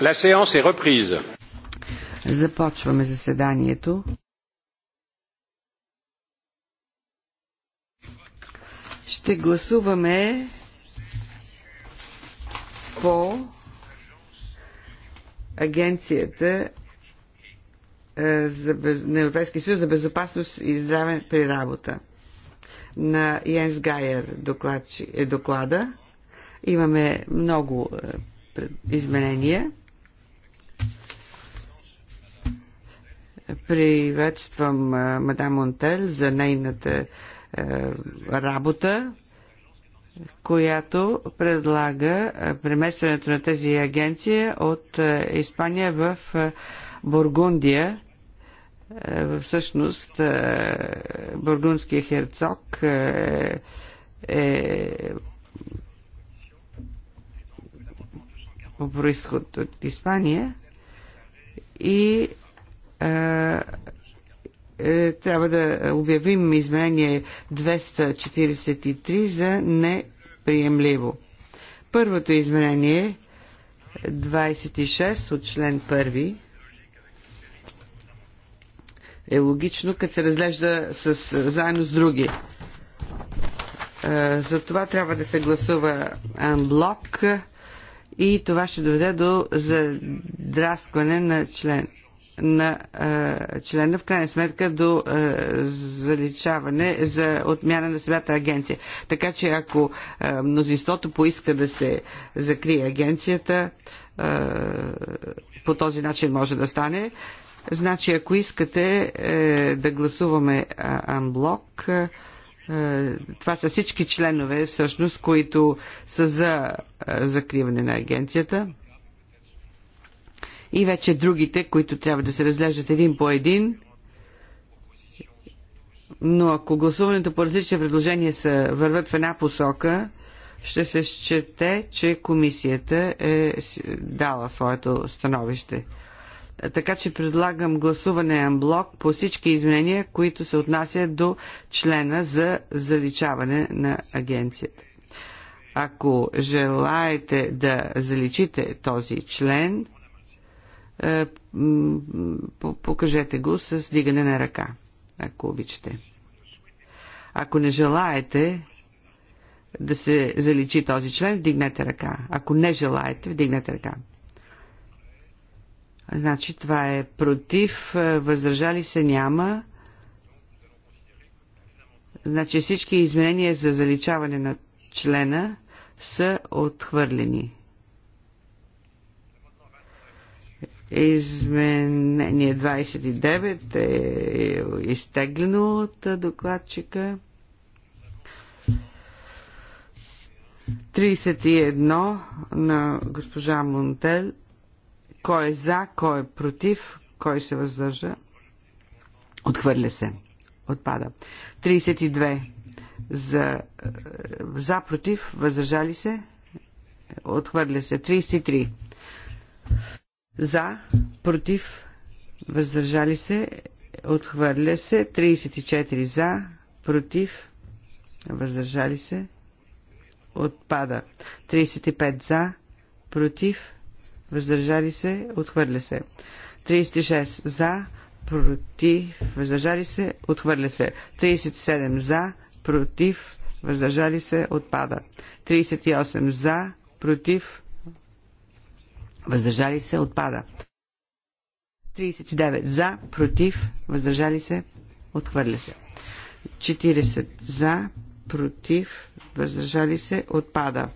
La séance est reprise. Започваме заседанието. Ще гласуваме по агенцията е, за, на Европейския съюз за безопасност и здраве при работа. На Йенс Гайер доклад, е доклада. Имаме много е, изменения. Приветствам е, мадам Монтел за нейната е, работа, която предлага преместването на тази агенция от Испания в Бургундия. Всъщност, бургундския херцог е по происход от Испания и а, е, трябва да обявим изменение 243 за неприемливо. Първото изменение 26 от член 1 е логично, като се разглежда с, заедно с други. Е, за това трябва да се гласува анблок и това ще доведе до задраскване на член на е, члена, в крайна сметка до е, заличаване за отмяна на самата агенция. Така че ако е, мнозинството поиска да се закрие агенцията, е, по този начин може да стане. Значи, ако искате е, да гласуваме анблок, е, е, това са всички членове, всъщност, които са за е, закриване на агенцията. И вече другите, които трябва да се разглеждат един по един. Но ако гласуването по различни предложения са, върват в една посока, ще се счете, че комисията е дала своето становище така че предлагам гласуване анблок по всички изменения, които се отнасят до члена за заличаване на агенцията. Ако желаете да заличите този член, е, покажете го с дигане на ръка, ако обичате. Ако не желаете да се заличи този член, вдигнете ръка. Ако не желаете, вдигнете ръка. Значи това е против, е, въздържали се няма. Значи всички изменения за заличаване на члена са отхвърлени. Изменение 29 е изтеглено от докладчика. 31 на госпожа Монтель. Кой е за, кой е против, кой се въздържа? Отхвърля се. Отпада. 32. За, е, за против, въздържали се? Отхвърля се. 33. За, против, въздържали се? Отхвърля се. 34. За, против, въздържали се? Отпада. 35. За, против, въздържали се, отхвърля се. 36 за, против, въздържали се, отхвърля се. 37 за, против, въздържали се, отпада. 38 за, против, въздържали се, отпада. 39 за, против, въздържали се, отхвърля се. 40 за, против, въздържали се, отпада.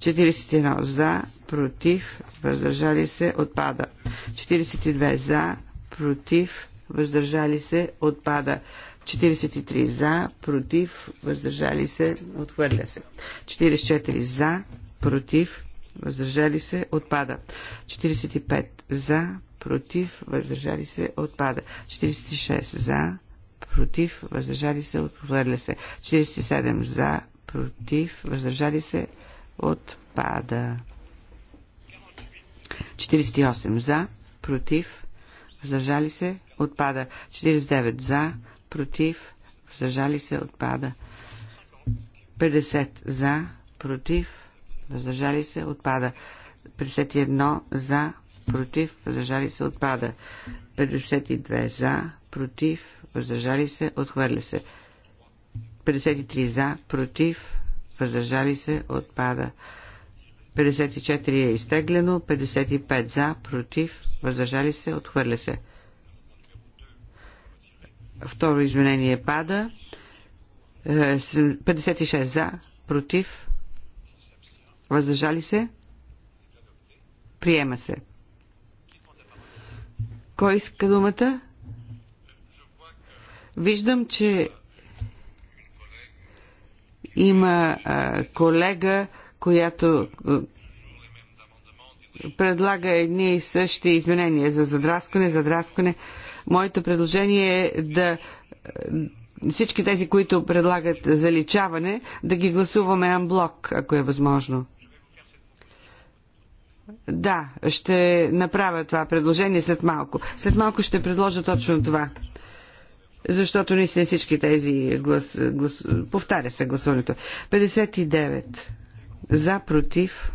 41 за, против, въздържали се, отпада. 42 за, против, въздържали се, отпада. 43 за, против, въздържали се, отхвърля се. 44 за, против, въздържали се, отпада. 45 за, против, въздържали се, отпада. 46 за, против, въздържали се, отхвърля се. 47 за, против, въздържали се, отпада. 48 за, против, въздържали се, отпада. 49 за, против, въздържали се, отпада. 50 за, против, въздържали се, отпада. 51 за, против, въздържали се, отпада. 52 за, против, въздържали се, отхвърля се. 53 за, против, въздържали се, отпада. 54 е изтеглено, 55 за, против, въздържали се, отхвърля се. Второ изменение пада. 56 е, за, против, въздържали се, приема се. Кой иска думата? Виждам, че има колега, която е, предлага едни и същи изменения за задраскане, задраскане. Моето предложение е да е, всички тези, които предлагат заличаване, да ги гласуваме анблок, ако е възможно. Да, ще направя това предложение след малко. След малко ще предложа точно това. Защото наистина всички тези глас, глас, повтаря се гласуването. 59. За, против.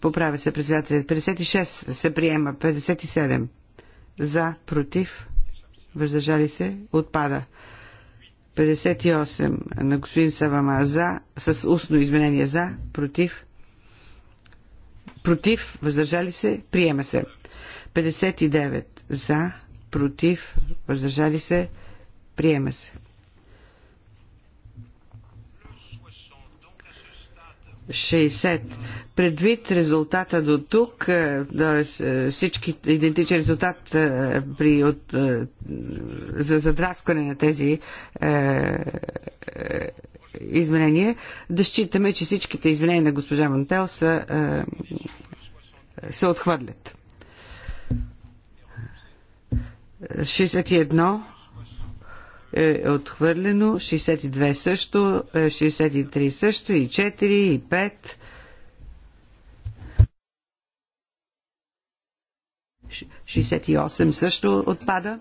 Поправя се председателят. 56 се приема. 57. За, против. Въздържали се. Отпада. 58 на господин Савама за, с устно изменение за, против. Против, въздържали се, приема се. 59 за, против, въздържали се, Приема се. 60. Предвид резултата до тук, т.е. Е, всички идентичен резултат е, при, от, е, за задраскване на тези е, е, изменения, да считаме, че всичките изменения на госпожа Мантел са, е, се отхвърлят. 61 е отхвърлено, 62 също, 63 е, също, и 4, и 5. 68 също отпада.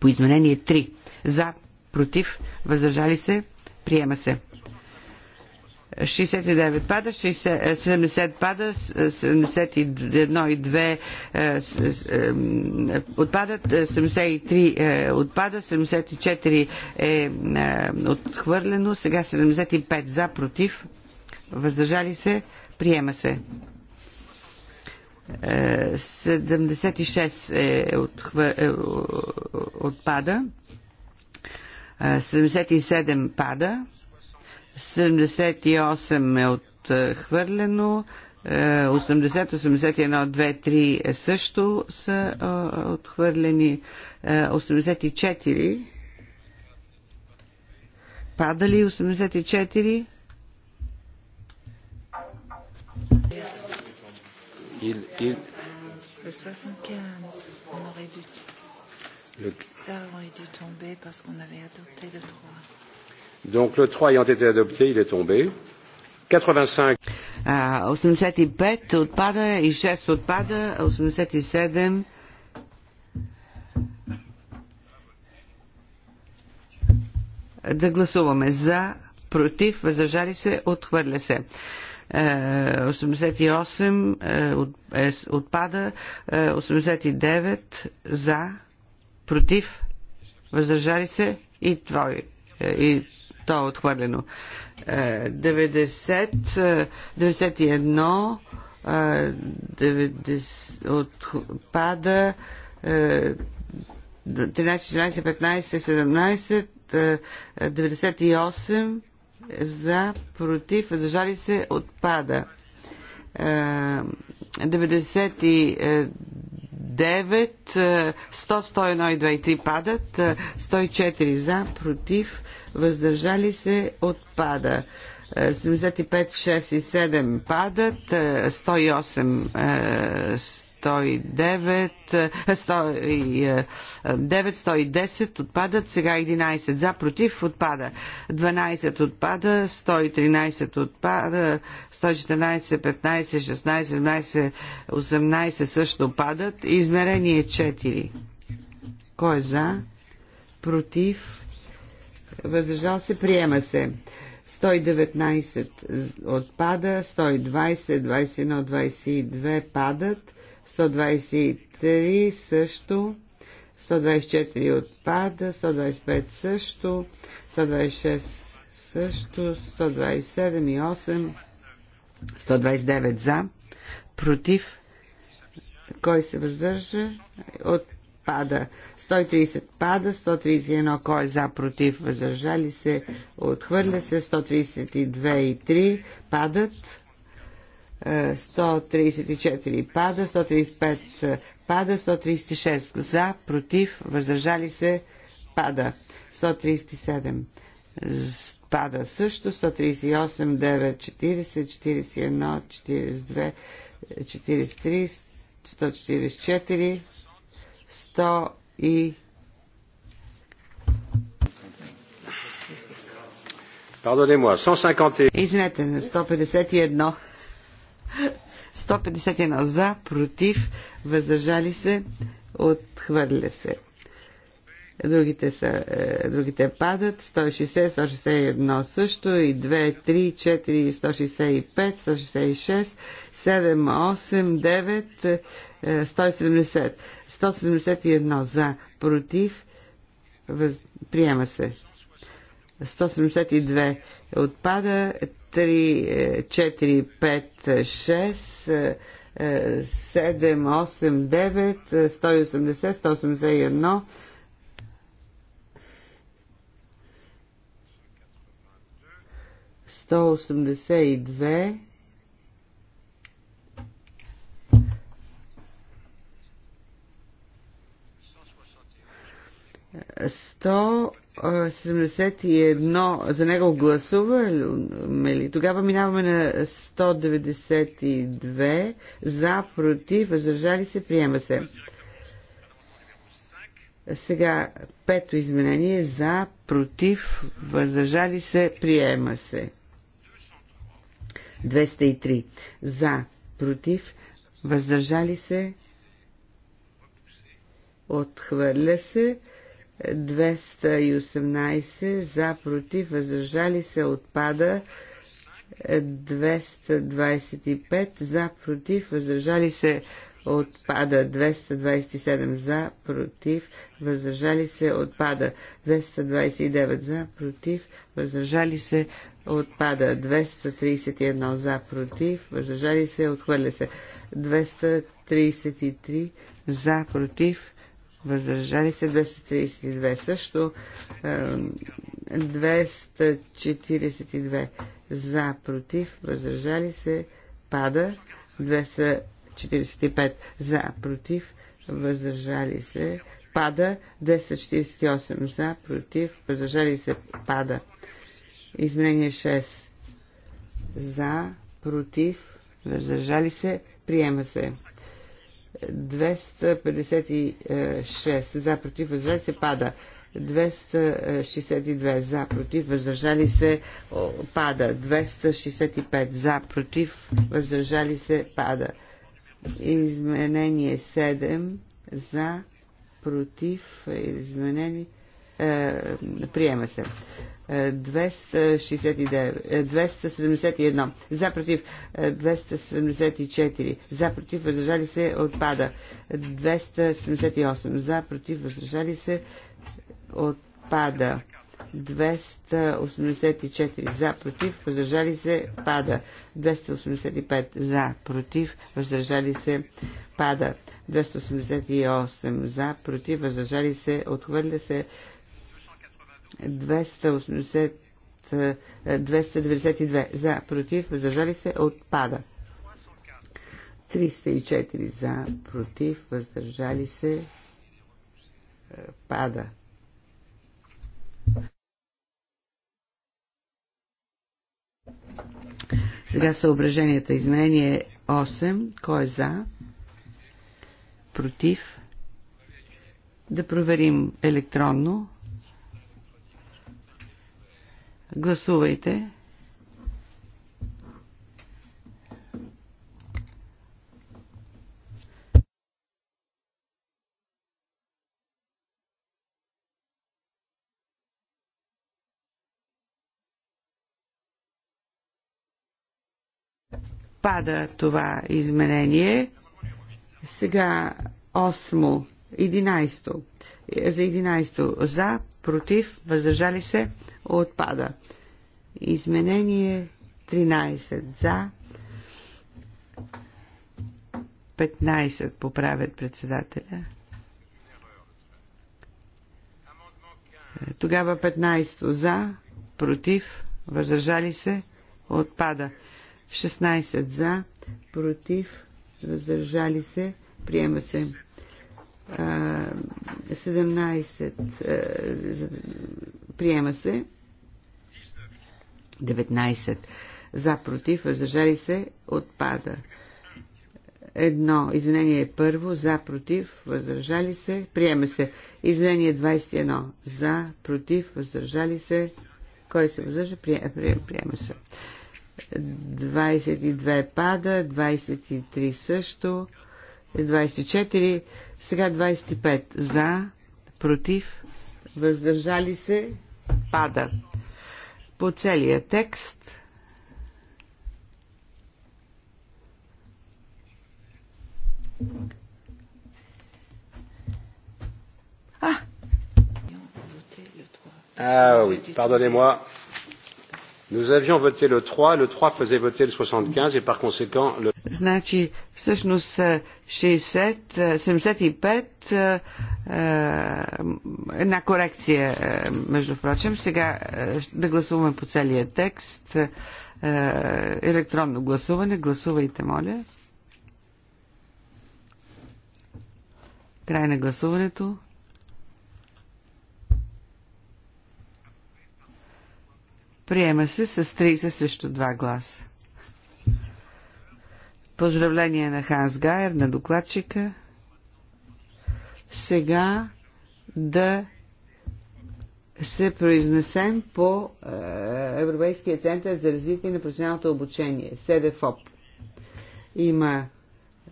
По изменение 3. За, против, въздържали се, приема се. 69 пада, 60, 70 пада, 71 и 2 е, е, отпадат, 73 е, отпада, 74 е отхвърлено, сега 75 за, против, въздържали се, приема се. 76 е отпада, 77 пада, 78 е отхвърлено. 80, 81, 2, 3 също са отхвърлени. 84 падали 84. Il, il... Le 75, on aurait dû... Le... Ça aurait dû tomber parce qu'on avait adopté le 3. Donc le 3 ayant été adopté, il est tombé. 85. А, 85 отпада и 6 отпада, 87 да гласуваме за, против, въздържали се, отхвърля се. 88 е, е, е, отпада, 89 за, против, въздържали се и, това, и то е отхвърлено. 90, 91, отпада 13, 14, 15, 17, 98 за, против, жали се, отпада. 99, 100, 101 и 23 е, падат, 104 е, за, против, въздържали се, отпада. 75, е, 6 и 7 падат, 108 109, 109, 110 отпадат, сега 11 за, против отпада, 12 отпада, 113 отпада, 114, 15, 16, 17, 18 също падат. Измерение 4. Кой е за? Против? въздържал се, приема се. 119 отпада, 120, 21, 22 падат, 123 също, 124 отпада, 125 също, 126 също, 127 и 8, 129 за, против, кой се въздържа, от пада. 130 пада, 131 кой е за, против, въздържали се, отхвърля се, 132 и 3 падат, 134 е, пада, 135 пада, 136 за, против, въздържали се, пада. 137 пада също, 138, 9, 40, 41, 42, 43, 144 100 и... Pardonnez-moi, 151. 151. 151 за, против, въздържали се, отхвърля се. Другите, са, е, другите падат. 160, 161 също и 2, 3, 4, 165, 166, 7, 8, 9, 170. 171 за, против, въз... приема се. 172 отпада, 3, 4, 5, 6, 7, 8, 9, 180, 181, 182, 171 за него гласува. мили. Тогава минаваме на 192 за, против, въздържали се, приема се. Сега пето изменение за, против, въздържали се, приема се. 203 за, против, въздържали се, отхвърля се. 218 за, против, въздържали се, отпада. 225 за, против, въздържали се, отпада. 227 за, против, въздържали се, отпада. 229 за, против, въздържали се, отпада. 231 за, против, въздържали се, отхвърля се. 233 за, против, въздържали се 232. Също 242 за, против, въздържали се, пада 245 за, против, въздържали се, пада 248 за, против, въздържали се, пада. Изменение 6 за, против, въздържали се, приема се. 256 за против въздържали се пада. 262 за против въздържали се пада. 265 за против въздържали се пада. Изменение 7 за против изменени е, приема се. 271, е, за против 274, е, за против въздържали се отпада 278, за против въздържали се отпада 284 за, против, въздържали се, пада. 285 за, против, въздържали се, пада. 288 за, против, въздържали се, отхвърля се. 292 за, против, въздържали се, отпада. 304 за, против, въздържали се, е, пада. Сега съображенията. Изменение 8. Кой е за? Против? Да проверим електронно. Гласувайте. Пада това изменение. Сега осмо, 11 за 11 за, против, въздържали се, отпада. Изменение 13 за, 15 поправят председателя. Тогава 15 за, против, въздържали се, отпада. 16 за, против, въздържали се, приема се. 17 е, е, приема се 19 за против въздържали се отпада едно извинение първо за против въздържали се приема се извинение 21 за против въздържали се кой се въздържа приема, приема се 22 пада 23 също 24 сега 25 за, против, въздържали се, пада. По целия текст. Ah oui, pardonnez-moi. Nous avions voté le 3, le 3 faisait voter le 75 et par conséquent le... Значи Всъщност 60, е, 75 е, е, една корекция, между прочим. Сега да гласуваме по целия текст. Електронно гласуване. Гласувайте, моля. Край на гласуването. Приема се с 30 срещу 2 гласа. Поздравление на Ханс Гайер, на докладчика. Сега да се произнесем по е, Европейския център за развитие на професионалното обучение, СДФОП. Има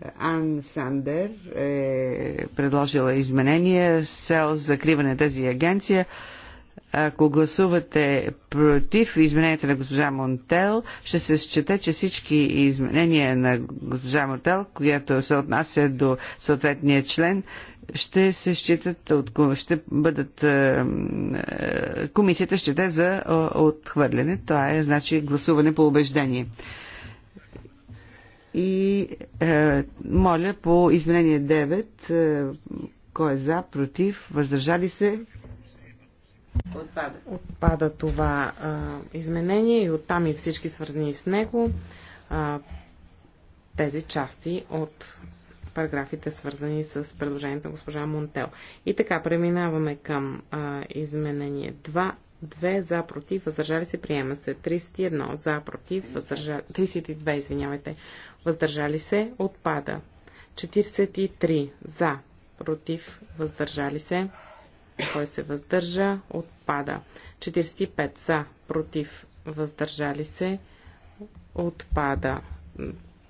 е, Ан Сандер е предложила изменения с цел закриване тази агенция ако гласувате против измененията на госпожа Монтел, ще се счете, че всички изменения на госпожа Монтел, която се отнася до съответния член, ще се считат, от, ще бъдат, е, е, комисията ще за е, отхвърляне. Това е, значи, гласуване по убеждение. И е, моля по изменение 9, е, кой е за, против, въздържали се, Отпада. Отпада това а, изменение и оттам и всички свързани с него а, тези части от параграфите, свързани с предложението на госпожа Монтел. И така, преминаваме към а, изменение 2. 2 за против, въздържали се, приема се. 31 за против, въздържали... 32, извинявайте, въздържали се, отпада. 43 за против, въздържали се, кой се въздържа, отпада. 45 за, против, въздържали се, отпада.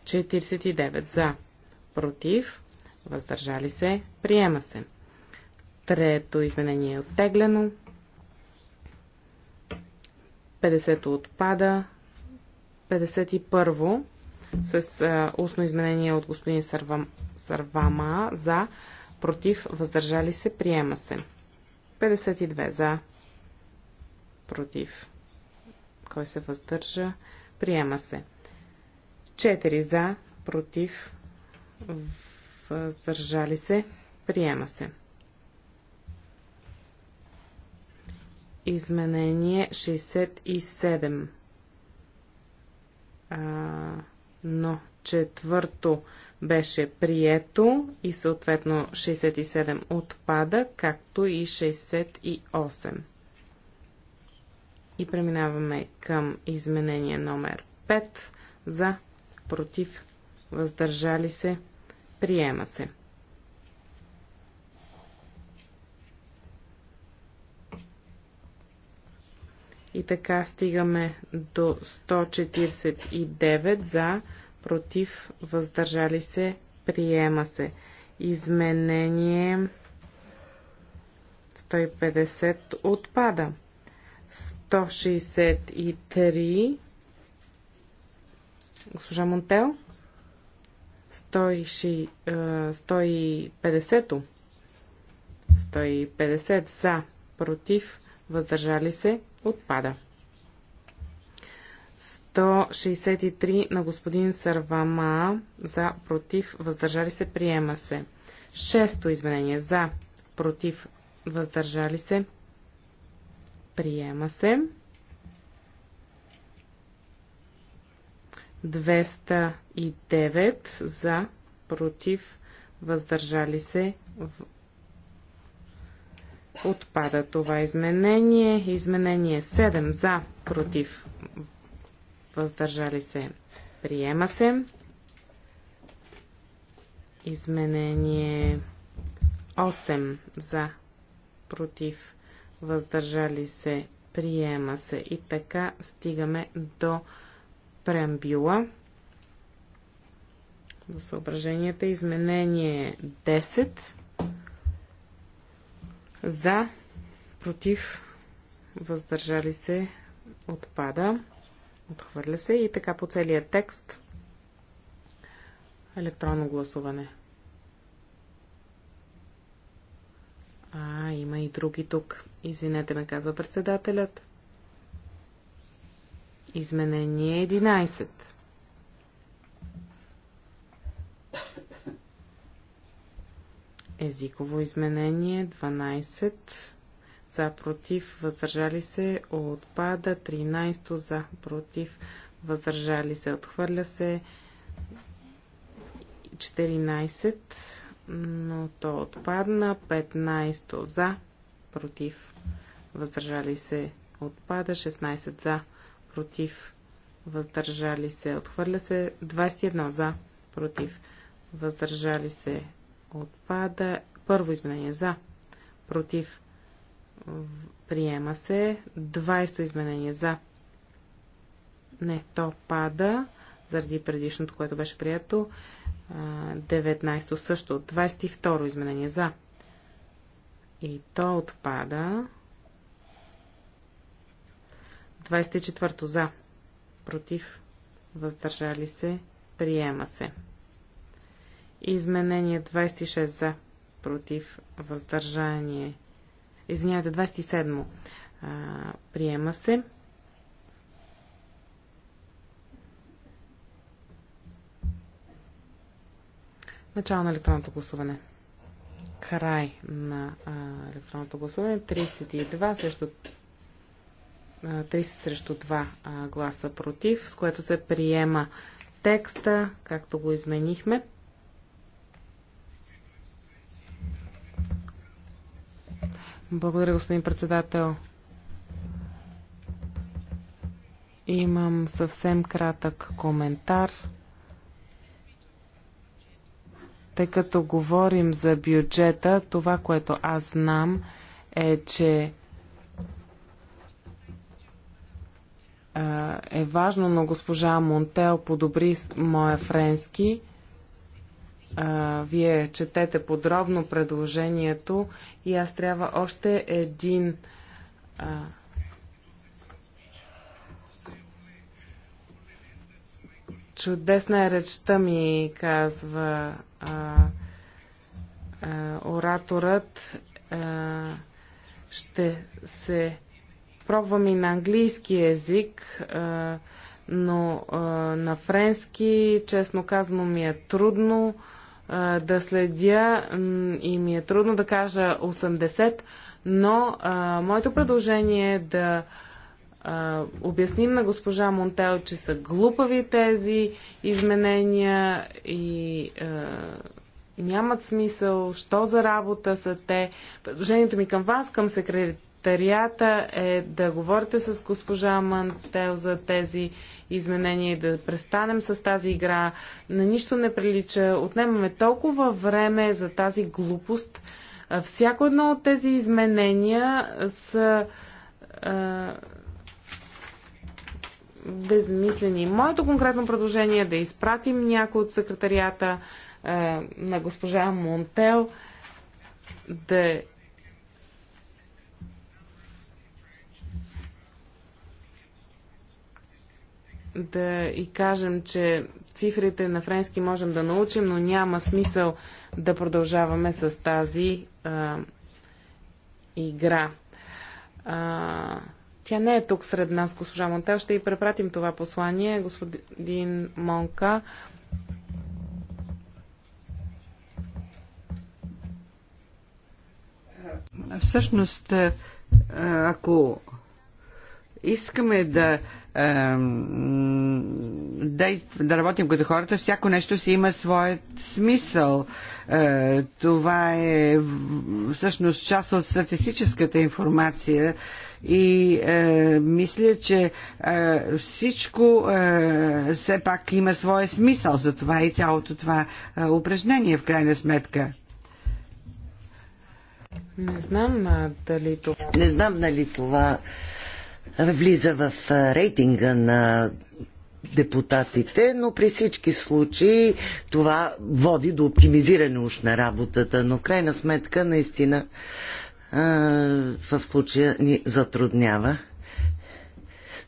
49 за, против, въздържали се, приема се. Трето изменение е оттеглено. 50 отпада. 51 с а, устно изменение от господин Сарвама за, против, въздържали се, приема се. 52 за. Против. Кой се въздържа? Приема се. 4 за. Против. Въздържали се. Приема се. Изменение 67. А, но четвърто беше прието и съответно 67 отпада, както и 68. И преминаваме към изменение номер 5 за против въздържали се приема се. И така стигаме до 149 за против, въздържали се, приема се. Изменение 150 отпада. 163 госпожа Монтел 150 150 за, против, въздържали се, отпада. 163 на господин Сарвама за против въздържали се приема се. Шесто изменение за против въздържали се приема се. 209 за против въздържали се в... отпада това изменение. Изменение 7 за против въздържали се, приема се. Изменение 8 за, против, въздържали се, приема се. И така стигаме до преамбюла. До съображенията изменение 10 за, против, въздържали се, отпада. Отхвърля се и така по целия текст. Електронно гласуване. А, има и други тук. Извинете ме, казва председателят. Изменение 11. Езиково изменение 12 за, против, въздържали се, отпада. 13 за, против, въздържали се, отхвърля се. 14, но то отпадна. 15 за, против, въздържали се, отпада. 16 за, против, въздържали се, отхвърля се. 21 за, против, въздържали се, отпада. Първо изменение за, против, Приема се. 20 изменение за. Не, то пада заради предишното, което беше прието. 19 също. 22 изменение за. И то отпада. 24 за. Против. Въздържали се. Приема се. Изменение 26 за. Против. Въздържание. Извинявайте, 27. А, приема се. Начало на електронното гласуване. Край на а, електронното гласуване. 32 срещу 30 срещу 2 а, гласа против, с което се приема текста, както го изменихме. Благодаря, господин председател. Имам съвсем кратък коментар. Тъй като говорим за бюджета, това, което аз знам е, че е важно, но госпожа Монтел подобри моя френски а, вие четете подробно предложението и аз трябва още един а, чудесна е речта ми, казва а, а, ораторът. А, ще се пробвам и на английски език, а, но а, на френски, честно казано, ми е трудно. А, да следя и ми е трудно да кажа 80, но а, моето предложение е да а, обясним на госпожа Монтел, че са глупави тези изменения и а, нямат смисъл, що за работа са те. Предложението ми към вас, към секретарията е да говорите с госпожа Мантел за тези изменения и да престанем с тази игра. На нищо не прилича. Отнемаме толкова време за тази глупост. Всяко едно от тези изменения са безмислени. Моето конкретно предложение е да изпратим някой от секретарията на госпожа Монтел да да и кажем, че цифрите на френски можем да научим, но няма смисъл да продължаваме с тази а, игра. А, тя не е тук сред нас, госпожа Монтел. Ще й препратим това послание, господин Монка. Всъщност, ако искаме да да работим като хората, всяко нещо си има своят смисъл. Е, това е всъщност част от статистическата информация и е, мисля, че е, всичко все пак има своя смисъл за това и цялото това упражнение в крайна сметка. Не знам дали това... Не знам дали това влиза в рейтинга на депутатите, но при всички случаи това води до оптимизиране уж на работата, но крайна сметка наистина в случая ни затруднява.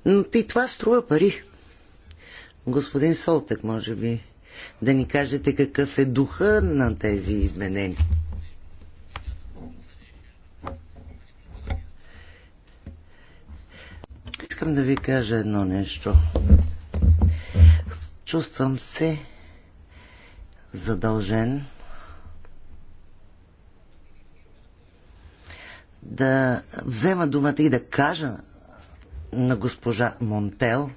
Но и това струва пари. Господин Солтък, може би, да ни кажете какъв е духа на тези изменения. Искам да ви кажа едно нещо. Чувствам се задължен да взема думата и да кажа на госпожа Монтел.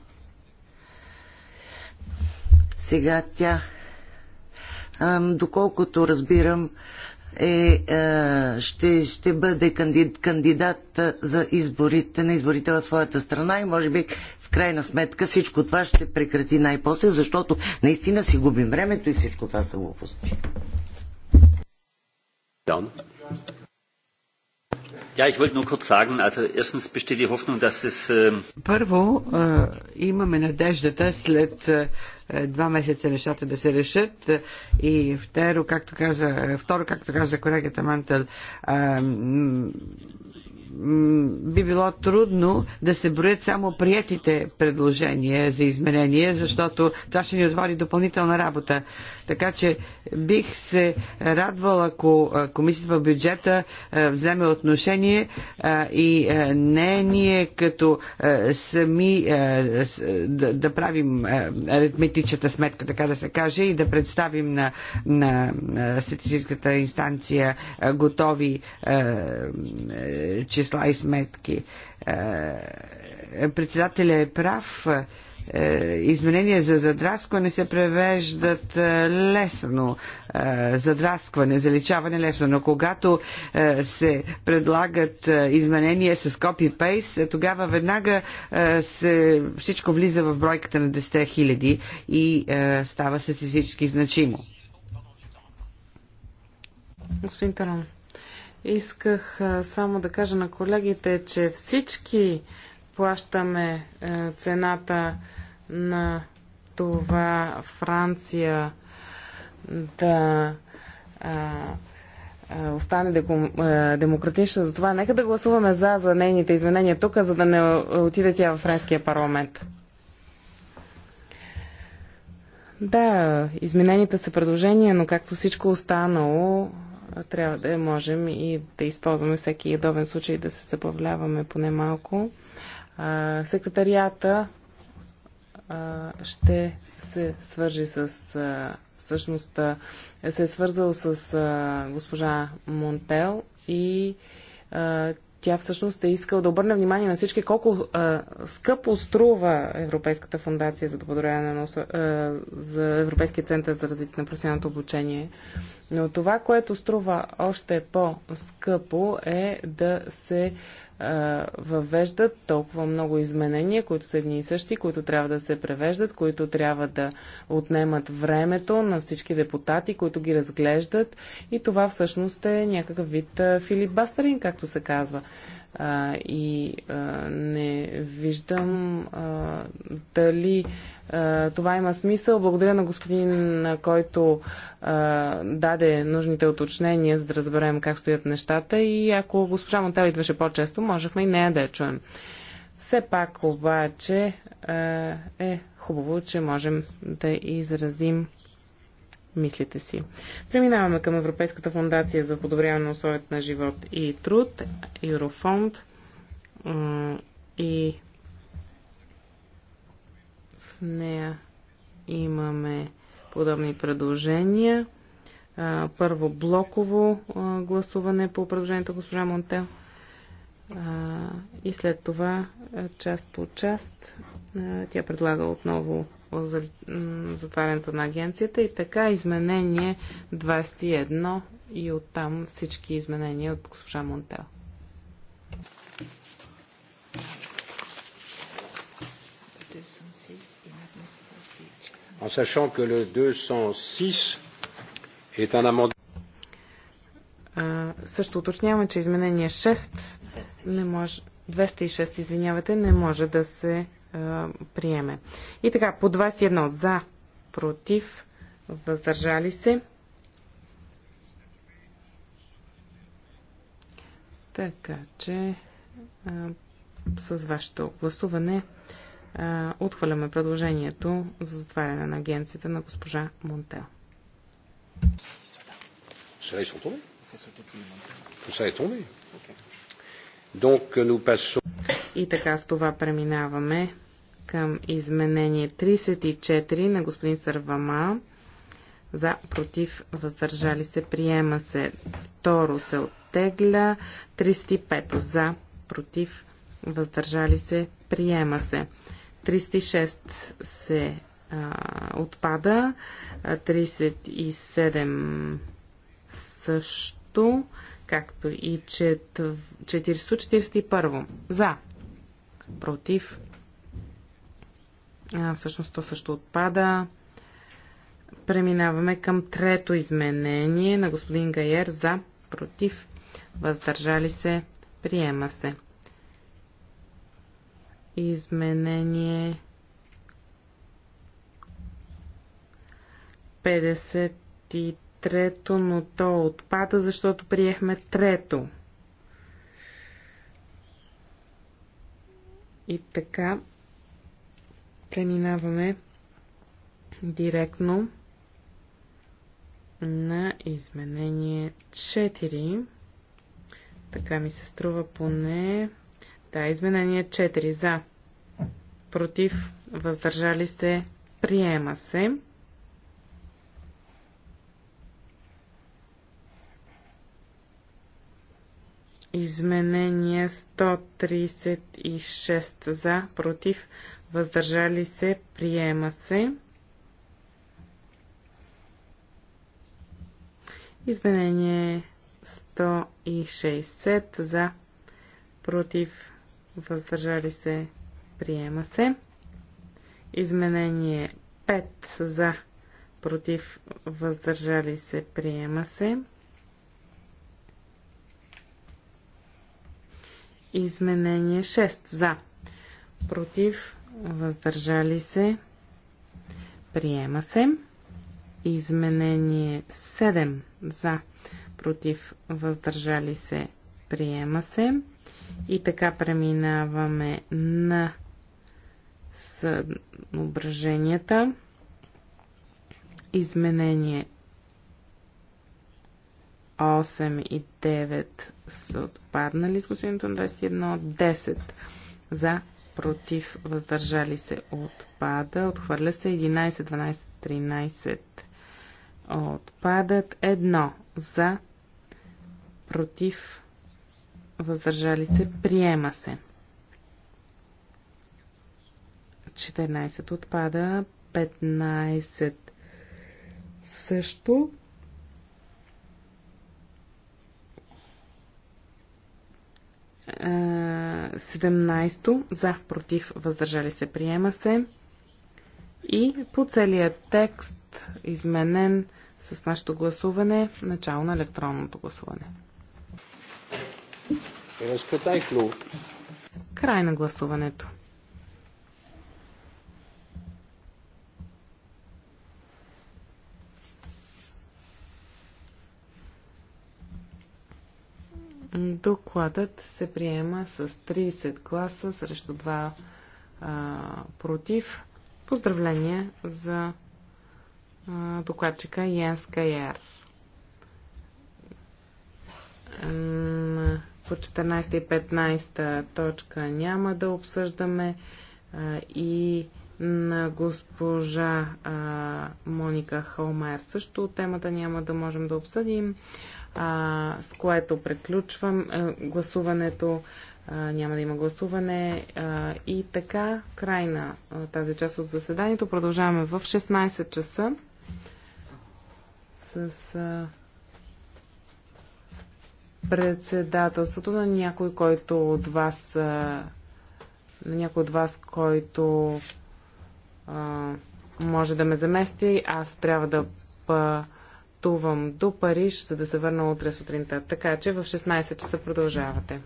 Сега тя, доколкото разбирам, е, е, ще, ще бъде кандид, кандидат за изборите, на изборите в своята страна и може би в крайна сметка всичко това ще прекрати най-после, защото наистина си губим времето и всичко това са глупости. Първо, е, имаме надеждата след е, е, два месеца нещата да се решат е, и второ, както каза, е, второ, както каза колегата Мантел, би било трудно да се броят само приятите предложения за изменение, защото това ще ни отвори допълнителна работа. Така че бих се радвал, ако Комисията по бюджета вземе отношение и не ние като сами да, да правим аритметичната сметка, така да се каже, и да представим на, на статистическата инстанция готови че числа и сметки. Е, председателя е прав. Е, изменения за задраскване се превеждат е, лесно. Задраскване, заличаване лесно. Но когато се предлагат изменения с копипейст, тогава веднага се, всичко влиза в бройката на 10 000 и става статистически значимо. Господин Таран. Исках само да кажа на колегите, че всички плащаме е, цената на това Франция да остане демократична. Затова нека да гласуваме за, за нейните изменения тук, за да не отиде тя в Френския парламент. Да, изменените са предложения, но както всичко останало, трябва да можем и да използваме всеки удобен случай да се забавляваме поне малко. А, секретарията а, ще се свържи с а, всъщност се е свързал с а, госпожа Монтел и а, тя всъщност е искала да обърне внимание на всички колко а, скъпо струва Европейската фундация за подобряване на а, за Европейския център за развитие на професионалното обучение. Но това, което струва още по-скъпо е да се въвеждат толкова много изменения, които са едни и същи, които трябва да се превеждат, които трябва да отнемат времето на всички депутати, които ги разглеждат. И това всъщност е някакъв вид филибастеринг, както се казва а, и а, не виждам а, дали а, това има смисъл. Благодаря на господин, който а, даде нужните уточнения, за да разберем как стоят нещата и ако госпожа Монтел идваше по-често, можехме и нея да я чуем. Все пак обаче а, е хубаво, че можем да изразим мислите си. Преминаваме към Европейската фундация за подобряване на условията на живот и труд, Еврофонд и в нея имаме подобни предложения. Първо блоково гласуване по предложението госпожа Монтел и след това част по част тя предлага отново за, затварянето на агенцията и така изменение 21 и оттам всички изменения от госпожа Монтел. En sachant que le 206 est un amendement. също уточняваме, че изменение 6 не може 206, извинявате, не може да се а, приеме. И така, по 21 за, против, въздържали се. Така че а, с вашето гласуване а, отхвърляме предложението за затваряне на агенцията на госпожа Монтел. Ще ли са Tout Ще ли са okay. И така с това преминаваме към изменение 34 на господин Сървама. За, против, въздържали се, приема се. Второ се оттегля. 35 за, против, въздържали се, приема се. 36 се а, отпада. 37 също както и 441 за, против, а, всъщност то също отпада. Преминаваме към трето изменение на господин Гайер за, против, въздържали се, приема се. Изменение 53 трето, но то отпада, защото приехме трето. И така преминаваме директно на изменение 4. Така ми се струва поне. Да, изменение 4 за. Против, въздържали се, приема се. Изменение 136 за, против, въздържали се, приема се. Изменение 160 за, против, въздържали се, приема се. Изменение 5 за, против, въздържали се, приема се. Изменение 6 за. Против. Въздържали се. Приема се. Изменение 7 за. Против. Въздържали се. Приема се. И така преминаваме на съображенията. Изменение 8 и 9 са отпаднали с гласуването на 21. 10 за, против, въздържали се, отпада. Отхвърля се 11, 12, 13. Отпадат 1 за, против, въздържали се, приема се. 14 отпада, 15 също. 17 за, против, въздържали се, приема се. И по целия текст, изменен с нашето гласуване, начало на електронното гласуване. Край на гласуването. Докладът се приема с 30 гласа срещу 2 а, против. Поздравления за а, докладчика Янс Каяр. По 14 и 15 точка няма да обсъждаме а, и на госпожа а, Моника Холмайер също темата няма да можем да обсъдим а, с което приключвам а, е, гласуването. А, няма да има гласуване. А, и така, край на а, тази част от заседанието. Продължаваме в 16 часа с а, председателството на някой, който от вас. А, на някой от вас, който а, може да ме замести. Аз трябва да. А, пътувам до Париж, за да се върна утре сутринта. Така че в 16 часа продължавате.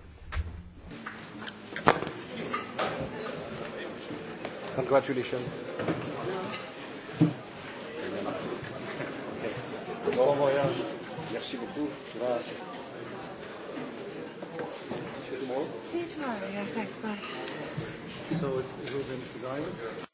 See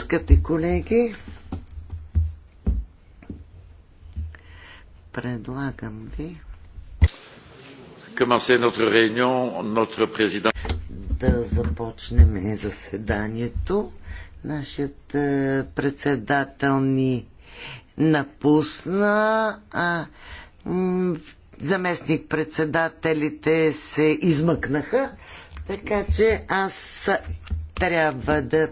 Скъпи колеги, предлагам ви да започнем заседанието. Нашият председател ни напусна. А, заместник-председателите се измъкнаха, така че аз трябва да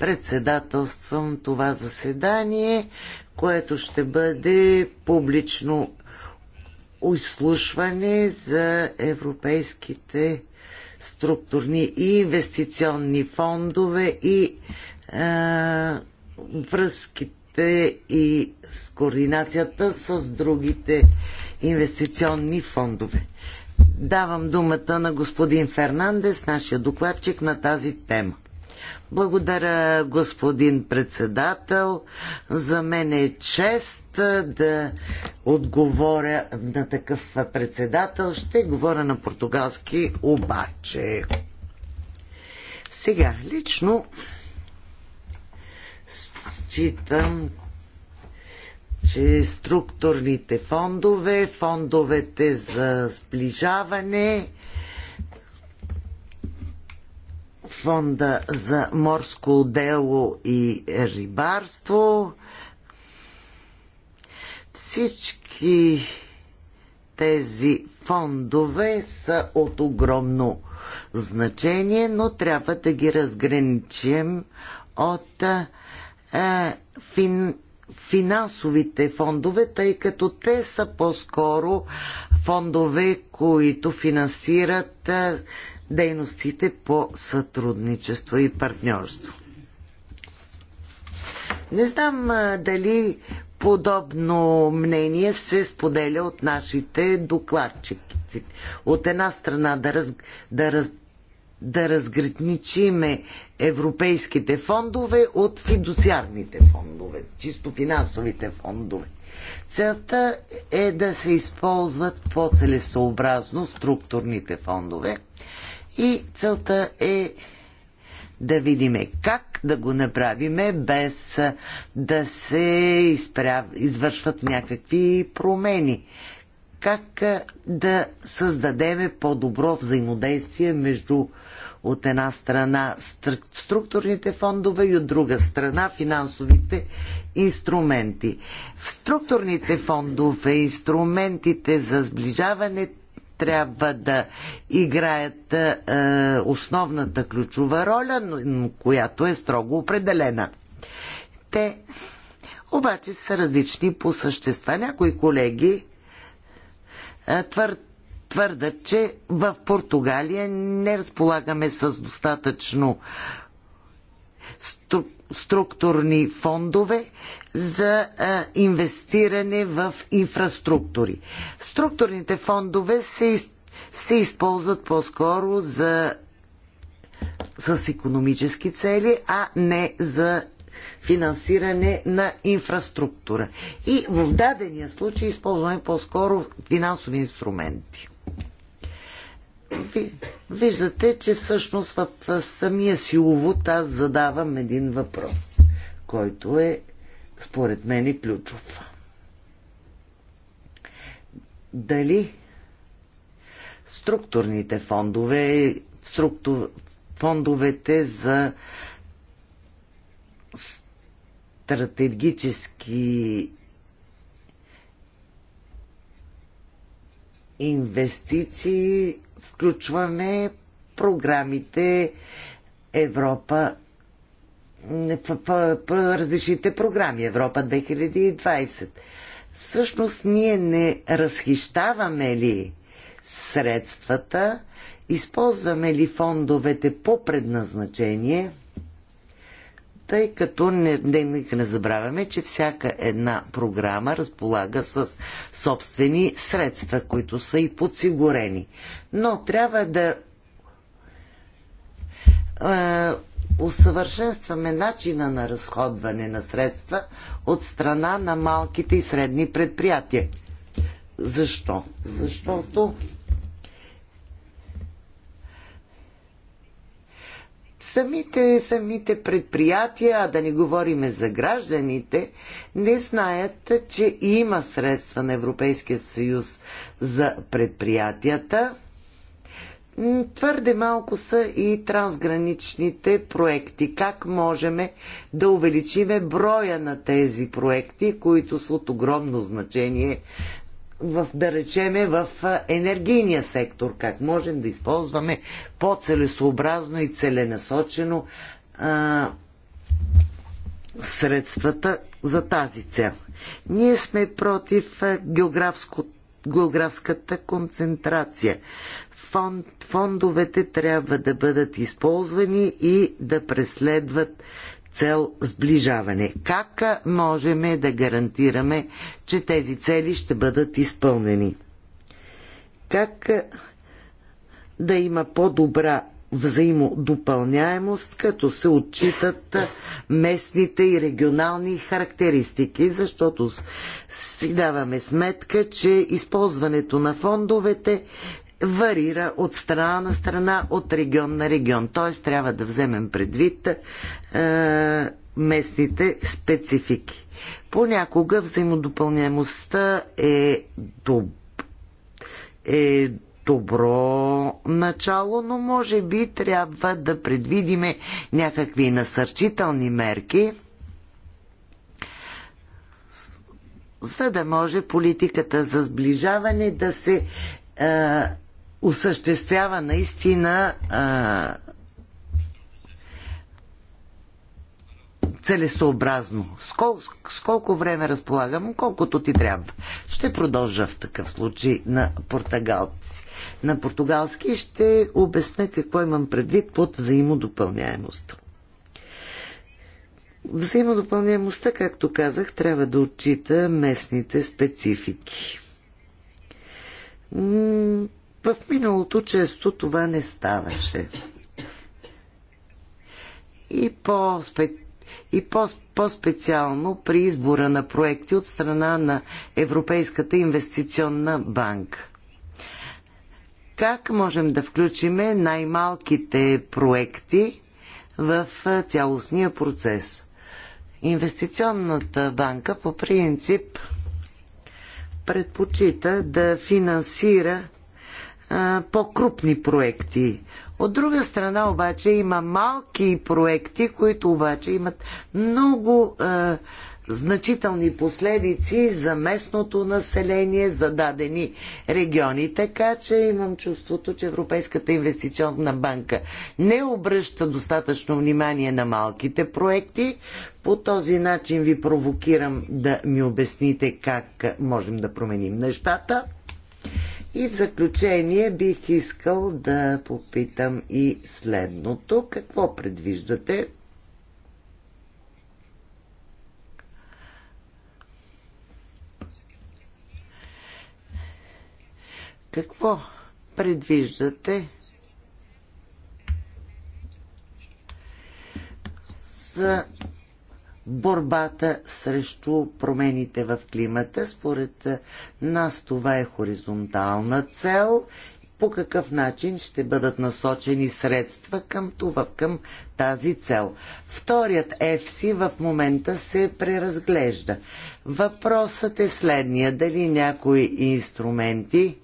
председателствам това заседание, което ще бъде публично изслушване за европейските структурни и инвестиционни фондове и е, връзките и с координацията с другите инвестиционни фондове. Давам думата на господин Фернандес, нашия докладчик на тази тема. Благодаря, господин председател. За мен е чест да отговоря на такъв председател. Ще говоря на португалски обаче. Сега, лично считам, че структурните фондове, фондовете за сближаване, фонда за морско дело и рибарство, всички тези фондове са от огромно значение, но трябва да ги разграничим от е, фин, финансовите фондове, тъй като те са по-скоро фондове, които финансират дейностите по сътрудничество и партньорство. Не знам дали подобно мнение се споделя от нашите докладчици. От една страна да, раз, да, раз, да разграничиме европейските фондове от фидусиарните фондове, чисто финансовите фондове. Целта е да се използват по-целесообразно структурните фондове и целта е да видим как да го направиме без да се изправ... извършват някакви промени. Как да създадеме по-добро взаимодействие между от една страна структурните фондове и от друга страна финансовите инструменти. В структурните фондове инструментите за сближаване трябва да играят е, основната ключова роля, която е строго определена. Те обаче са различни по същества. Някои колеги е, твърд, твърдят, че в Португалия не разполагаме с достатъчно структурни фондове за а, инвестиране в инфраструктури. Структурните фондове се, се използват по-скоро за с економически цели, а не за финансиране на инфраструктура. И в дадения случай използваме по-скоро финансови инструменти ви, виждате, че всъщност в самия си увод аз задавам един въпрос, който е според мен и ключов. Дали структурните фондове, структу, фондовете за стратегически инвестиции включваме програмите Европа в, в, в, различните програми Европа 2020. Всъщност ние не разхищаваме ли средствата, използваме ли фондовете по предназначение – тъй като не, не, не забравяме, че всяка една програма разполага с собствени средства, които са и подсигурени. Но трябва да е, усъвършенстваме начина на разходване на средства от страна на малките и средни предприятия. Защо? Защото самите, самите предприятия, а да не говориме за гражданите, не знаят, че има средства на Европейския съюз за предприятията. Твърде малко са и трансграничните проекти. Как можем да увеличиме броя на тези проекти, които са от огромно значение в, да речеме, в енергийния сектор, как можем да използваме по-целесообразно и целенасочено а, средствата за тази цел. Ние сме против географската концентрация. Фонд, фондовете трябва да бъдат използвани и да преследват цел сближаване. Как можем да гарантираме, че тези цели ще бъдат изпълнени? Как да има по-добра взаимодопълняемост, като се отчитат местните и регионални характеристики, защото си даваме сметка, че използването на фондовете варира от страна на страна, от регион на регион. Т.е. трябва да вземем предвид е, местните специфики. Понякога взаимодопълняемостта е, доб... е добро начало, но може би трябва да предвидиме някакви насърчителни мерки, за да може политиката за сближаване да се е, осъществява наистина а, целесообразно. с колко време разполагам, колкото ти трябва. Ще продължа в такъв случай на португалци. На португалски ще обясня какво имам предвид под взаимодопълняемост. Взаимодопълняемостта, както казах, трябва да отчита местните специфики в миналото често това не ставаше. И по-специално и по-специално по при избора на проекти от страна на Европейската инвестиционна банка. Как можем да включим най-малките проекти в цялостния процес? Инвестиционната банка по принцип предпочита да финансира по-крупни проекти. От друга страна обаче има малки проекти, които обаче имат много а, значителни последици за местното население, за дадени региони. Така че имам чувството, че Европейската инвестиционна банка не обръща достатъчно внимание на малките проекти. По този начин ви провокирам да ми обясните как можем да променим нещата. И в заключение бих искал да попитам и следното. Какво предвиждате Какво предвиждате за борбата срещу промените в климата. Според нас това е хоризонтална цел. По какъв начин ще бъдат насочени средства към това, към тази цел? Вторият ЕФСИ в момента се преразглежда. Въпросът е следния. Дали някои инструменти,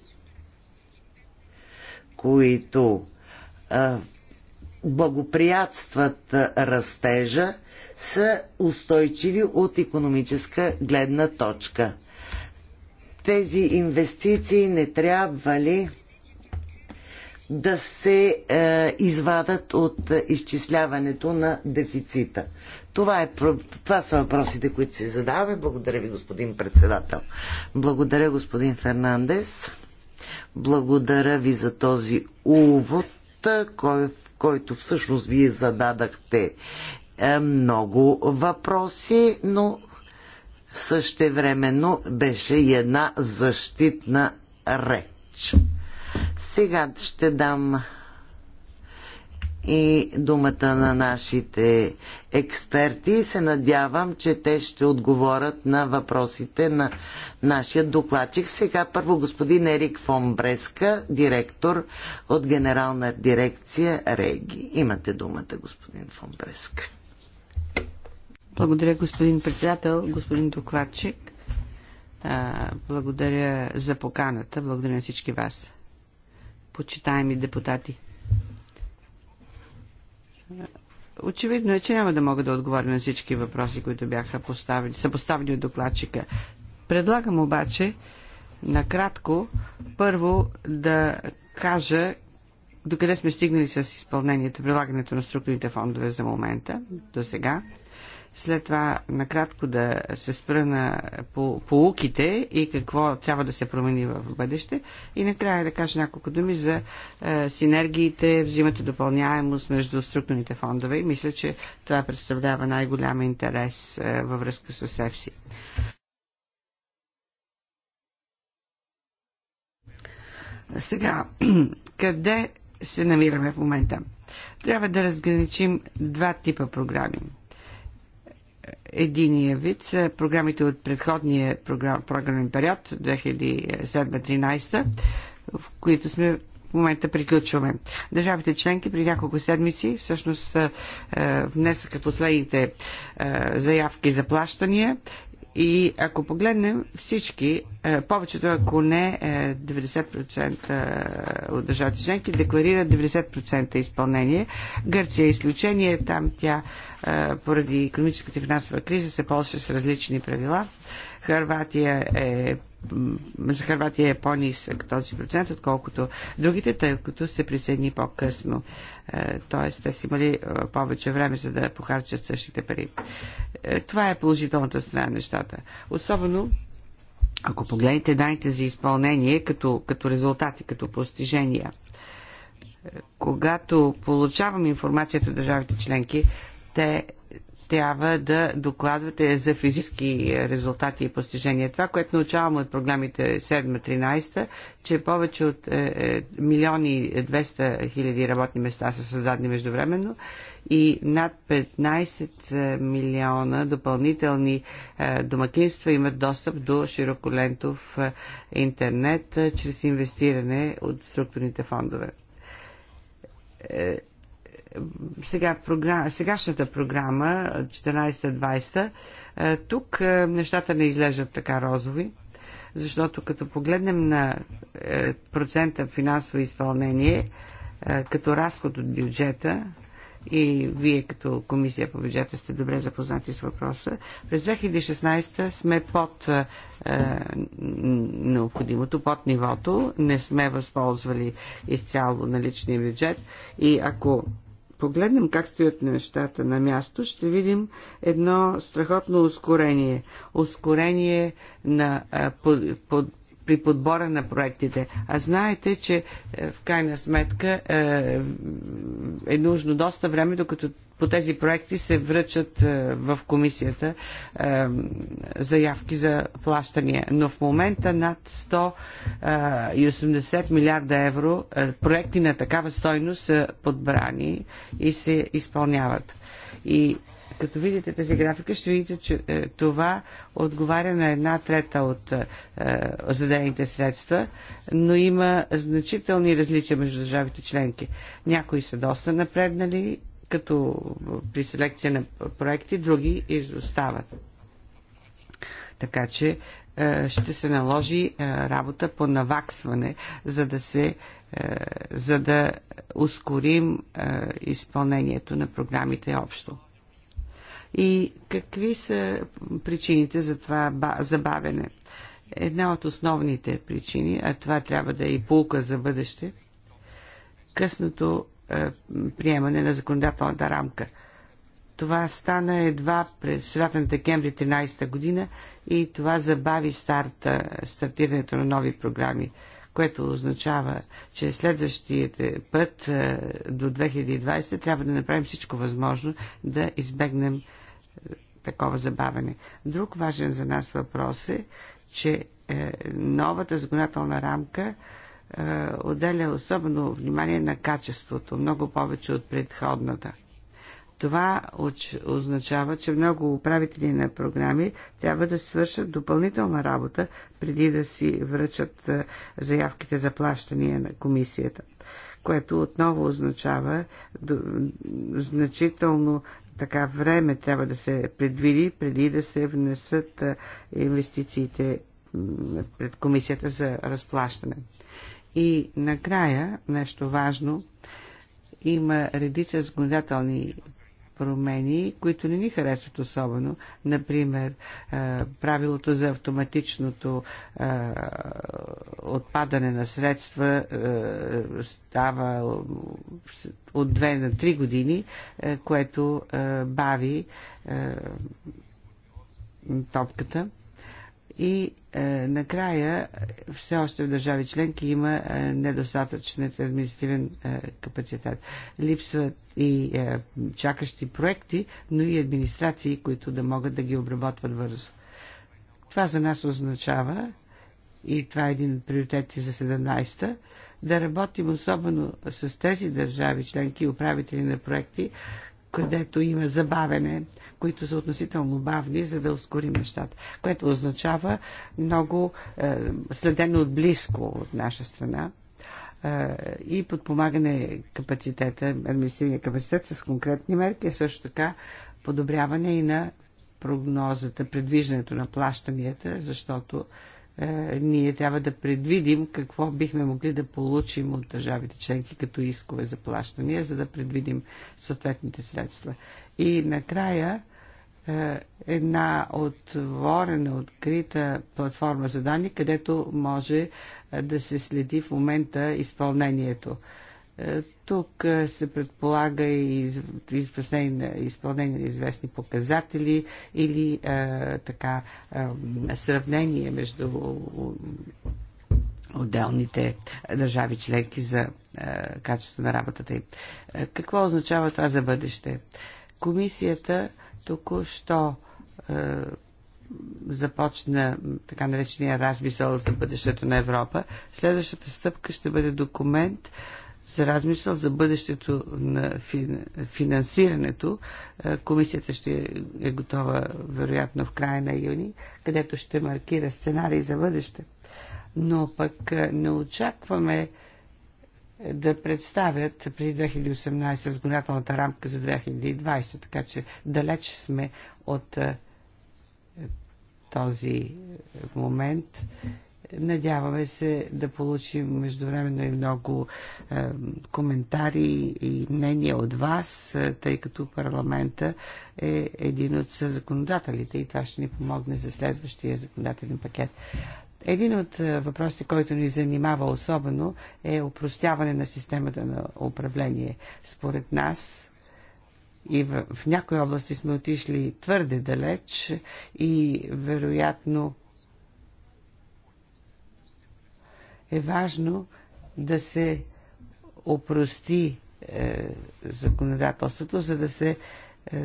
които благоприятстват растежа, са устойчиви от економическа гледна точка. Тези инвестиции не трябва ли да се е, извадат от изчисляването на дефицита? Това, е, това са въпросите, които си задаваме. Благодаря ви, господин председател. Благодаря, господин Фернандес. Благодаря ви за този увод, е, кой, който всъщност вие зададахте е, много въпроси, но същевременно беше и една защитна реч. Сега ще дам и думата на нашите експерти и се надявам, че те ще отговорят на въпросите на нашия докладчик. Сега първо господин Ерик Фон Бреска, директор от Генерална дирекция Реги. Имате думата, господин Фон Бреска. Благодаря, господин председател, господин докладчик. Благодаря за поканата. Благодаря на всички вас, почитаеми депутати. Очевидно е, че няма да мога да отговоря на всички въпроси, които бяха поставени, са поставени от докладчика. Предлагам обаче накратко първо да кажа докъде сме стигнали с изпълнението, прилагането на структурните фондове за момента, до сега след това накратко да се спра на по, полуките и какво трябва да се промени в бъдеще. И накрая да кажа няколко думи за е, синергиите, взимате допълняемост между структурните фондове и мисля, че това представлява най-голям интерес е, във връзка с ЕФСИ. Сега, къде се намираме в момента? Трябва да разграничим два типа програми – единия вид са програмите от предходния програм, програмен период 2007-2013, в които сме в момента приключваме. Държавите членки при няколко седмици всъщност е, внесаха последните е, заявки за плащания и ако погледнем всички, е, повечето, ако не 90% е, е, от държавите членки, декларират 90% изпълнение. Гърция е изключение. Там тя поради економическата и финансова криза се ползва с различни правила. Харватия е за Харватия е по-нисък този процент, отколкото другите, тъй като се присъедини по-късно. Е, т.е. те са имали е, повече време, за да похарчат същите пари. Е, това е положителната страна на нещата. Особено ако погледнете данните за изпълнение като, като резултати, като постижения, когато получаваме информацията от държавите членки, те трябва да докладвате за физически резултати и постижения. Това, което научаваме от програмите 7-13, че повече от е, е, милиони 200 хиляди работни места са създадени междувременно и над 15 е, милиона допълнителни домакинства имат достъп до широколентов интернет чрез инвестиране от структурните фондове сега програм, сегашната програма 14-20, е, тук е, нещата не излежат така розови, защото като погледнем на е, процента финансово изпълнение, като разход от бюджета, и вие като комисия по бюджета сте добре запознати с въпроса. През 2016 сме под е, необходимото, под нивото. Не сме възползвали изцяло наличния бюджет. И ако погледнем как стоят нещата на място, ще видим едно страхотно ускорение. Ускорение на под, под, при подбора на проектите. А знаете, че е, в крайна сметка е, е нужно доста време, докато по тези проекти се връчат е, в комисията заявки за плащания. Но в момента над 180 милиарда евро проекти на такава стойност са подбрани и се изпълняват. И като видите тази графика, ще видите, че е, това отговаря на една трета от е, задените средства, но има значителни различия между държавите членки. Някои са доста напреднали, като при селекция на проекти, други изостават. Така че е, ще се наложи е, работа по наваксване, за да се е, за да ускорим е, изпълнението на програмите общо и какви са причините за това забавене? Една от основните причини, а това трябва да е и пулка за бъдеще, късното е, приемане на законодателната рамка. Това стана едва през средата на декември 13 година и това забави старта, стартирането на нови програми, което означава, че следващият път е, до 2020 трябва да направим всичко възможно да избегнем такова забавене. Друг важен за нас въпрос е, че е, новата законодателна рамка е, отделя особено внимание на качеството, много повече от предходната. Това означава, че много управители на програми трябва да свършат допълнителна работа преди да си връчат е, заявките за плащания на комисията което отново означава значително така време трябва да се предвиди, преди да се внесат инвестициите пред комисията за разплащане. И накрая, нещо важно, има редица законодателни промени, които не ни харесват особено. Например, е, правилото за автоматичното е, отпадане на средства е, става от 2 на 3 години, което бави топката. И е, накрая, все още в държави членки има е, недостатъчен административен е, капацитет. Липсват и е, чакащи проекти, но и администрации, които да могат да ги обработват бързо. Това за нас означава, и това е един от приоритети за 17-та, да работим особено с тези държави членки и управители на проекти, където има забавене, които са относително бавни, за да ускорим нещата, което означава много е, следено от близко от наша страна е, и подпомагане капацитета, административния капацитет с конкретни мерки, а също така подобряване и на прогнозата, предвиждането на плащанията, защото е, ние трябва да предвидим какво бихме могли да получим от държавите членки като искове за плащания, за да предвидим съответните средства. И накрая е, една отворена, открита платформа за данни, където може да се следи в момента изпълнението е, тук е, се предполага и изпълнение на известни показатели или е, така е, сравнение между отделните държави членки за е, качество на работата им. Е, какво означава това за бъдеще? Комисията току-що започна така наречения размисъл за бъдещето на Европа. Следващата стъпка ще бъде документ, за размисъл за бъдещето на финансирането. Е, комисията ще е готова, вероятно, в края на юни, където ще маркира сценарий за бъдеще. Но пък е, не очакваме да представят при 2018 законодателната рамка за 2020, така че далеч сме от е, този момент Надяваме се да получим междувременно и много е, коментари и мнения от вас, е, тъй като парламента е един от законодателите и това ще ни помогне за следващия законодателен пакет. Един от е, въпросите, който ни занимава особено, е упростяване на системата на управление. Според нас и в, в някои области сме отишли твърде далеч и вероятно е важно да се опрости е, законодателството, за да се е,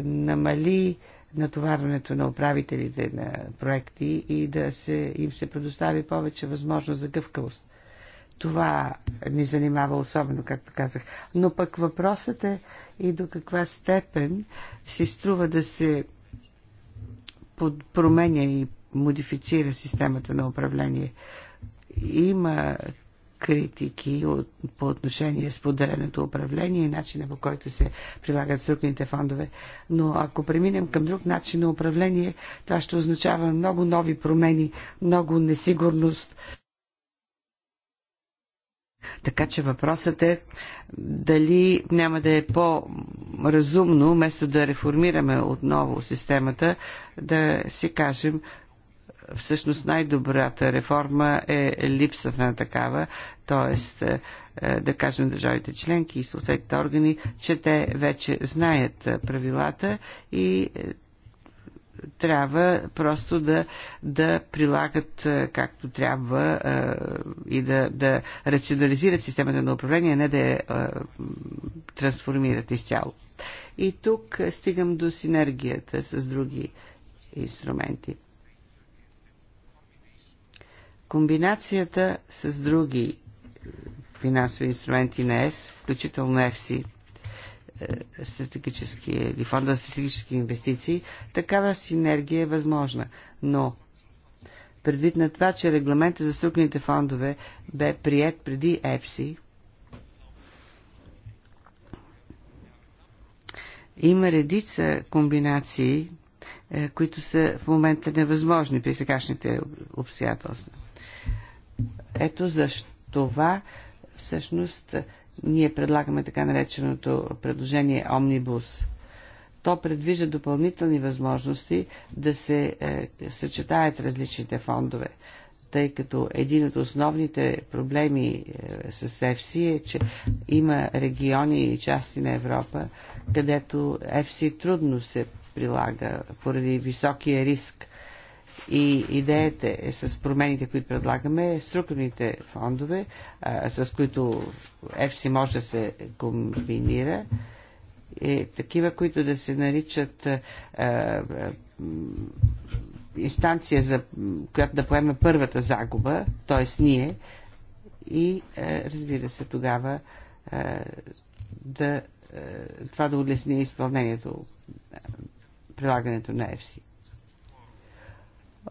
намали натоварването на управителите на проекти и да се, им се предостави повече възможност за гъвкавост. Това ни занимава особено, както казах. Но пък въпросът е и до каква степен си струва да се променя и модифицира системата на управление. Има критики от, по отношение с поделеното управление и начина по който се прилагат структурните фондове. Но ако преминем към друг начин на управление, това ще означава много нови промени, много несигурност. Така че въпросът е дали няма да е по-разумно, вместо да реформираме отново системата, да си кажем всъщност най-добрата реформа е липсата на такава, т.е. Е, да кажем държавите членки и съответните органи, че те вече знаят е, правилата и е, трябва просто да, да прилагат както трябва и да, да рационализират системата на управление, а не да я трансформират изцяло. И тук стигам до синергията с други инструменти. Комбинацията с други е, финансови инструменти на ЕС, включително ЕФСИ, е, стратегически или фонда за стратегически инвестиции, такава синергия е възможна. Но предвид на това, че регламента за структурните фондове бе прият преди ЕФСИ, има редица комбинации, е, които са в момента невъзможни при сегашните обстоятелства. Ето защо това всъщност ние предлагаме така нареченото предложение Омнибус. То предвижда допълнителни възможности да се е, съчетаят различните фондове, тъй като един от основните проблеми е, с ЕФСИ е, че има региони и части на Европа, където ЕФСИ трудно се прилага поради високия риск и идеята е с промените, които предлагаме, структурните фондове, а, с които ЕФСИ може да се комбинира, е, такива, които да се наричат а, а, инстанция, за, която да поеме първата загуба, т.е. ние, и а, разбира се тогава а, да, а, това да улесни изпълнението, прилагането на ЕФСИ.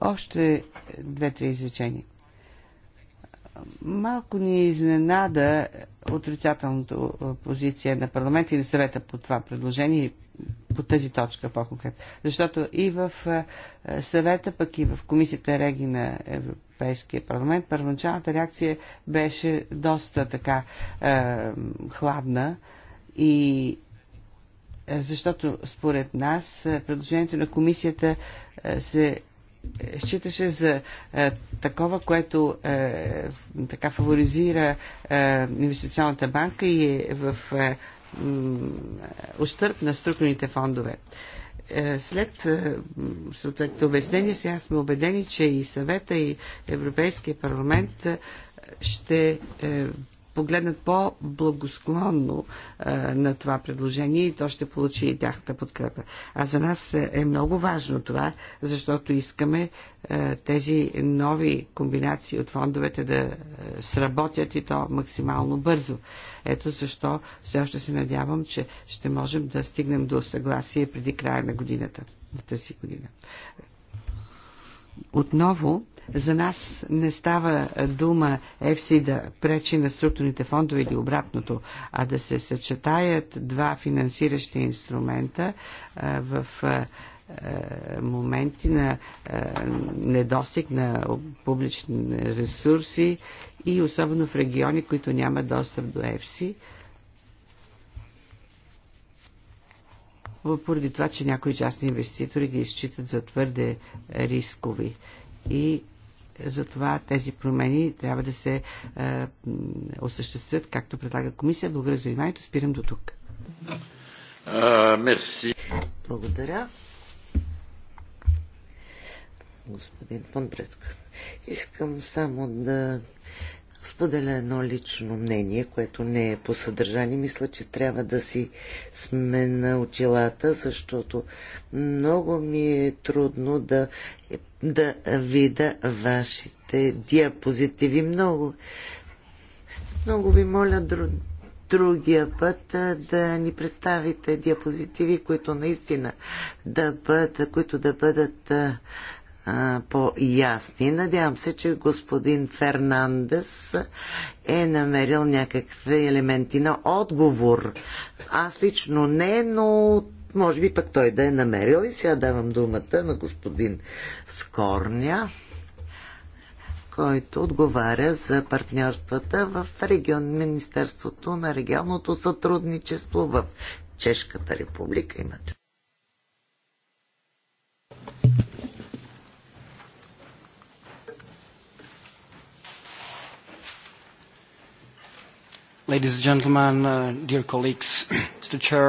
Още две-три изречения. Малко ни изненада отрицателната позиция на парламента и на съвета по това предложение по тази точка по-конкретно. Защото и в съвета, пък и в комисията Реги на Европейския парламент, първоначалната реакция беше доста така е, хладна и защото според нас предложението на комисията се считаше за е, такова, което е, така фаворизира е, инвестиционната банка и е в е, ущърп на структурните фондове. Е, след е, съответното обяснение, сега сме убедени, че и съвета, и Европейския парламент е, ще е, погледнат по-благосклонно е, на това предложение и то ще получи и тяхната подкрепа. А за нас е много важно това, защото искаме е, тези нови комбинации от фондовете да е, сработят и то максимално бързо. Ето защо все още се надявам, че ще можем да стигнем до съгласие преди края на годината, в тази година. Отново, за нас не става дума ЕФСИ да пречи на структурните фондове или обратното, а да се съчетаят два финансиращи инструмента в моменти на недостиг на публични ресурси и особено в региони, които нямат достъп до ЕФСИ. поради това, че някои частни инвеститори ги изчитат за твърде рискови и затова тези промени трябва да се е, осъществят, както предлага комисия. Благодаря за вниманието. Спирам до тук. мерси. Благодаря. Господин Фондрецкас, искам само да споделя едно лично мнение, което не е по съдържание. Мисля, че трябва да си сме на очилата, защото много ми е трудно да да видя вашите диапозитиви. Много, много ви моля дру, другия път да ни представите диапозитиви, които наистина да бъдат, които да бъдат по-ясни. Надявам се, че господин Фернандес е намерил някакви елементи на отговор. Аз лично не, но може би пък той да е намерил. И сега давам думата на господин Скорня, който отговаря за партньорствата в регион Министерството на регионното сътрудничество в Чешката република. Имате. Ladies and gentlemen, uh, dear colleagues, Mr. Chair.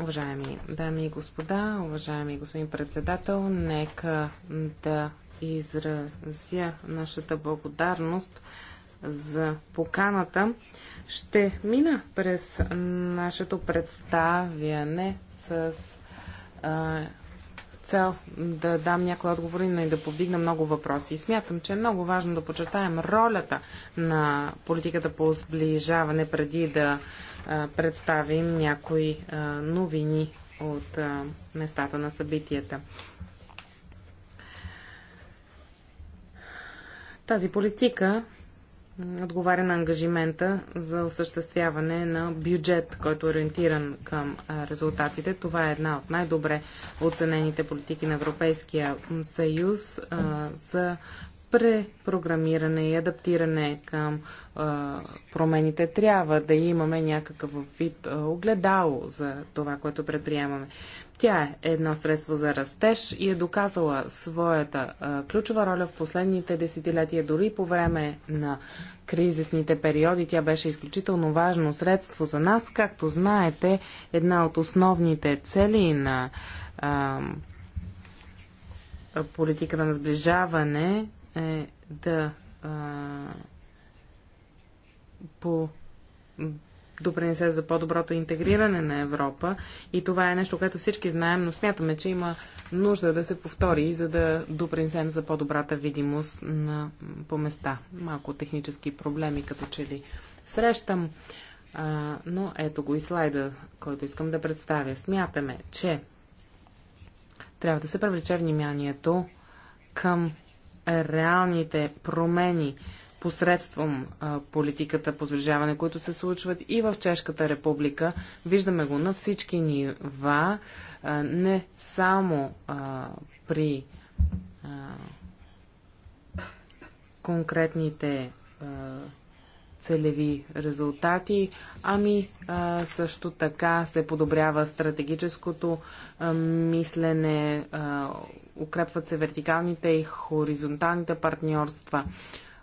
Уважаеми дами и господа, уважаеми господин председател, нека да изразя нашата благодарност за поканата. Ще мина през нашето представяне с а, цел да дам някои отговори, но и да повдигна много въпроси. И смятам, че е много важно да почетаем ролята на политиката по сближаване преди да представим някои новини от местата на събитията. Тази политика отговаря на ангажимента за осъществяване на бюджет, който е ориентиран към резултатите. Това е една от най-добре оценените политики на Европейския съюз за препрограмиране и адаптиране към а, промените. Трябва да имаме някакъв вид а, огледало за това, което предприемаме. Тя е едно средство за растеж и е доказала своята а, ключова роля в последните десетилетия, дори по време на кризисните периоди. Тя беше изключително важно средство за нас. Както знаете, една от основните цели на а, политиката на сближаване е да а, по допринесе за по-доброто интегриране на Европа и това е нещо, което всички знаем, но смятаме, че има нужда да се повтори, за да допринесем за по-добрата видимост на, по места. Малко технически проблеми, като че ли срещам, а, но ето го и слайда, който искам да представя. Смятаме, че трябва да се привлече вниманието към реалните промени посредством а, политиката по сближаване, които се случват и в Чешката република. Виждаме го на всички нива, а, не само а, при конкретните целеви резултати, ами а, също така се подобрява стратегическото а, мислене, а, укрепват се вертикалните и хоризонталните партньорства.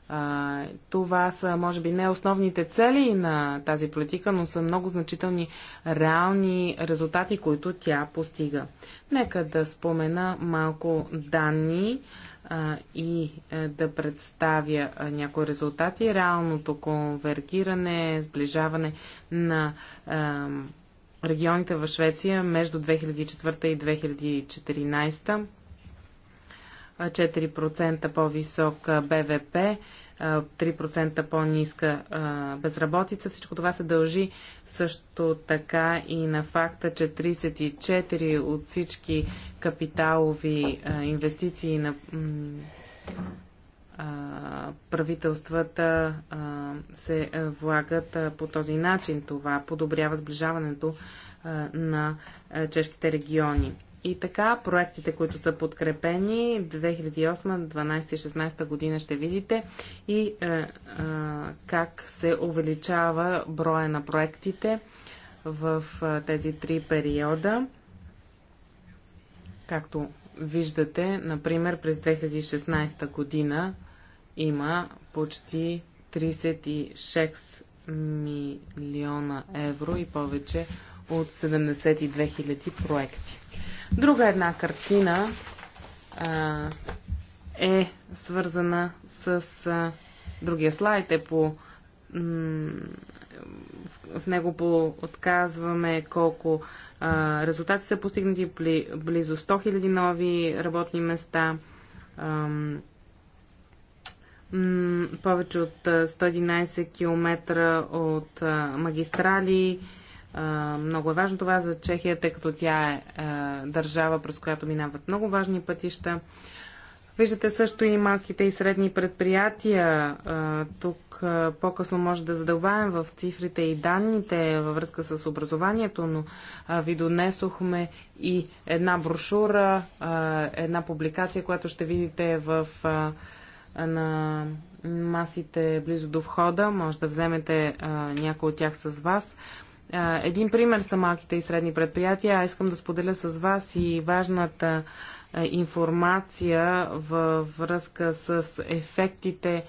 А, това са, може би, не основните цели на тази политика, но са много значителни реални резултати, които тя постига. Нека да спомена малко данни и е, да представя някои резултати. Реалното конвергиране, сближаване на регионите в Швеция между 2004 и 2014. 4% по-висок БВП, 3% по-ниска безработица. Всичко това се дължи също така и на факта, че 34 от всички капиталови а, инвестиции на а, правителствата а, се влагат а, по този начин. Това подобрява сближаването а, на а, чешките региони. И така, проектите, които са подкрепени 2008, 12 и 16 година ще видите и е, е, как се увеличава броя на проектите в е, тези три периода. Както виждате, например, през 2016 година има почти 36 милиона евро и повече от 72 000 проекти. Друга една картина а, е свързана с а, другия слайд. Е по, в него по отказваме колко а, резултати са постигнати, при близо 100 000 нови работни места, а, повече от 111 км от а, магистрали, много е важно това за Чехия, тъй като тя е държава, през която минават много важни пътища. Виждате също и малките и средни предприятия. Тук по-късно може да задълбавим в цифрите и данните във връзка с образованието, но ви донесохме и една брошура, една публикация, която ще видите в на масите близо до входа. Може да вземете някои от тях с вас. Един пример са малките и средни предприятия. Аз искам да споделя с вас и важната информация във връзка с ефектите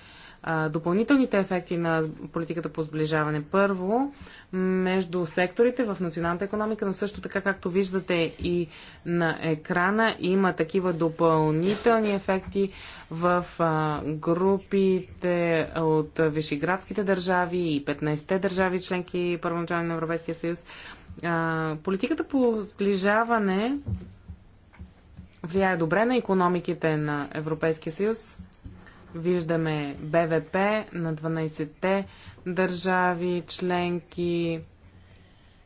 допълнителните ефекти на политиката по сближаване. Първо, между секторите в националната економика, но също така, както виждате и на екрана, има такива допълнителни ефекти в групите от вишеградските държави и 15-те държави членки първоначално на Европейския съюз. политиката по сближаване влияе добре на економиките на Европейския съюз Виждаме БВП на 12-те държави, членки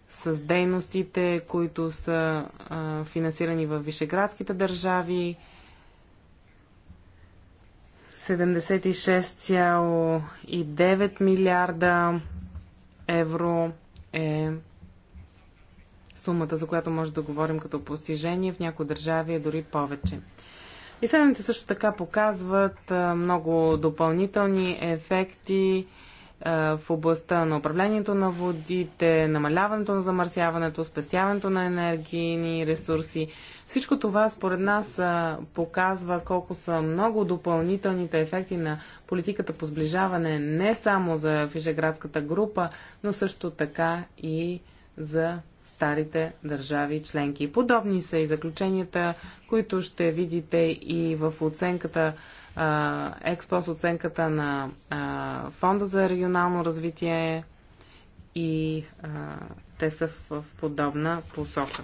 с дейностите, които са а, финансирани в вишеградските държави. 76,9 милиарда евро е сумата, за която може да говорим като постижение. В някои държави е дори повече. Изследването също така показват много допълнителни ефекти в областта на управлението на водите, намаляването на замърсяването, спестяването на енергийни ресурси. Всичко това според нас показва колко са много допълнителните ефекти на политиката по сближаване не само за Вижеградската група, но също така и за старите държави членки. Подобни са и заключенията, които ще видите и в оценката, експос оценката на Фонда за регионално развитие и те са в, в подобна посока.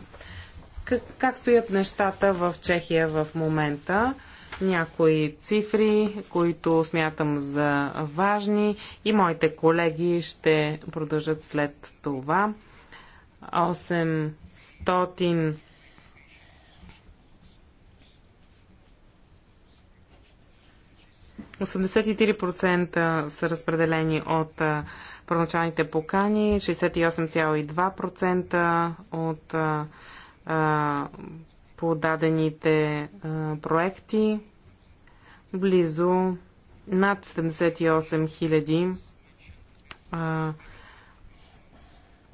Как, как стоят нещата в Чехия в момента? някои цифри, които смятам за важни и моите колеги ще продължат след това. 83% 84% са разпределени от първоначалните покани, 68,2% от а, а, подадените проекти, близо над 78 000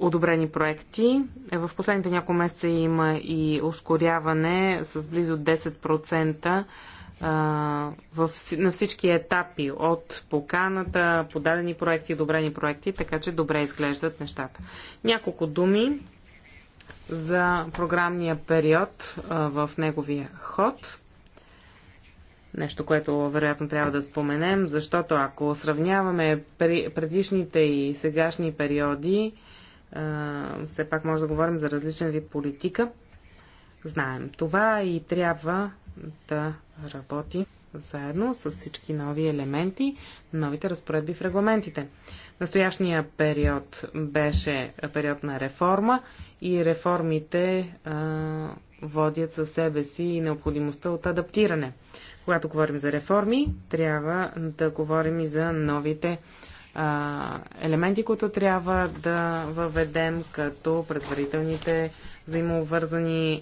одобрени проекти. Е, в последните няколко месеца има и ускоряване с близо 10% на всички етапи от поканата, подадени проекти, одобрени проекти, така че добре изглеждат нещата. Няколко думи за програмния период в неговия ход. Нещо, което вероятно трябва да споменем, защото ако сравняваме предишните и сегашни периоди, все пак може да говорим за различен вид политика. Знаем това и трябва да работи заедно с всички нови елементи, новите разпоредби в регламентите. Настоящия период беше период на реформа и реформите а, водят със себе си и необходимостта от адаптиране. Когато говорим за реформи, трябва да говорим и за новите елементи, които трябва да въведем като предварителните взаимовързани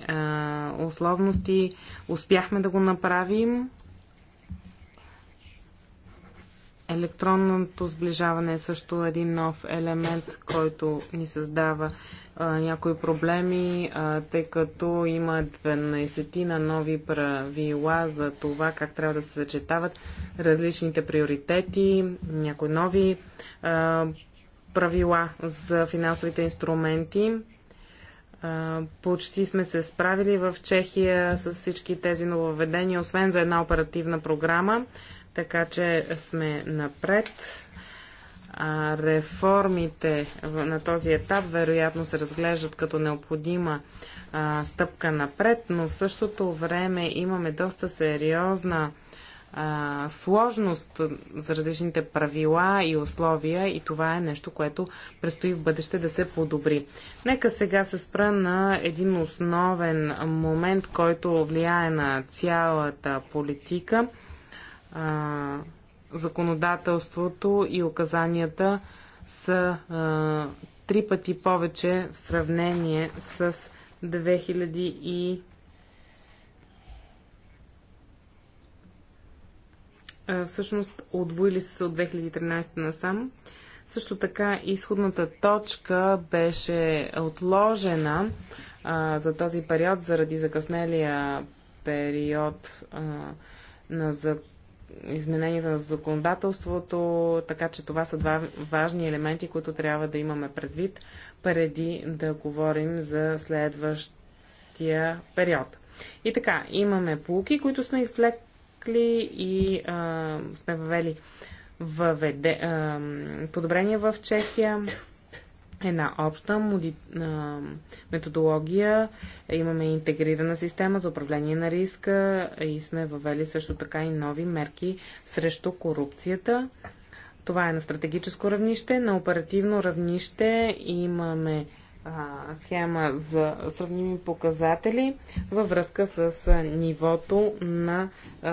условности. Успяхме да го направим Електронното сближаване е също един нов елемент, който ни създава а, някои проблеми, а, тъй като има 12 на нови правила за това как трябва да се съчетават различните приоритети, някои нови а, правила за финансовите инструменти. почти сме се справили в Чехия с всички тези нововведения, освен за една оперативна програма така че сме напред. А, реформите на този етап вероятно се разглеждат като необходима а, стъпка напред, но в същото време имаме доста сериозна а, сложност за различните правила и условия и това е нещо, което предстои в бъдеще да се подобри. Нека сега се спра на един основен момент, който влияе на цялата политика – а, законодателството и указанията са а, три пъти повече в сравнение с 2000 и всъщност отвоили се от 2013 насам. Също така изходната точка беше отложена а, за този период заради закъснелия период а, на закон измененията в законодателството, така че това са два важни елементи, които трябва да имаме предвид преди да говорим за следващия период. И така, имаме полуки, които сме извлекли и а, сме въвели въведе, а, подобрения в Чехия една обща методология, имаме интегрирана система за управление на риска и сме въвели също така и нови мерки срещу корупцията. Това е на стратегическо равнище, на оперативно равнище имаме схема за сравними показатели във връзка с нивото на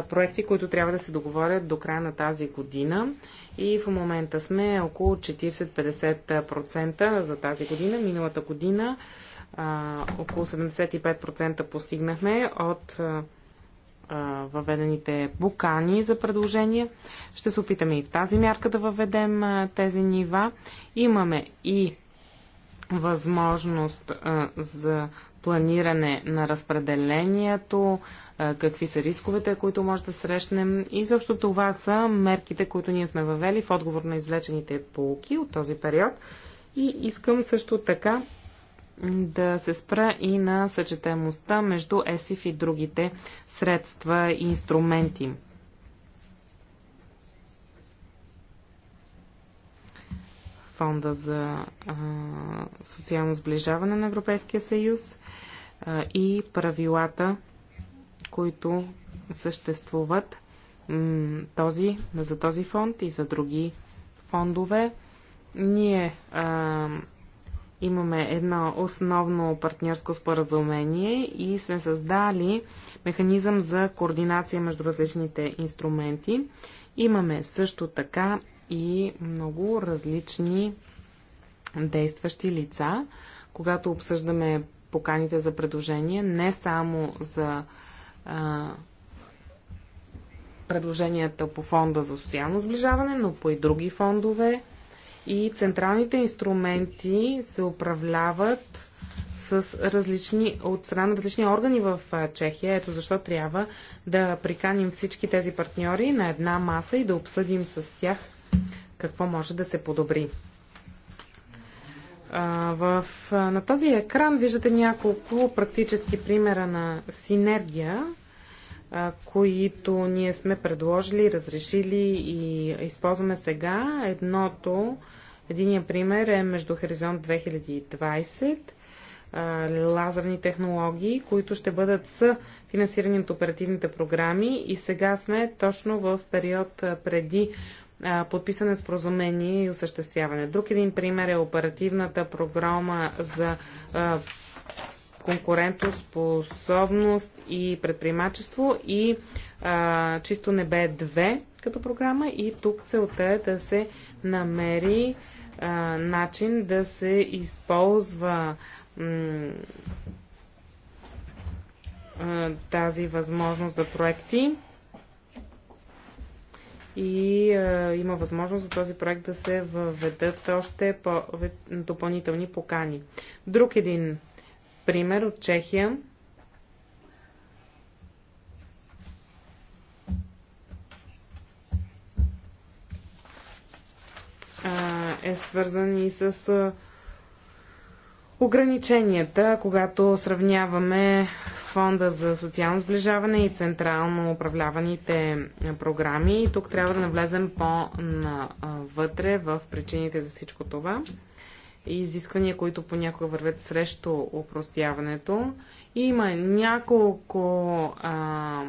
проекти, които трябва да се договорят до края на тази година. И в момента сме около 40-50% за тази година. Миналата година около 75% постигнахме от въведените букани за предложения. Ще се опитаме и в тази мярка да въведем тези нива. Имаме и възможност за планиране на разпределението, какви са рисковете, които може да срещнем. И защо това са мерките, които ние сме въвели в отговор на извлечените полки от този период. И искам също така да се спра и на съчетаемостта между ЕСИФ и другите средства и инструменти. фонда за а, социално сближаване на Европейския съюз а, и правилата, които съществуват този, за този фонд и за други фондове. Ние а, имаме едно основно партньорско споразумение и сме създали механизъм за координация между различните инструменти. Имаме също така и много различни действащи лица, когато обсъждаме поканите за предложение, не само за а, предложенията по фонда за социално сближаване, но по и други фондове. И централните инструменти се управляват с различни, от страна на различни органи в Чехия. Ето защо трябва да приканим всички тези партньори на една маса и да обсъдим с тях какво може да се подобри. В, на този екран виждате няколко практически примера на синергия, които ние сме предложили, разрешили и използваме сега. Едното, единия пример е между Хоризонт 2020 лазерни технологии, които ще бъдат с финансирани от оперативните програми и сега сме точно в период преди подписане споразумение и осъществяване. Друг един пример е оперативната програма за конкурентоспособност и предприемачество и а, Чисто небе 2 като програма и тук целта е да се намери а, начин да се използва тази възможност за проекти и а, е, има възможност за този проект да се въведат още по- допълнителни покани. Друг един пример от Чехия. е, е свързан и с е, ограниченията, когато сравняваме Фонда за социално сближаване и централно управляваните програми. И тук трябва да навлезем по-навътре в причините за всичко това. И изисквания, които понякога вървят срещу упростяването. И има няколко а,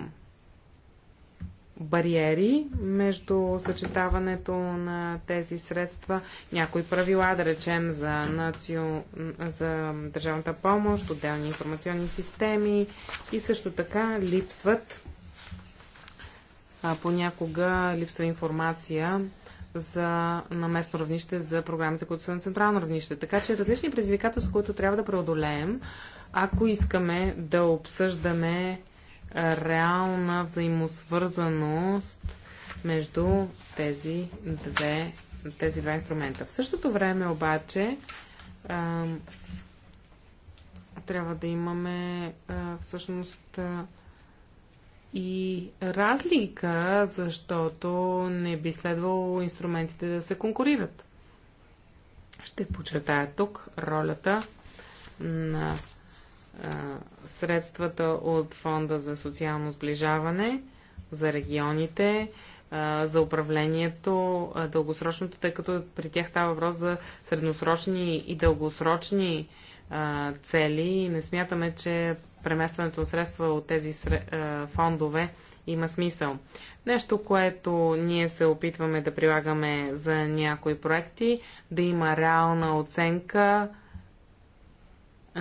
бариери между съчетаването на тези средства, някои правила, да речем, за, нацио... за държавната помощ, отделни информационни системи и също така липсват а, понякога липсва информация за, на местно равнище за програмите, които са на централно равнище. Така че различни предизвикателства, които трябва да преодолеем, ако искаме да обсъждаме реална взаимосвързаност между тези, две, тези два инструмента. В същото време обаче трябва да имаме всъщност и разлика, защото не би следвало инструментите да се конкурират. Ще подчертая тук ролята на средствата от Фонда за социално сближаване за регионите, за управлението дългосрочното, тъй като при тях става въпрос за средносрочни и дългосрочни цели и не смятаме, че преместването на средства от тези фондове има смисъл. Нещо, което ние се опитваме да прилагаме за някои проекти, да има реална оценка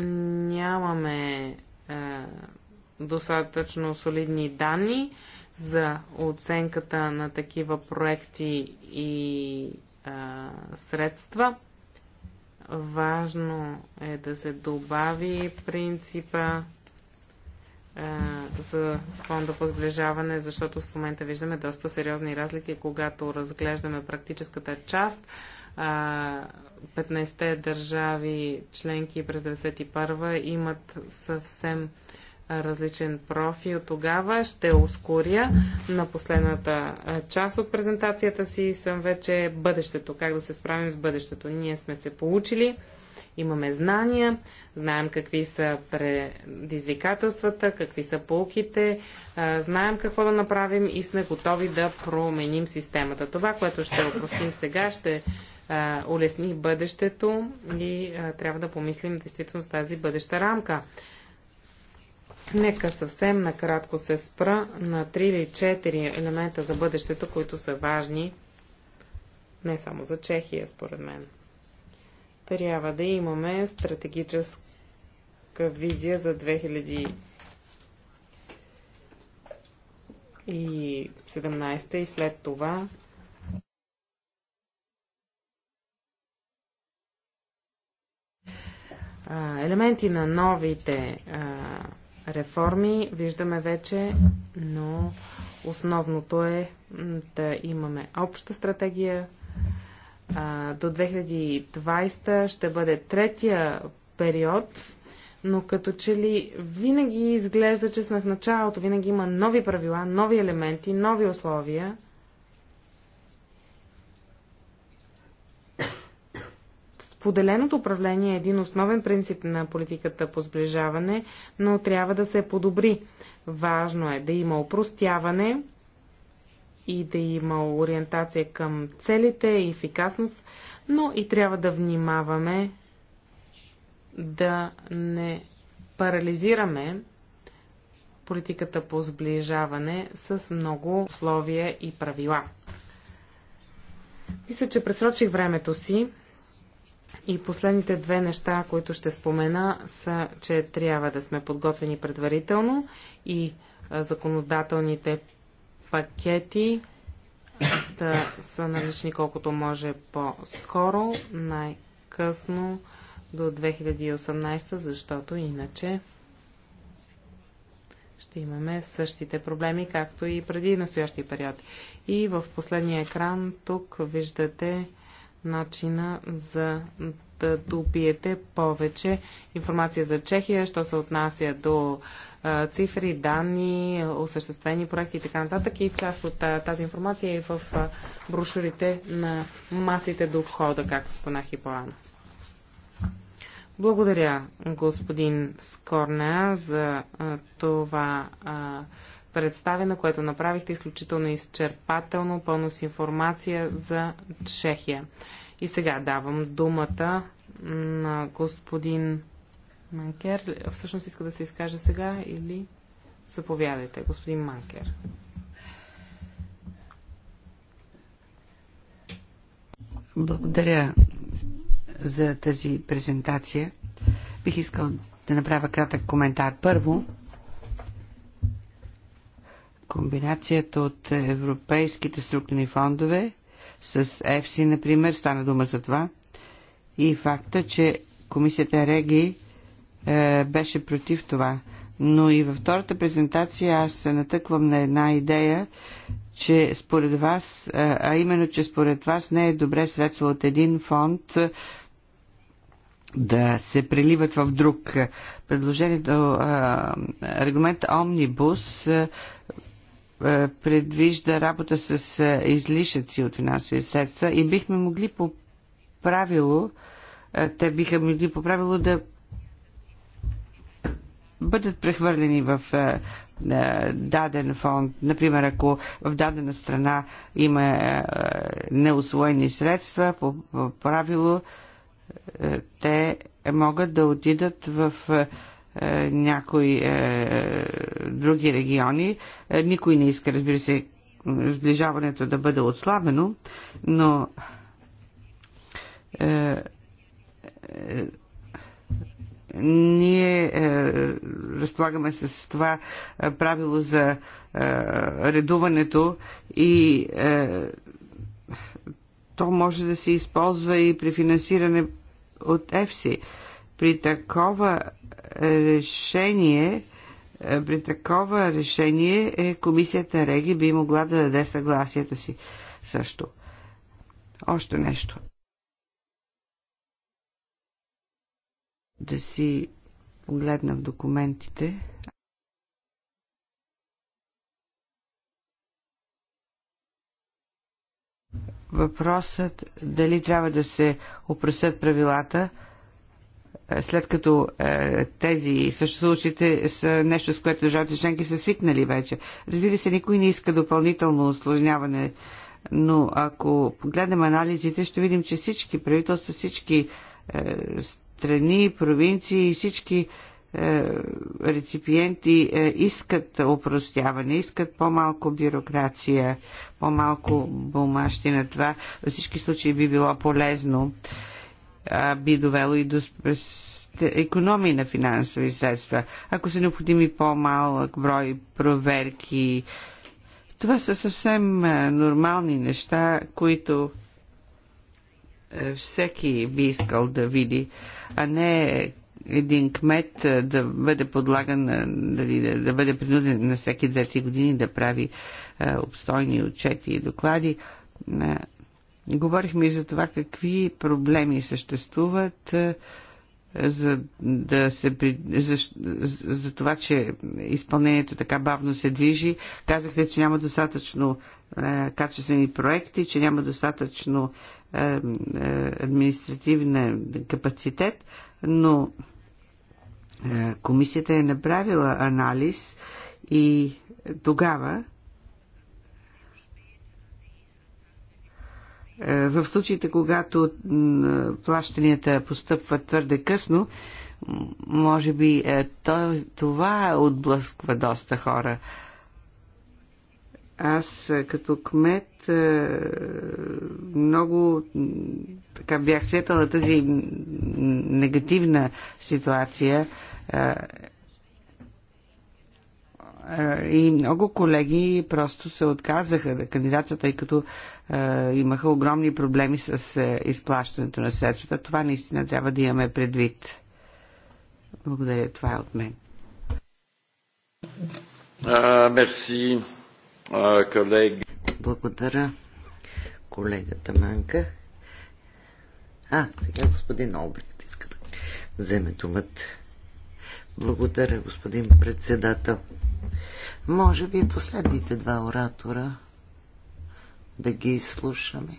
нямаме е, достатъчно солидни данни за оценката на такива проекти и е, средства. Важно е да се добави принципа е, за фонда по сближаване, защото в момента виждаме доста сериозни разлики, когато разглеждаме практическата част 15-те държави членки през 1991 имат съвсем различен профил. Тогава ще ускоря на последната част от презентацията си. Съм вече бъдещето. Как да се справим с бъдещето? Ние сме се получили, имаме знания, знаем какви са предизвикателствата, какви са полките, знаем какво да направим и сме готови да променим системата. Това, което ще опростим сега, ще а, улесни бъдещето и а, трябва да помислим действително с тази бъдеща рамка. Нека съвсем накратко се спра на 3 или 4 елемента за бъдещето, които са важни не само за Чехия, според мен. Трябва да имаме стратегическа визия за 2017 и след това елементи на новите реформи виждаме вече, но основното е да имаме обща стратегия. До 2020 ще бъде третия период, но като че ли винаги изглежда, че сме в началото, винаги има нови правила, нови елементи, нови условия Споделеното управление е един основен принцип на политиката по сближаване, но трябва да се подобри. Важно е да има упростяване и да има ориентация към целите и ефикасност, но и трябва да внимаваме да не парализираме политиката по сближаване с много условия и правила. Мисля, че пресрочих времето си. И последните две неща, които ще спомена, са, че трябва да сме подготвени предварително и законодателните пакети да са налични колкото може по-скоро, най-късно до 2018, защото иначе ще имаме същите проблеми, както и преди настоящия период. И в последния екран тук виждате начина за да добиете повече информация за Чехия, що се отнася до а, цифри, данни, осъществени проекти и така нататък. И част от а, тази информация е в а, брошурите на масите до входа, както спонах и по-рано. Благодаря, господин Скорнея, за това представена, което направихте изключително изчерпателно, пълно с информация за Чехия. И сега давам думата на господин Манкер. Всъщност иска да се изкаже сега или заповядайте, господин Манкер. Благодаря за тази презентация. Бих искал да направя кратък коментар. Първо, Комбинацията от европейските структурни фондове с ЕФСИ, например, стана дума за това. И факта, че комисията Реги е, беше против това. Но и във втората презентация аз се натъквам на една идея, че според вас, е, а именно, че според вас не е добре средства от един фонд е, да се преливат в друг. Предложението, е, регламент Омнибус е, предвижда работа с е, излишъци от финансови средства и бихме могли по правило, е, те биха могли по правило да бъдат прехвърлени в даден фонд. Например, ако в дадена страна има неосвоени средства, по правило те могат да отидат в е, някои е, други региони. Е, никой не иска, разбира се, сближаването да бъде отслабено, но ние е, разполагаме с това е, правило за е, редуването и е, то може да се използва и при финансиране от ЕФСИ. При такова решение, е, при такова решение е, комисията Реги би могла да даде съгласието си също. Още нещо. Да си погледна в документите. Въпросът дали трябва да се опростят правилата – е, след като е, тези съществуващите са нещо, с което държавите членки са свикнали вече. Разбира се, никой не иска допълнително осложняване, но ако погледнем анализите, ще видим, че всички правителства, всички е, страни, провинции, всички реципиенти искат опростяване, искат по-малко бюрокрация, по-малко на Това във всички случаи би било полезно а, би довело и до економии на финансови средства, ако са необходими по-малък брой проверки. Това са съвсем нормални неща, които всеки би искал да види, а не един кмет да бъде подлаган, да, бъде принуден на всеки 20 години да прави обстойни отчети и доклади. Говорихме и за това какви проблеми съществуват, е, за, да се, за, за това, че изпълнението така бавно се движи. Казахте, че няма достатъчно е, качествени проекти, че няма достатъчно е, е, административен капацитет, но е, комисията е направила анализ и тогава Е, в случаите, когато плащанията постъпват твърде късно, може би е, това отблъсква доста хора. Аз е, като кмет много така бях светъл на тази негативна ситуация е, и много колеги просто се отказаха да кандидатстват, тъй като е, имаха огромни проблеми с е, изплащането на средствата. Това наистина трябва да имаме предвид. Благодаря, това е от мен. Мерси, колеги. Благодаря, колегата Манка. А, сега господин Олбрехт иска да вземе думата. Благодаря, господин председател. Може би последните два оратора да ги изслушаме.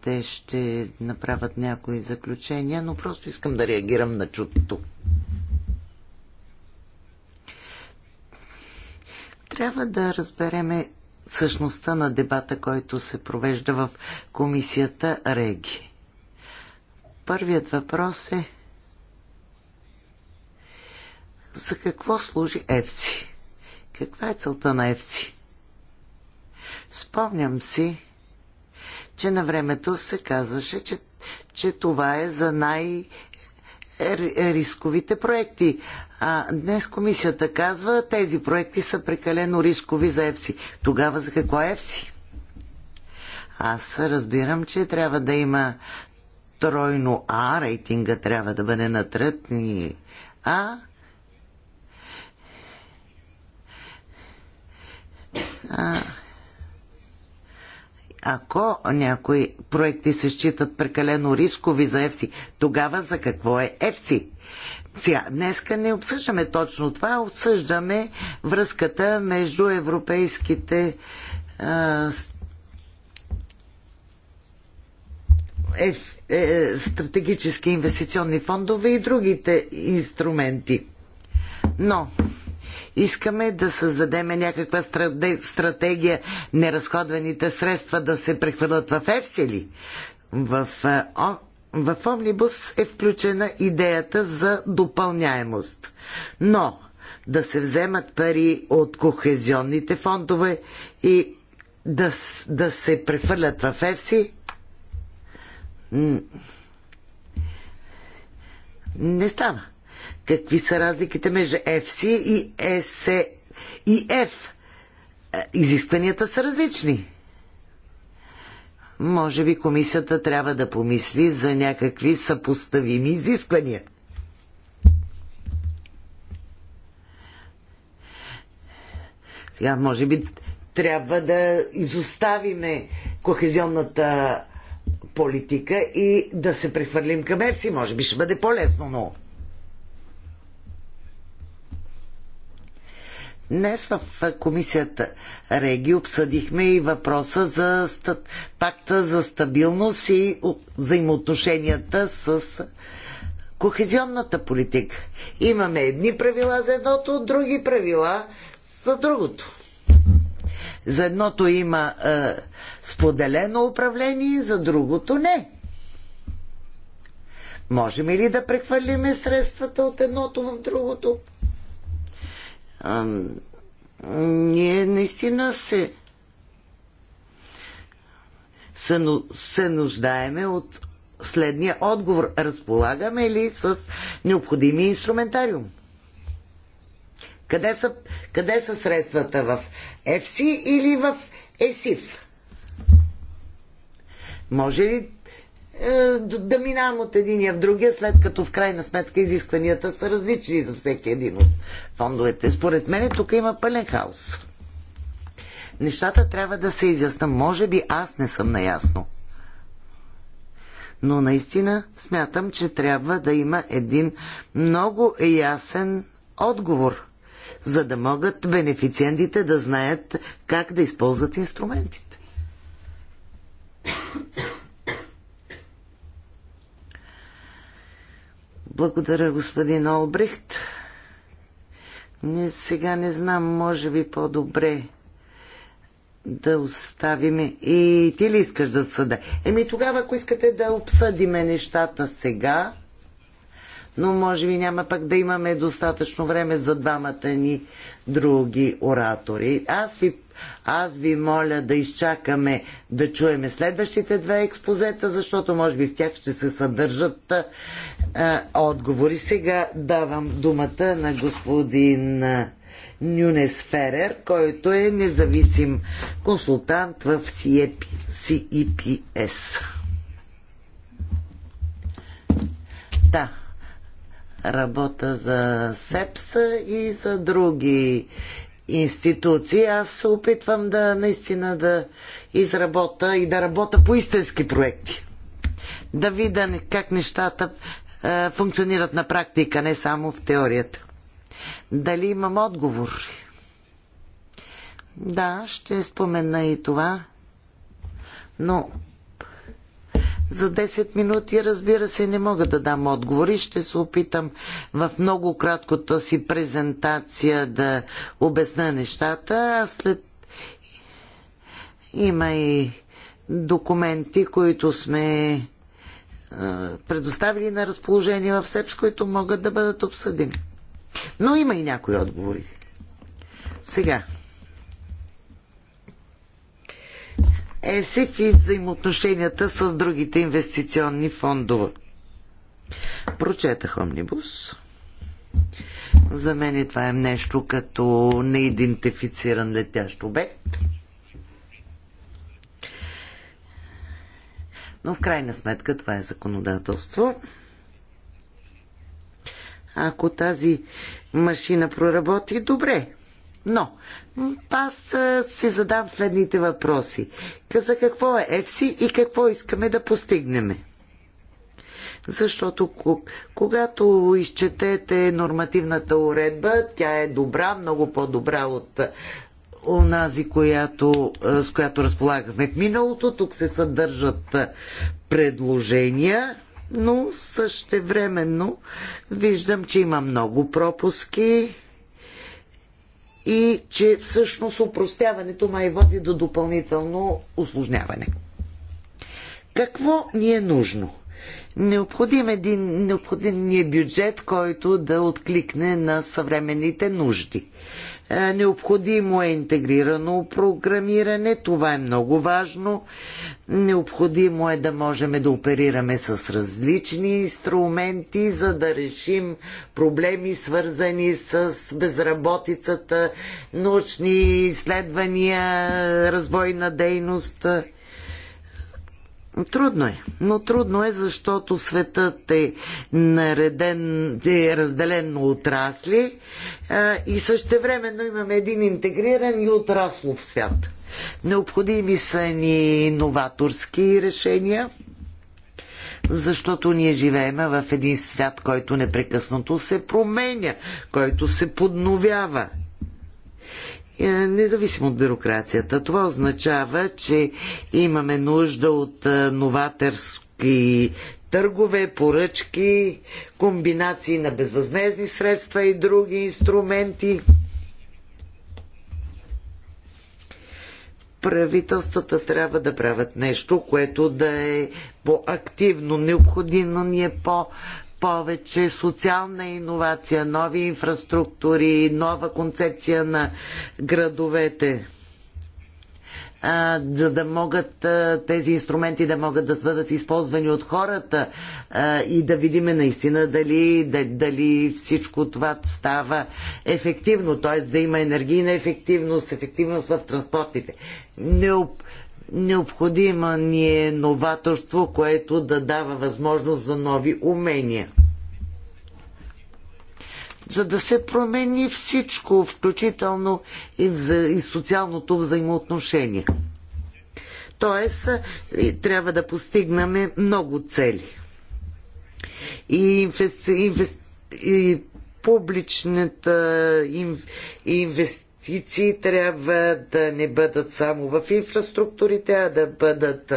Те ще направят някои заключения, но просто искам да реагирам на чутото. Трябва да разбереме същността на дебата, който се провежда в комисията Реги. Първият въпрос е за какво служи ЕФСИ? Каква е целта на ЕФСИ? Спомням си, че на времето се казваше, че, че това е за най- рисковите проекти. А днес комисията казва, тези проекти са прекалено рискови за ЕФСИ. Тогава за какво е ЕФСИ? Аз разбирам, че трябва да има тройно А, рейтинга трябва да бъде на трътни А, ако някои проекти се считат прекалено рискови за ЕФСИ, тогава за какво е ЕФСИ? Сега, днеска не обсъждаме точно това, обсъждаме връзката между европейските а, еф, е, стратегически инвестиционни фондове и другите инструменти. Но искаме да създадем някаква стратегия неразходваните средства да се прехвърлят в ЕФСЕЛИ. В, в Омнибус е включена идеята за допълняемост. Но да се вземат пари от кохезионните фондове и да, да се прехвърлят в ЕФСИ, е не става какви са разликите между FC и SE и F. Е, изискванията са различни. Може би комисията трябва да помисли за някакви съпоставими изисквания. Сега, може би, трябва да изоставиме кохезионната политика и да се прехвърлим към ЕФСИ. Може би ще бъде по-лесно, но... Днес в комисията Реги обсъдихме и въпроса за пакта за стабилност и взаимоотношенията с кохезионната политика. Имаме едни правила за едното, други правила за другото. За едното има е, споделено управление, за другото не. Можем ли да прехвърлиме средствата от едното в другото? А, ние наистина се се, се нуждаеме от следния отговор. Разполагаме ли с необходимия инструментариум? Къде са, къде са средствата? В ЕФСИ или в ЕСИФ? Може ли е, да минавам от единия в другия, след като в крайна сметка изискванията са различни за всеки един от фондовете. Според мен тук има пълен хаос. Нещата трябва да се изясна. Може би аз не съм наясно. Но наистина смятам, че трябва да има един много ясен отговор, за да могат бенефициентите да знаят как да използват инструментите. Благодаря, господин Олбрихт. Не, сега не знам, може би по-добре да оставиме. И ти ли искаш да съда? Еми тогава, ако искате да обсъдиме нещата сега, но може би няма пък да имаме достатъчно време за двамата ни други оратори. Аз ви, аз ви моля да изчакаме да чуеме следващите две експозета, защото може би в тях ще се съдържат а, е, отговори. Сега давам думата на господин е, Нюнес Ферер, който е независим консултант в CEPS. Е да работа за СЕПСа и за други институции. Аз се опитвам да наистина да изработа и да работя по истински проекти. Да видя как нещата а, е, функционират на практика, не само в теорията. Дали имам отговор? Да, ще спомена и това. Но за 10 минути, разбира се, не мога да дам отговори. Ще се опитам в много краткото си презентация да обясна нещата, а след има и документи, които сме е, предоставили на разположение в СЕПС, които могат да бъдат обсъдени. Но има и някои отговори. Сега, ЕСЕФ и взаимоотношенията с другите инвестиционни фондове. Прочетах Омнибус. За мен е, това е нещо като неидентифициран летящ обект. Но в крайна сметка това е законодателство. Ако тази машина проработи, добре. Но аз си задам следните въпроси. За какво е ЕФСИ и какво искаме да постигнем? Защото когато изчетете нормативната уредба, тя е добра, много по-добра от онази, която, с която разполагахме в миналото. Тук се съдържат предложения, но същевременно виждам, че има много пропуски и че всъщност упростяването май води до допълнително осложняване. Какво ни е нужно? Необходим един необходим ни е бюджет, който да откликне на съвременните нужди. Е, необходимо е интегрирано програмиране, това е много важно. Необходимо е да можем да оперираме с различни инструменти, за да решим проблеми, свързани с безработицата, научни изследвания, развойна дейност. Трудно е, но трудно е, защото светът е нареден, е разделен на отрасли а, и същевременно имаме един интегриран и отраслов свят. Необходими са ни новаторски решения, защото ние живеем в един свят, който непрекъснато се променя, който се подновява. Е, независимо от бюрокрацията. Това означава, че имаме нужда от е, новаторски търгове, поръчки, комбинации на безвъзмезни средства и други инструменти. Правителствата трябва да правят нещо, което да е по-активно. Необходимо ни е по- повече социална иновация, нови инфраструктури, нова концепция на градовете за да могат тези инструменти да могат да бъдат използвани от хората и да видиме наистина дали, дали всичко това става ефективно, т.е. да има енергийна ефективност, ефективност в транспортите. Необходимо ни е новаторство, което да дава възможност за нови умения. За да се промени всичко, включително и, вза... и социалното взаимоотношение. Тоест, трябва да постигнаме много цели. И, инвести... и публичната инв... инвестиция инвестиции трябва да не бъдат само в инфраструктурите, а да бъдат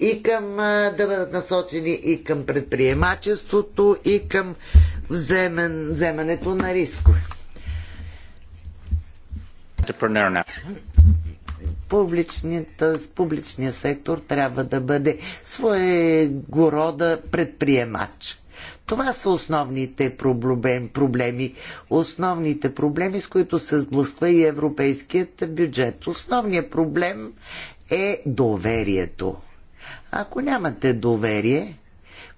и към, да бъдат насочени и към предприемачеството, и към вземен, вземането на рискове. Публичният сектор трябва да бъде своего рода предприемач това са основните проблеми. Основните проблеми, с които се сблъсква и европейският бюджет. Основният проблем е доверието. Ако нямате доверие,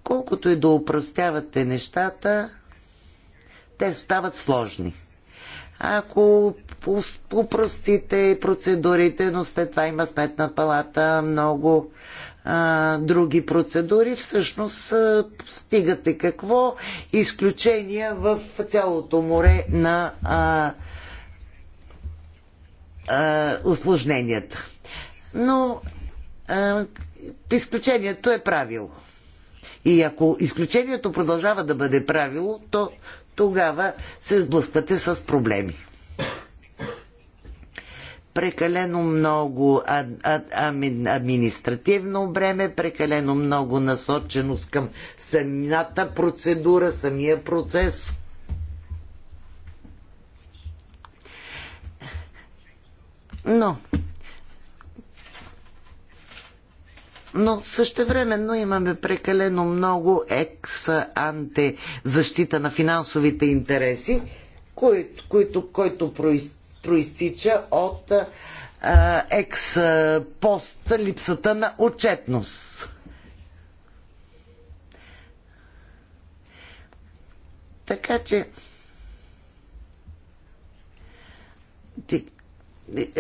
колкото и да упростявате нещата, те стават сложни. Ако упростите процедурите, но след това има сметна палата, много а, други процедури, всъщност стигате какво? Изключения в цялото море на а, а, осложненията. Но а, изключението е правило. И ако изключението продължава да бъде правило, то тогава се сблъсквате с проблеми прекалено много ами, административно бреме, прекалено много насоченост към самата процедура, самия процес. Но но същевременно имаме прекалено много екс-анте защита на финансовите интереси, който, който, който проистича проистича от екс-пост липсата на отчетност. Така че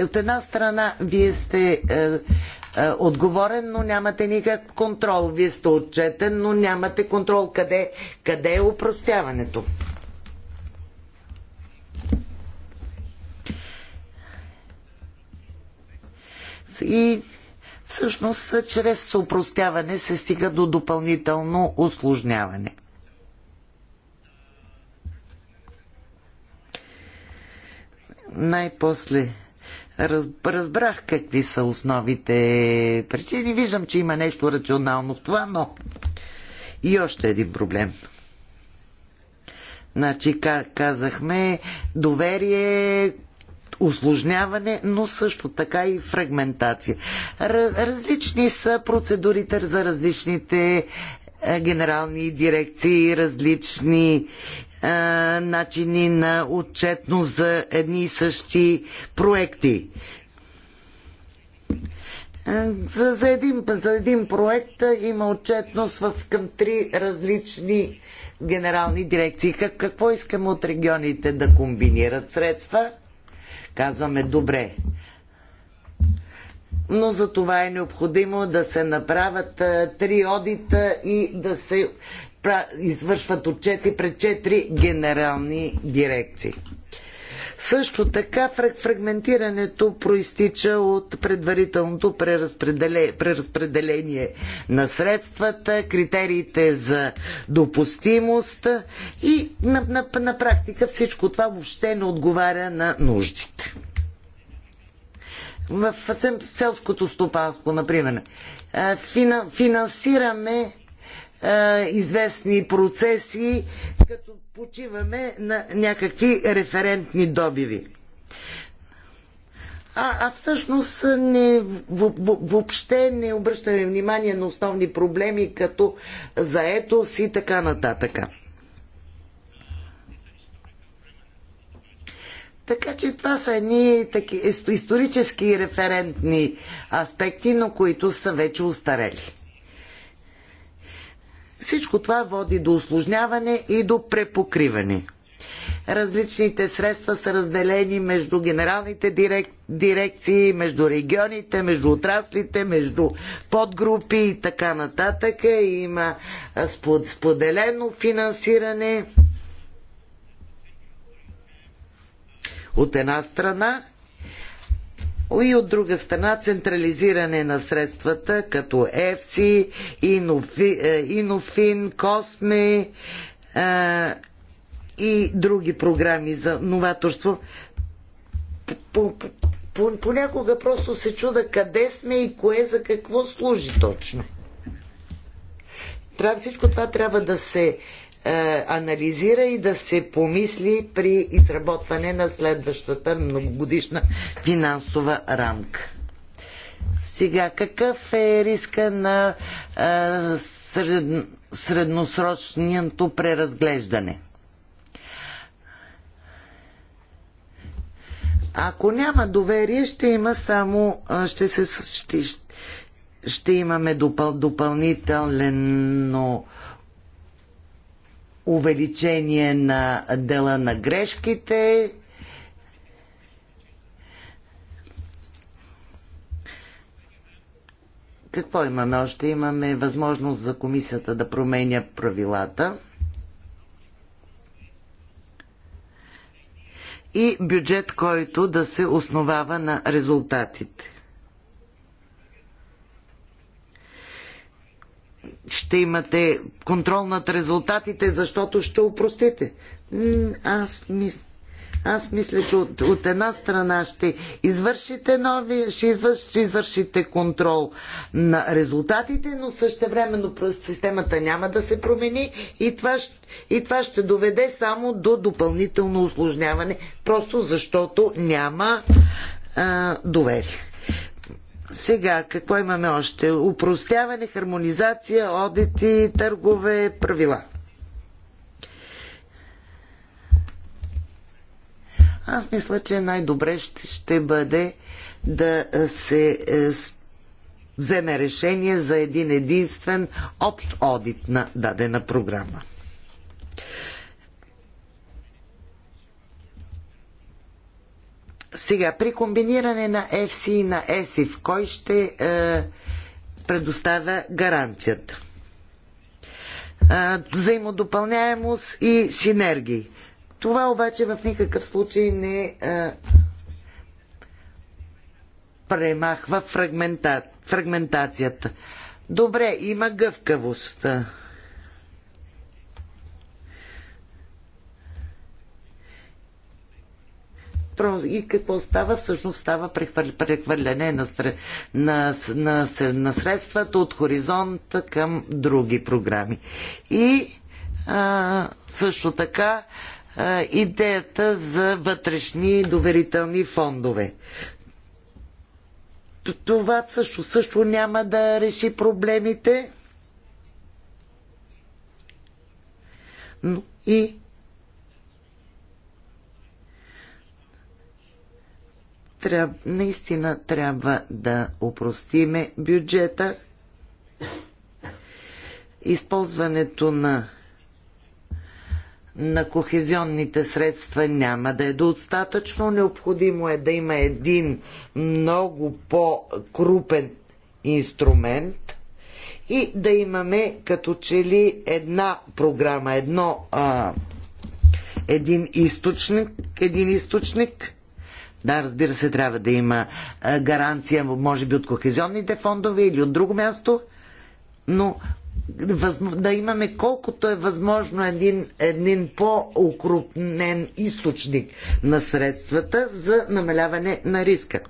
от една страна вие сте е, е, отговорен, но нямате никакъв контрол. Вие сте отчетен, но нямате контрол. Къде, къде е упростяването? и всъщност чрез съпростяване се стига до допълнително усложняване. Най-после разбрах какви са основите причини. Виждам, че има нещо рационално в това, но и още един проблем. Значи, казахме доверие, усложняване, но също така и фрагментация. Различни са процедурите за различните е, генерални дирекции, различни е, начини на отчетност за едни и същи проекти. Е, за, за, един, за един проект има отчетност в към три различни генерални дирекции. Как, какво искаме от регионите да комбинират средства? казваме добре. Но за това е необходимо да се направят три одита и да се извършват отчети пред четири генерални дирекции. Също така фрагментирането проистича от предварителното преразпределение на средствата, критериите за допустимост и на, на, на практика всичко това въобще не отговаря на нуждите в селското стопанство, например. Финансираме известни процеси, като почиваме на някакви референтни добиви. А, а всъщност не, въобще не обръщаме внимание на основни проблеми, като заетост и така нататък. Така че това са едни таки, исторически референтни аспекти, но които са вече устарели. Всичко това води до осложняване и до препокриване. Различните средства са разделени между генералните дирек... дирекции, между регионите, между отраслите, между подгрупи и така нататък. Има спод... споделено финансиране от една страна и от друга страна централизиране на средствата като ЕФСИ, е, Инофин, Косме е, и други програми за новаторство. Понякога просто се чуда къде сме и кое за какво служи точно. Трябва, всичко това трябва да се е, анализира и да се помисли при изработване на следващата многогодишна финансова рамка. Сега, какъв е риска на а, е, сред, средносрочното преразглеждане? Ако няма доверие, ще има само. Е, ще, се, ще, ще имаме допъл, допълнително увеличение на дела на грешките. Какво имаме още? Имаме възможност за комисията да променя правилата. И бюджет, който да се основава на резултатите. ще имате контрол над резултатите, защото ще упростите. Аз мисля. Аз мисля, че от, от една страна ще извършите нови, ще, извърш, ще извършите контрол на резултатите, но същевременно системата няма да се промени и това, и това ще доведе само до допълнително осложняване, просто защото няма а, доверие. Сега, какво имаме още? Упростяване, хармонизация, одити, търгове, правила. Аз мисля, че най-добре ще, ще бъде да се е, вземе решение за един единствен общ одит на дадена програма. Сега, при комбиниране на FC и на ESIF, кой ще е, предоставя гаранцията? Е, взаимодопълняемост и синергии. Това обаче в никакъв случай не е, премахва фрагмента, фрагментацията. Добре, има гъвкавост. и какво става? Всъщност става прехвърляне на, на, на, на средствата от хоризонта към други програми. И а, също така а, идеята за вътрешни доверителни фондове това също, също няма да реши проблемите. Но и Тряб, наистина трябва да упростиме бюджета. Използването на на кохезионните средства няма да е достатъчно. Необходимо е да има един много по-крупен инструмент и да имаме като че ли една програма, едно, а, един източник, един източник да, разбира се, трябва да има гаранция, може би от кохезионните фондове или от друго място, но да имаме колкото е възможно един, един по-укрупнен източник на средствата за намаляване на риска.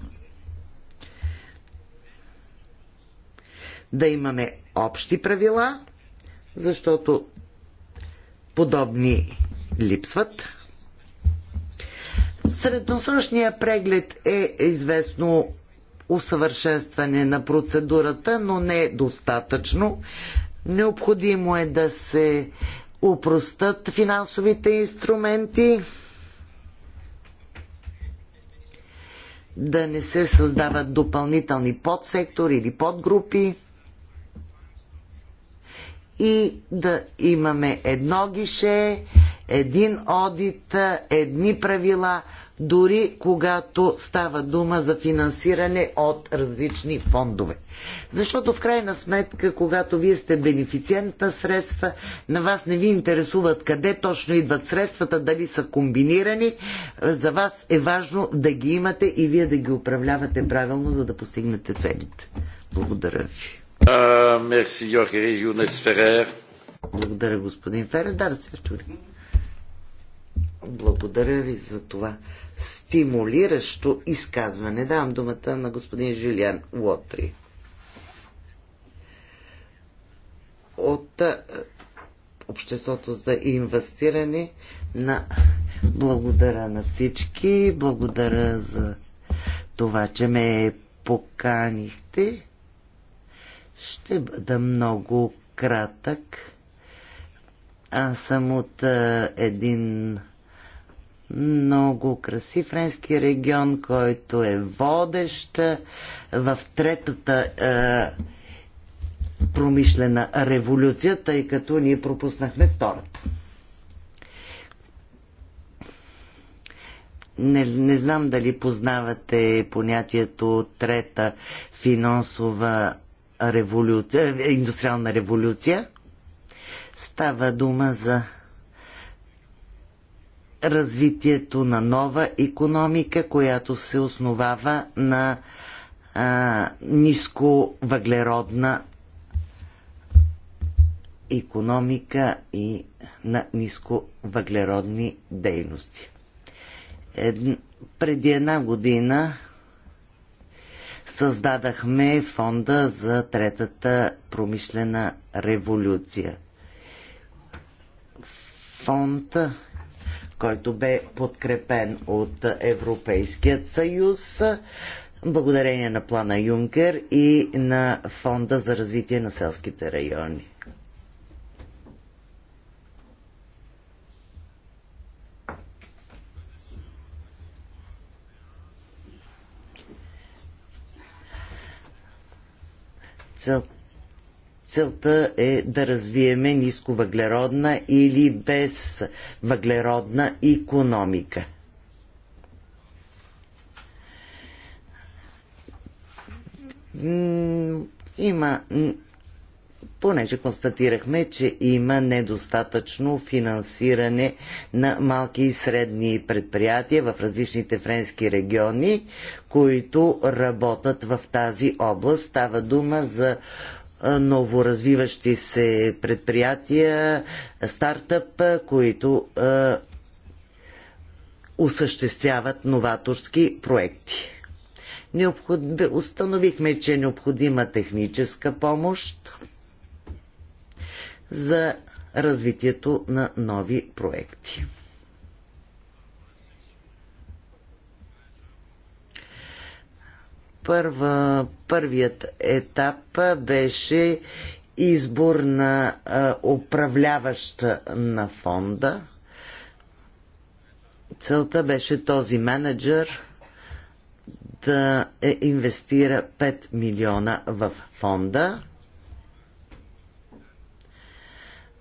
Да имаме общи правила, защото подобни липсват. Средносрочният преглед е известно усъвършенстване на процедурата, но не е достатъчно. Необходимо е да се упростат финансовите инструменти, да не се създават допълнителни подсектори или подгрупи и да имаме едно гише, един одит, едни правила, дори когато става дума за финансиране от различни фондове. Защото в крайна сметка, когато вие сте бенефициент на средства, на вас не ви интересуват къде точно идват средствата, дали са комбинирани. За вас е важно да ги имате и вие да ги управлявате правилно, за да постигнете целите. Благодаря ви. Мерси, Йорге Юнес Ферер. Благодаря, господин Ферер. Да, да се чуем. Благодаря ви за това стимулиращо изказване. Давам думата на господин Жилиан Лотри. От Обществото за инвестиране на благодаря на всички. Благодаря за това, че ме поканихте. Ще бъда много кратък. Аз съм от един много красив френски регион, който е водещ в третата е, промишлена революция, тъй като ние пропуснахме втората. Не, не знам дали познавате понятието трета финансова революция, е, индустриална революция. Става дума за развитието на нова економика, която се основава на а, ниско въглеродна економика и на ниско въглеродни дейности. Ед, преди една година създадахме фонда за третата промишлена революция. Фонда който бе подкрепен от Европейският съюз благодарение на плана Юнкер и на Фонда за развитие на селските райони. Целта целта е да развиеме нисковъглеродна или безвъглеродна икономика. економика. Има понеже констатирахме, че има недостатъчно финансиране на малки и средни предприятия в различните френски региони, които работят в тази област. Става дума за новоразвиващи се предприятия, стартъп, които осъществяват новаторски проекти. Необход... Установихме, че е необходима техническа помощ за развитието на нови проекти. Първа, първият етап беше избор на а, управляваща на фонда. Целта беше този менеджер да е инвестира 5 милиона в фонда.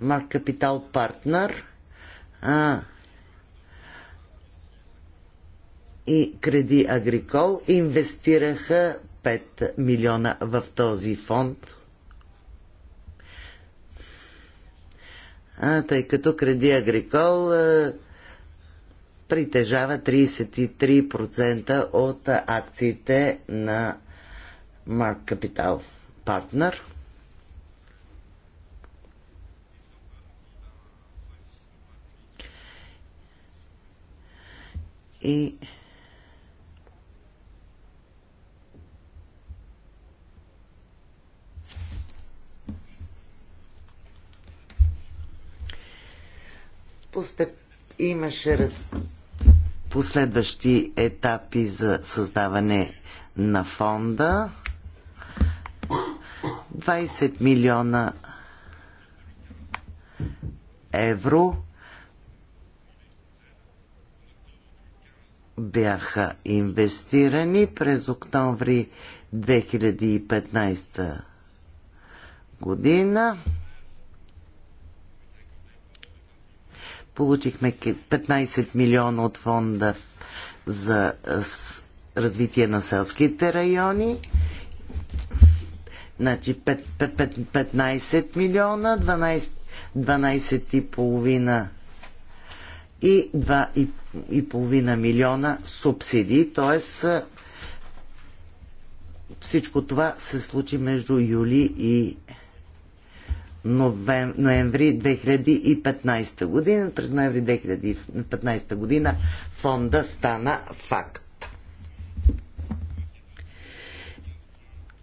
Марк Капитал Партнер – и Креди Агрикол инвестираха 5 милиона в този фонд. А, тъй като Креди Агрикол а, притежава 33% от акциите на Mark Capital Partner. И постеп... имаше раз... последващи етапи за създаване на фонда. 20 милиона евро бяха инвестирани през октомври 2015 година. Получихме 15 милиона от фонда за развитие на селските райони. Значи 15 милиона, 12, и половина и 2,5 милиона субсидии, т.е. всичко това се случи между юли и ноември 2015 година. През ноември 2015 година фонда стана факт.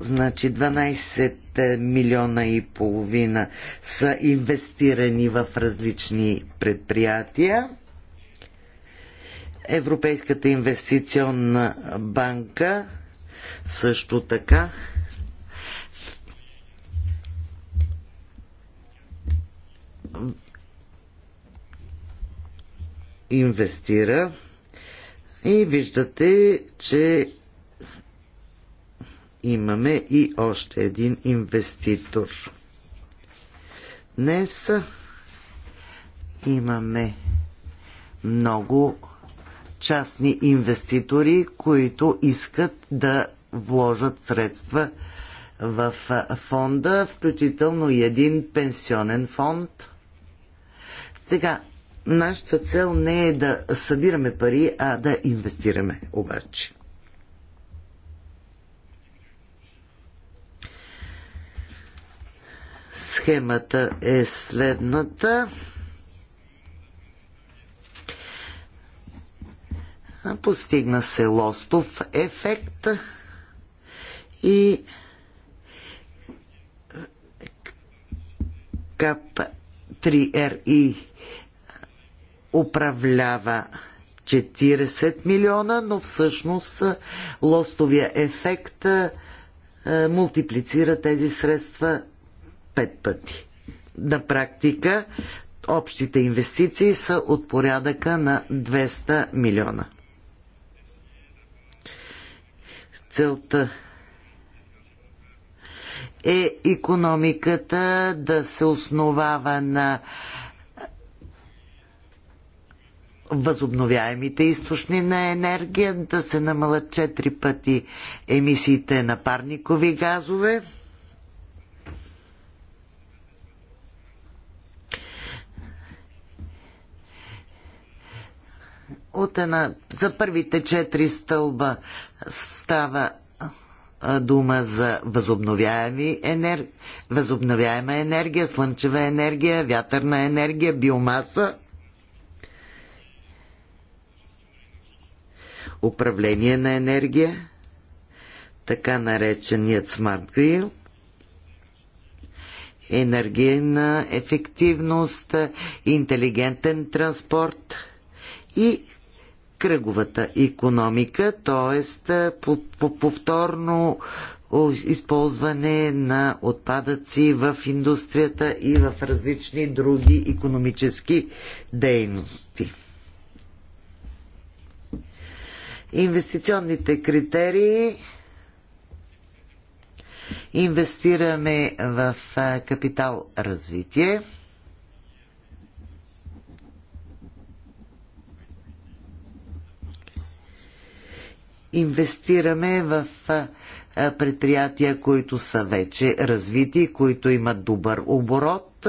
Значи 12 милиона и половина са инвестирани в различни предприятия. Европейската инвестиционна банка също така инвестира и виждате, че имаме и още един инвеститор. Днес имаме много частни инвеститори, които искат да вложат средства в фонда, включително и един пенсионен фонд – сега, нашата цел не е да събираме пари, а да инвестираме обаче. Схемата е следната. Постигна се лостов ефект и КАП 3РИ управлява 40 милиона, но всъщност лостовия ефект мултиплицира тези средства 5 пъти. На практика общите инвестиции са от порядъка на 200 милиона. Целта е економиката да се основава на възобновяемите източни на енергия, да се намалят 4 пъти емисиите на парникови газове. От една, за първите 4 стълба става дума за възобновяеми енер... възобновяема енергия, слънчева енергия, вятърна енергия, биомаса – управление на енергия, така нареченият Smart Grill, енергийна ефективност, интелигентен транспорт и кръговата економика, т.е. повторно използване на отпадъци в индустрията и в различни други економически дейности. инвестиционните критерии инвестираме в капитал развитие. Инвестираме в е, предприятия, които са вече развити, които имат добър оборот,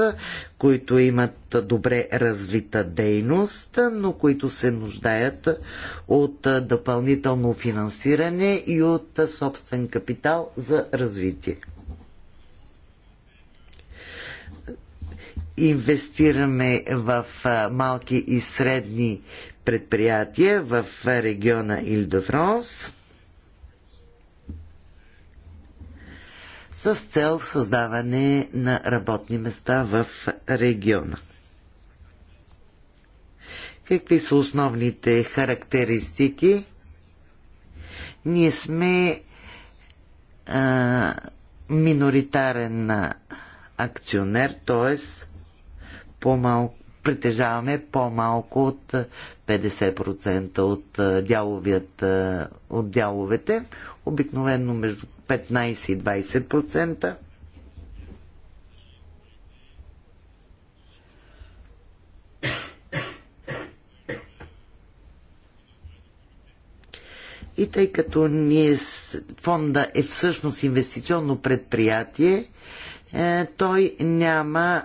които имат добре развита дейност, но които се нуждаят от е, допълнително финансиране и от е, собствен капитал за развитие. инвестираме в малки и средни предприятия в региона Ил-де-Франс. с цел създаване на работни места в региона. Какви са основните характеристики? Ние сме а, миноритарен акционер, т.е. по-малко притежаваме по-малко от 50% от, дяловият, от дяловете, обикновено между 15 и 20%. И тъй като ние фонда е всъщност инвестиционно предприятие, е, той няма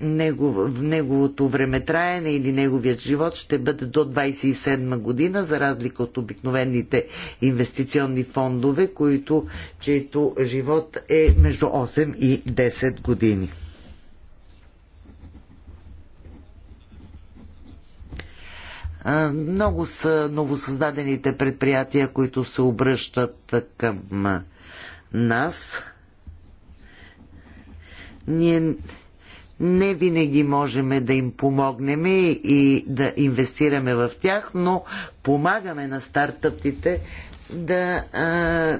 негов, неговото времетраене или неговият живот ще бъде до 27 година, за разлика от обикновените инвестиционни фондове, които, чието живот е между 8 и 10 години. Много са новосъздадените предприятия, които се обръщат към нас. Ние не винаги можем да им помогнем и да инвестираме в тях, но помагаме на стартъптите да а,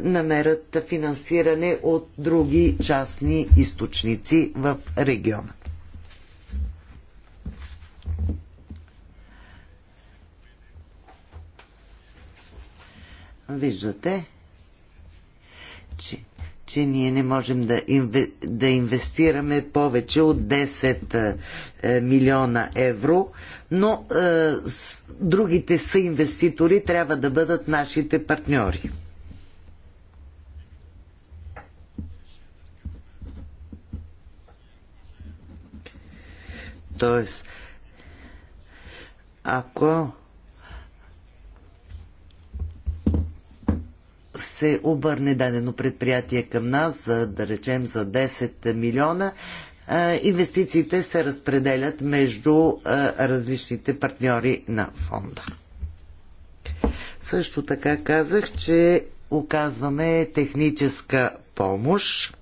намерят финансиране от други частни източници в региона. Виждате, че, че ние не можем да, инве, да инвестираме повече от 10 е, е, милиона евро, но е, с, другите са инвеститори трябва да бъдат нашите партньори. Тоест, ако се обърне дадено предприятие към нас, за, да речем за 10 милиона, инвестициите се разпределят между различните партньори на фонда. Също така казах, че оказваме техническа помощ.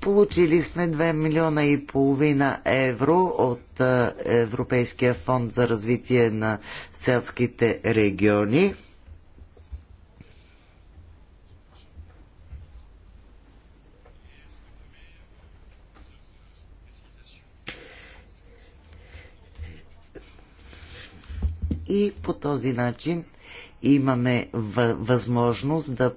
Получили сме 2 милиона и половина евро от Европейския фонд за развитие на селските региони. И по този начин имаме възможност да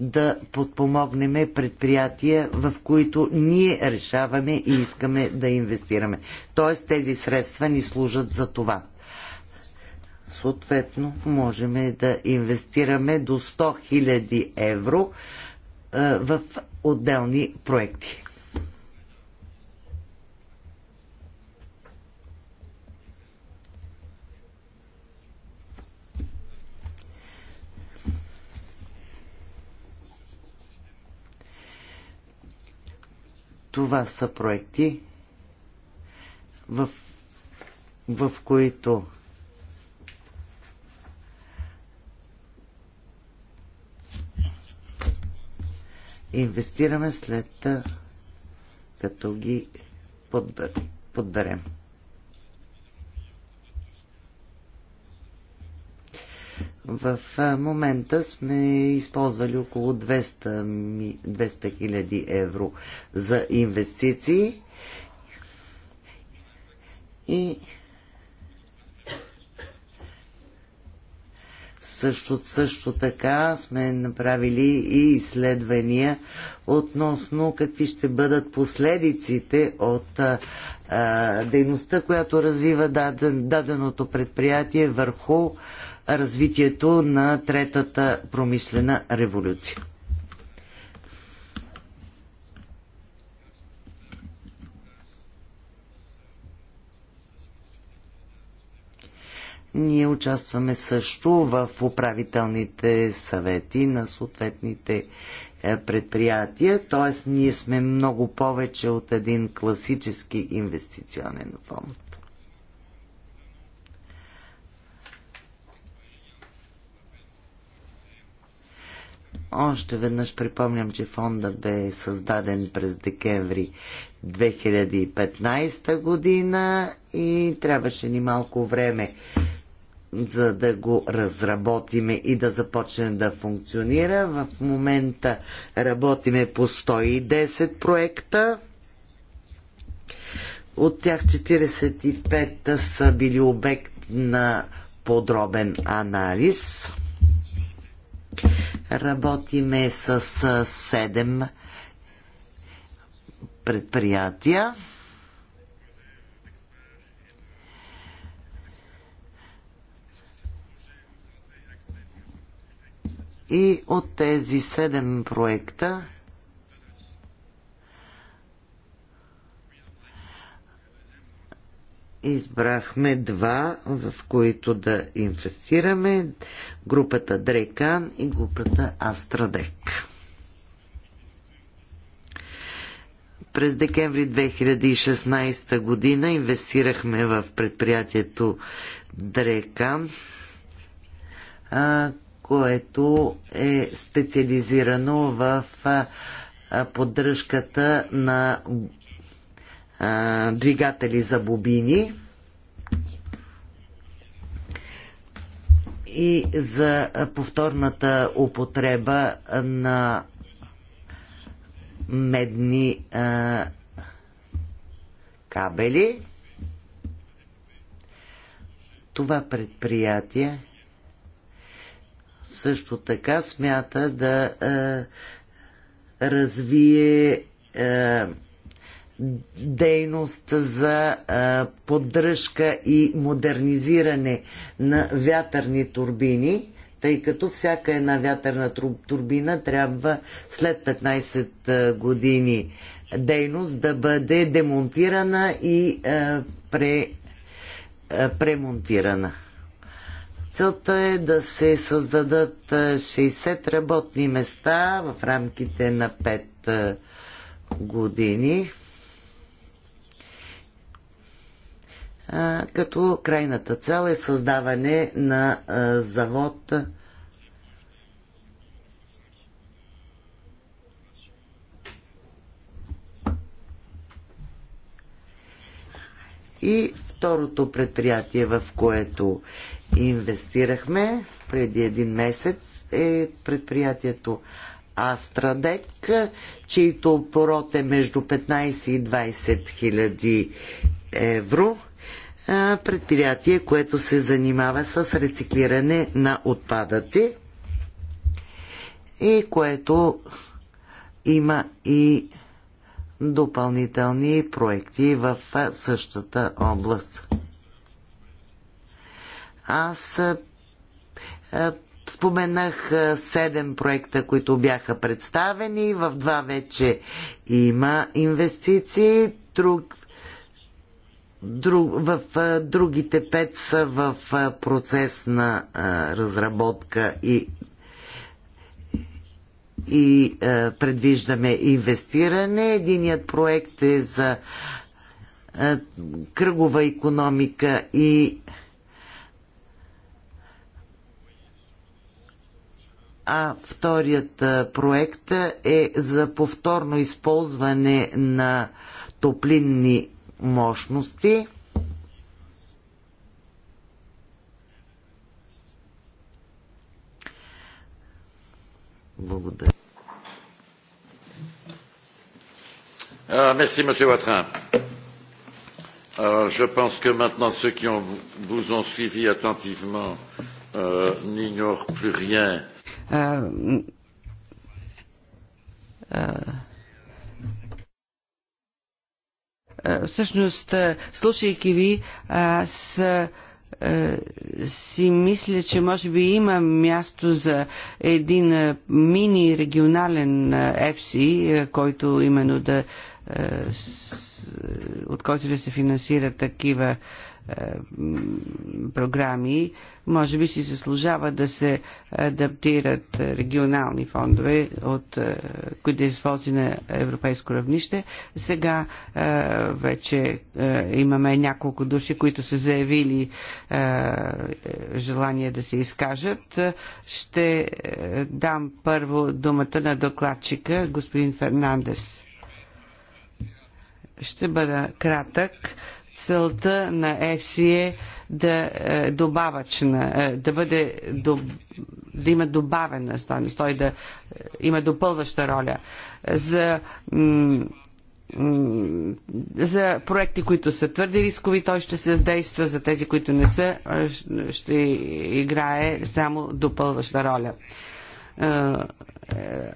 да подпомогнем предприятия, в които ние решаваме и искаме да инвестираме. Тоест тези средства ни служат за това съответно можем да инвестираме до 100 000 евро в отделни проекти. Това са проекти, в, в които инвестираме след като ги подберем. В момента сме използвали около 200 000 евро за инвестиции и Също, също така сме направили и изследвания относно какви ще бъдат последиците от а, дейността, която развива даден, даденото предприятие върху развитието на третата промишлена революция. Ние участваме също в управителните съвети на съответните е, предприятия, т.е. ние сме много повече от един класически инвестиционен фонд. Още веднъж припомням, че фонда бе създаден през декември 2015 година и трябваше ни малко време за да го разработиме и да започне да функционира. В момента работиме по 110 проекта. От тях 45 са били обект на подробен анализ. Работиме с 7 предприятия. И от тези седем проекта избрахме два, в които да инвестираме. Групата Дрекан и групата Астрадек. През декември 2016 година инвестирахме в предприятието Дрекан, което е специализирано в поддръжката на двигатели за бобини и за повторната употреба на медни кабели. Това предприятие също така смята да е, развие е, дейност за е, поддръжка и модернизиране на вятърни турбини, тъй като всяка една вятърна турбина трябва след 15 е, години дейност да бъде демонтирана и е, пре, е, премонтирана. Целта е да се създадат 60 работни места в рамките на 5 години. Като крайната цел е създаване на завод И второто предприятие, в което инвестирахме преди един месец е предприятието Астрадек, чийто порот е между 15 и 20 хиляди евро. Предприятие, което се занимава с рециклиране на отпадъци и което има и допълнителни проекти в същата област. Аз Споменах седем проекта, които бяха представени. В два вече има инвестиции. Друг, друг, в другите пет са в процес на а, разработка и, и а, предвиждаме инвестиране. Единият проект е за а, кръгова економика и а вторият проект е за повторно използване на топлинни мощности. Благодаря. Merci, Monsieur Watrin. Je pense que maintenant ceux qui ont, vous ont suivi attentivement euh, n'ignorent plus rien euh, всъщност, слушайки ви, аз си мисля, че може би има място за един мини регионален ЕФСИ, който именно да от който да се финансират такива програми, може би си заслужава да се адаптират регионални фондове, от, е, които да е използва на европейско равнище. Сега е, вече имаме няколко души, които са заявили желание да се изкажат. Ще дам първо думата на докладчика, господин Фернандес. Ще бъда кратък целта на FC е да е, добавъчна, е, да бъде до, да има добавена стойност, той да е, има допълваща роля. За за проекти, които са твърде рискови, той ще се задейства, за тези, които не са, е, ще играе само допълваща роля. Е, е,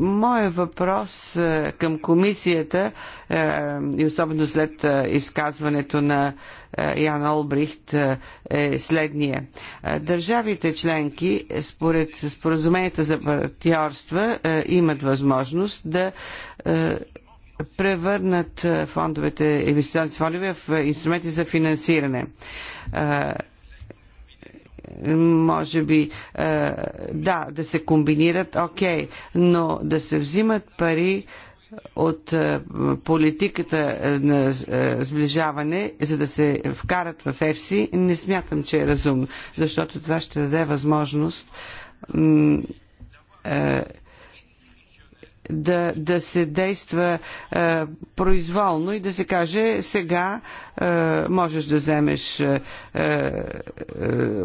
Моя въпрос към комисията и особено след изказването на Ян Олбрихт е следния. Държавите членки според споразуменията за партньорства имат възможност да превърнат фондовете, инвестиционните фондове в инструменти за финансиране може би е, да, да се комбинират, окей, okay, но да се взимат пари от е, политиката на е, сближаване, за да се вкарат в ЕФСИ, не смятам, че е разумно, защото това ще даде възможност да, да се действа е, произволно и да се каже сега е, можеш да вземеш е, е,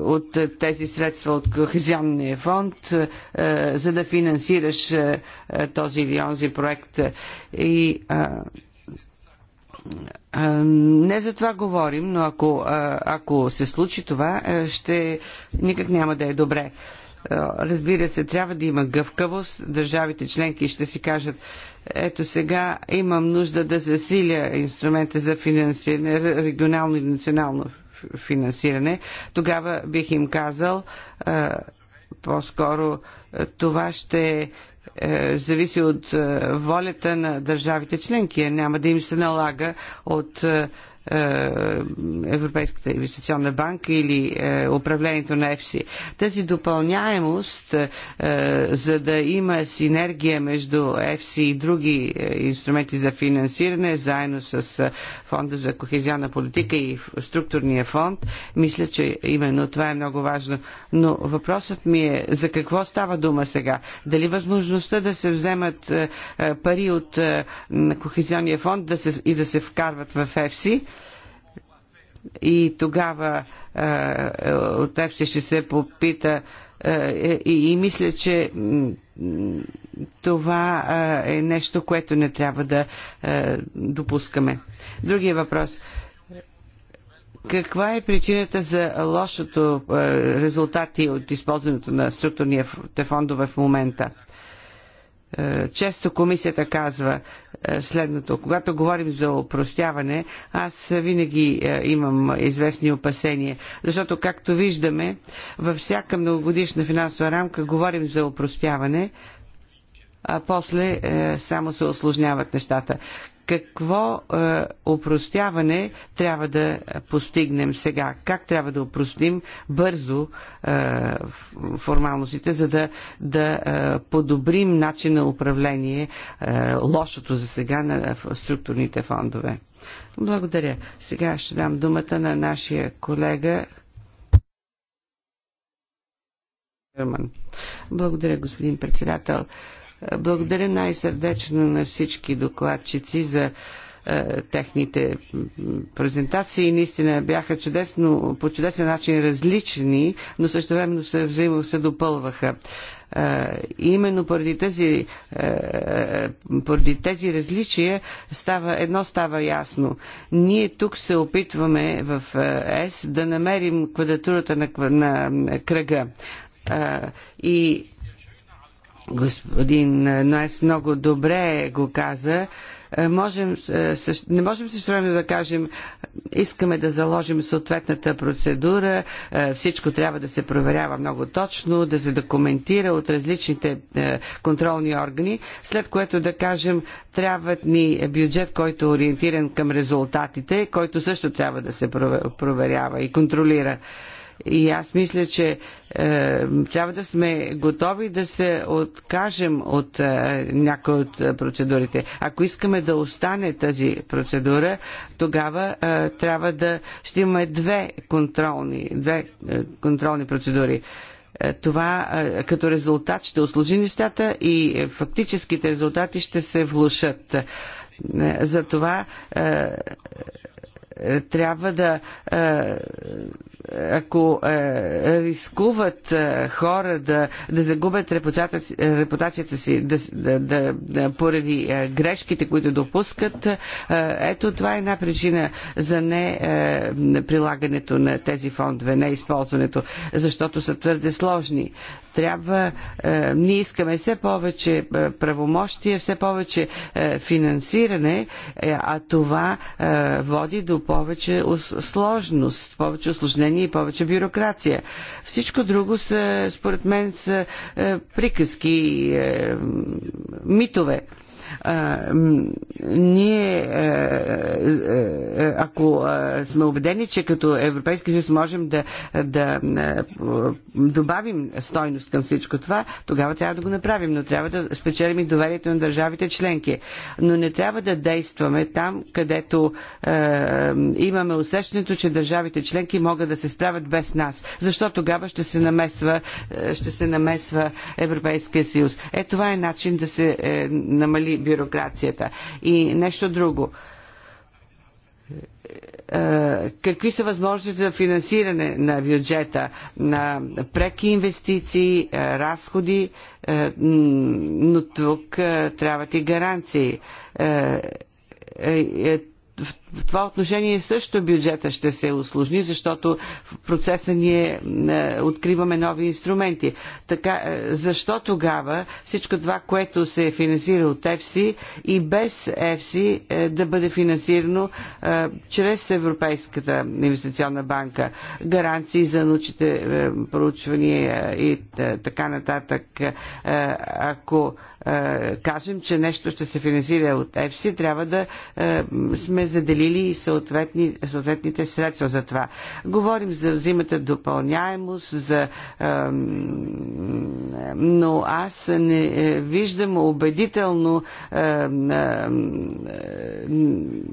от тези средства от Кохезионния фонд, е, за да финансираш е, този или онзи проект. И е, е не за това говорим, но ако, е, ако се случи това, е, ще никак няма да е добре. Е, разбира се, трябва да има гъвкавост. Държавите членки ще си кажат, ето сега имам нужда да засиля инструмента за финансиране, регионално и национално финансиране. Тогава бих им казал, е, по-скоро е, това ще зависи от волята на държавите членки. Няма да им се налага от е, Европейската инвестиционна банка или е, управлението на ЕФСИ. Тази допълняемост, е, за да има синергия между ЕФСИ и други инструменти за финансиране, заедно с Фонда за кохезионна политика и структурния фонд, мисля, че именно това е много важно. Но въпросът ми е за какво става дума сега? Дали възможността да се вземат пари от кохезионния фонд да се, и да се вкарват в ЕФСИ? И тогава е, от ЕФСИ ще се попита е, и, и мисля, че това е нещо, което не трябва да допускаме. Другия въпрос. Каква е причината за лошото резултати от използването на структурните фондове в момента? Е, често комисията казва е, следното. Когато говорим за опростяване, аз винаги е, имам известни опасения, защото както виждаме, във всяка многогодишна финансова рамка говорим за опростяване, а после само се осложняват нещата. Какво е, упростяване трябва да постигнем сега? Как трябва да упростим бързо е, формалностите, за да, да е, подобрим начин на управление, е, лошото за сега на структурните фондове? Благодаря. Сега ще дам думата на нашия колега, Благодаря, господин председател. Благодаря най-сърдечно на всички докладчици за е, техните презентации наистина бяха чудесно, по чудесен начин различни, но също времено се взаимно се допълваха. И е, именно поради тези, е, поради тези различия става, едно става ясно. Ние тук се опитваме в ЕС да намерим квадратурата на, на кръга. И господин Найс много добре го каза, е, можем, е, не можем също време да кажем, искаме да заложим съответната процедура, е, всичко трябва да се проверява много точно, да се документира от различните контролни органи, след което да кажем, трябва ни бюджет, който е ориентиран към резултатите, който също трябва да се проверява и контролира. И аз мисля, че е, трябва да сме готови да се откажем от е, някои от процедурите. Ако искаме да остане тази процедура, тогава е, трябва да ще имаме две контролни, две, е, контролни процедури е, това е, като резултат ще услужи нещата и е, фактическите резултати ще се влушат. Затова е, трябва да е, ако е, рискуват е, хора да, да загубят репутацията, си, репутацията си да, да, да, да, поради е, грешките, които допускат, е, ето това е една причина за не е, прилагането на тези фондове, не използването, защото са твърде сложни. Трябва, е, ние искаме все повече е, правомощия, все повече е, финансиране, е, а това е, води до повече сложност, повече осложнение обсъждания и повече бюрокрация. Всичко друго са, според мен, са е, приказки, е, митове. Ние, е, е, е, ако сме убедени, че като Европейски съюз можем да, да добавим стойност към всичко това, тогава трябва да го направим, но трябва да спечелим и доверието на държавите членки. Но не трябва да действаме там, където а, имаме усещането, че държавите членки могат да се справят без нас. Защо тогава ще се намесва, ще се намесва Европейския съюз? Е, това е начин да се е, намали бюрокрацията. И нещо друго е, какви са възможностите за финансиране на бюджета, на преки инвестиции, е, разходи, е, но тук трябват и гаранции в това отношение също бюджета ще се усложни, защото в процеса ние е, откриваме нови инструменти. Така, е, защо тогава всичко това, което се е финансира от ЕФСИ и без ЕФСИ да бъде финансирано чрез Европейската инвестиционна банка? Гаранции за научите проучвания и така нататък. Ако е, кажем, че нещо ще се финансира от ЕФСИ, трябва да е, сме заделили и съответни, съответните средства за това. Говорим за взимата допълняемост, за, е, но аз не е, виждам убедително е, е,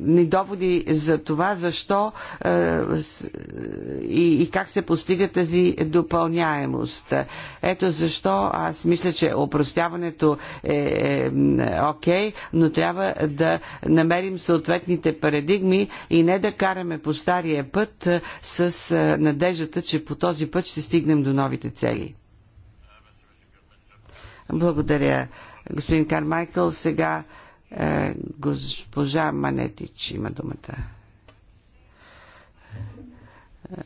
ни доводи за това, защо е, и, и как се постига тази допълняемост. Ето защо аз мисля, че опростяването е, е окей, но трябва да намерим съответните парадигми и не да караме по стария път е, с е, надеждата, че по този път ще стигнем до новите цели. Благодаря, господин Кармайкъл. Сега е, госпожа Манетич има думата.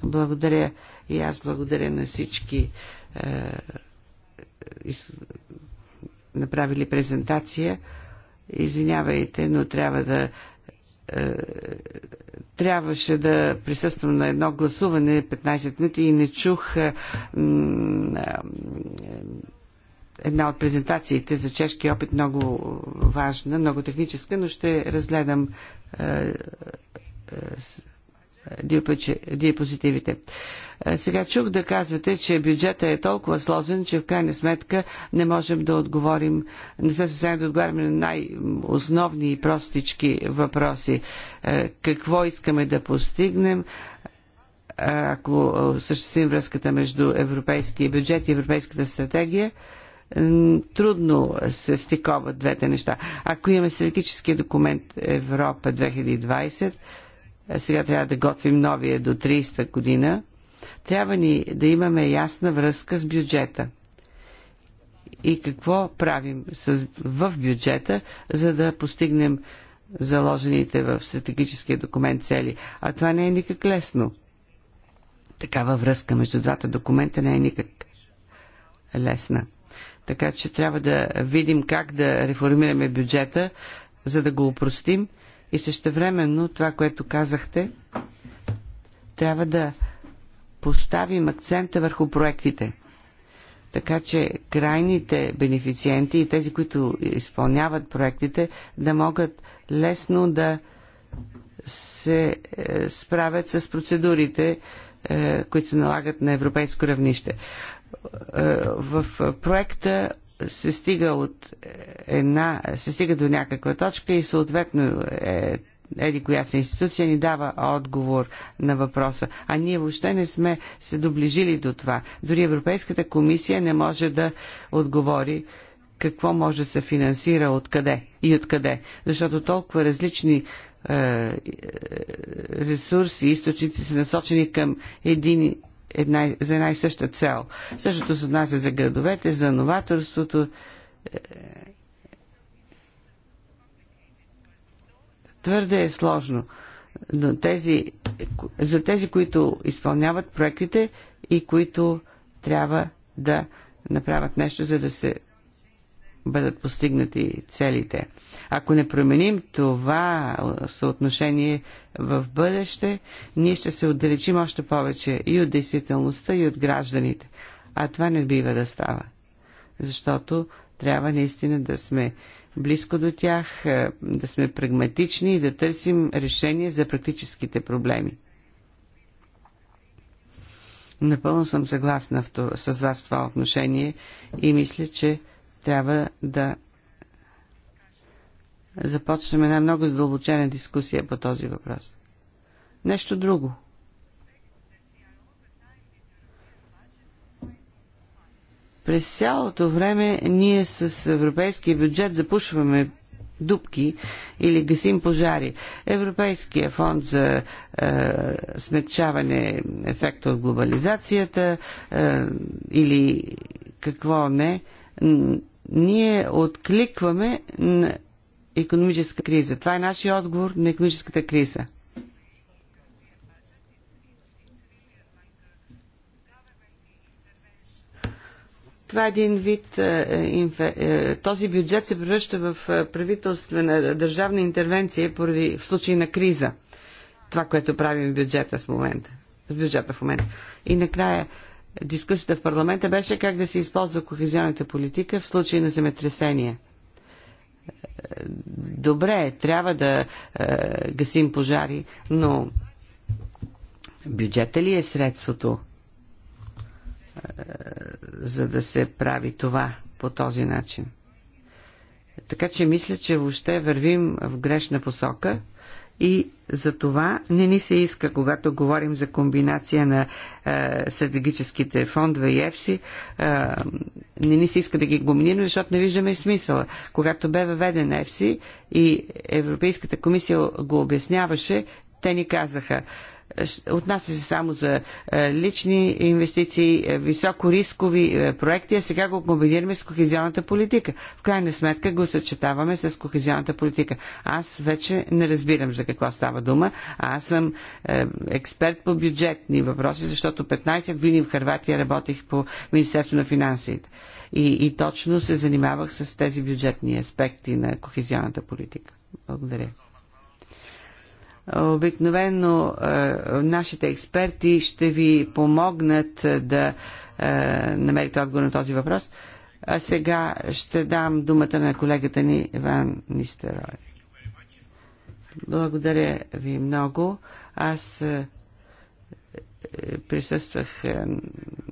Благодаря и аз благодаря на всички направили презентация. Извинявайте, но трябва да е, трябваше да присъствам на едно гласуване 15 минути и не чух е, е, една от презентациите за чешки опит много важна, много техническа, но ще разгледам диапозитивите. Е, сега чух да казвате, че бюджета е толкова сложен, че в крайна сметка не можем да отговорим, не сме в да отговаряме на най-основни и простички въпроси. Е, какво искаме да постигнем? Е, ако съществим връзката между европейския бюджет и европейската стратегия, трудно се стиковат двете неща. Ако имаме стратегическия документ Европа 2020, сега трябва да готвим новия до 30-та година, трябва ни да имаме ясна връзка с бюджета. И какво правим с, в бюджета, за да постигнем заложените в стратегическия документ цели. А това не е никак лесно. Такава връзка между двата документа не е никак лесна. Така че трябва да видим как да реформираме бюджета, за да го упростим и същевременно това, което казахте, трябва да поставим акцента върху проектите. Така че крайните бенефициенти и тези, които изпълняват проектите, да могат лесно да се е, справят с процедурите, е, които се налагат на европейско равнище. Е, в проекта се стига от една, се стига до някаква точка и съответно е, еди коя се институция ни дава отговор на въпроса. А ние въобще не сме се доближили до това. Дори Европейската комисия не може да отговори какво може да се финансира откъде и откъде. Защото толкова различни е, е, ресурси и източници са насочени към един, една, за една и съща цел. Същото се отнася за градовете, за новаторството. Е, Твърде е сложно. Но тези, за тези, които изпълняват проектите и които трябва да направят нещо, за да се бъдат постигнати целите. Ако не променим това съотношение в бъдеще, ние ще се отдалечим още повече и от действителността, и от гражданите. А това не бива да става. Защото трябва наистина да сме близко до тях, е, да сме прагматични и да търсим решение за практическите проблеми. Напълно съм съгласна с вас в това отношение и мисля, че трябва да започнем една много задълбочена дискусия по този въпрос. Нещо друго – През цялото време ние с европейския бюджет запушваме дупки или гасим пожари. Европейския фонд за е, смягчаване ефекта от глобализацията е, или какво не, ние откликваме на економическа криза. Това е нашия отговор на економическата криза. Това е един вид. Е, е, този бюджет се превръща в е, правителствена държавна интервенция поради в случай на криза. Това, което правим в бюджета с момента. С бюджета в момента. И накрая дискусията в парламента беше как да се използва кохезионната политика в случай на земетресение. Добре, трябва да гасим пожари, но бюджета ли е средството? Е, за да се прави това по този начин. Така че мисля, че въобще вървим в грешна посока и за това не ни се иска, когато говорим за комбинация на е, стратегическите фондове и ЕФСИ, е, не ни се иска да ги комбинираме, защото не виждаме смисъла. Когато бе въведен ЕФСИ и Европейската комисия го обясняваше, те ни казаха, Отнася се само за е, лични инвестиции, е, високо рискови е, проекти, а сега го комбинираме с кохезионната политика. В крайна сметка го съчетаваме с кохезионната политика. Аз вече не разбирам за какво става дума. Аз съм експерт по бюджетни въпроси, защото 15 години в Харватия работих по Министерство на финансите. И, и точно се занимавах с тези бюджетни аспекти на кохезионната политика. Благодаря. Обикновено е, нашите експерти ще ви помогнат е, да е, намерите отговор на този въпрос. А сега ще дам думата на колегата ни Иван Нистерой. Благодаря ви много. Аз присъствах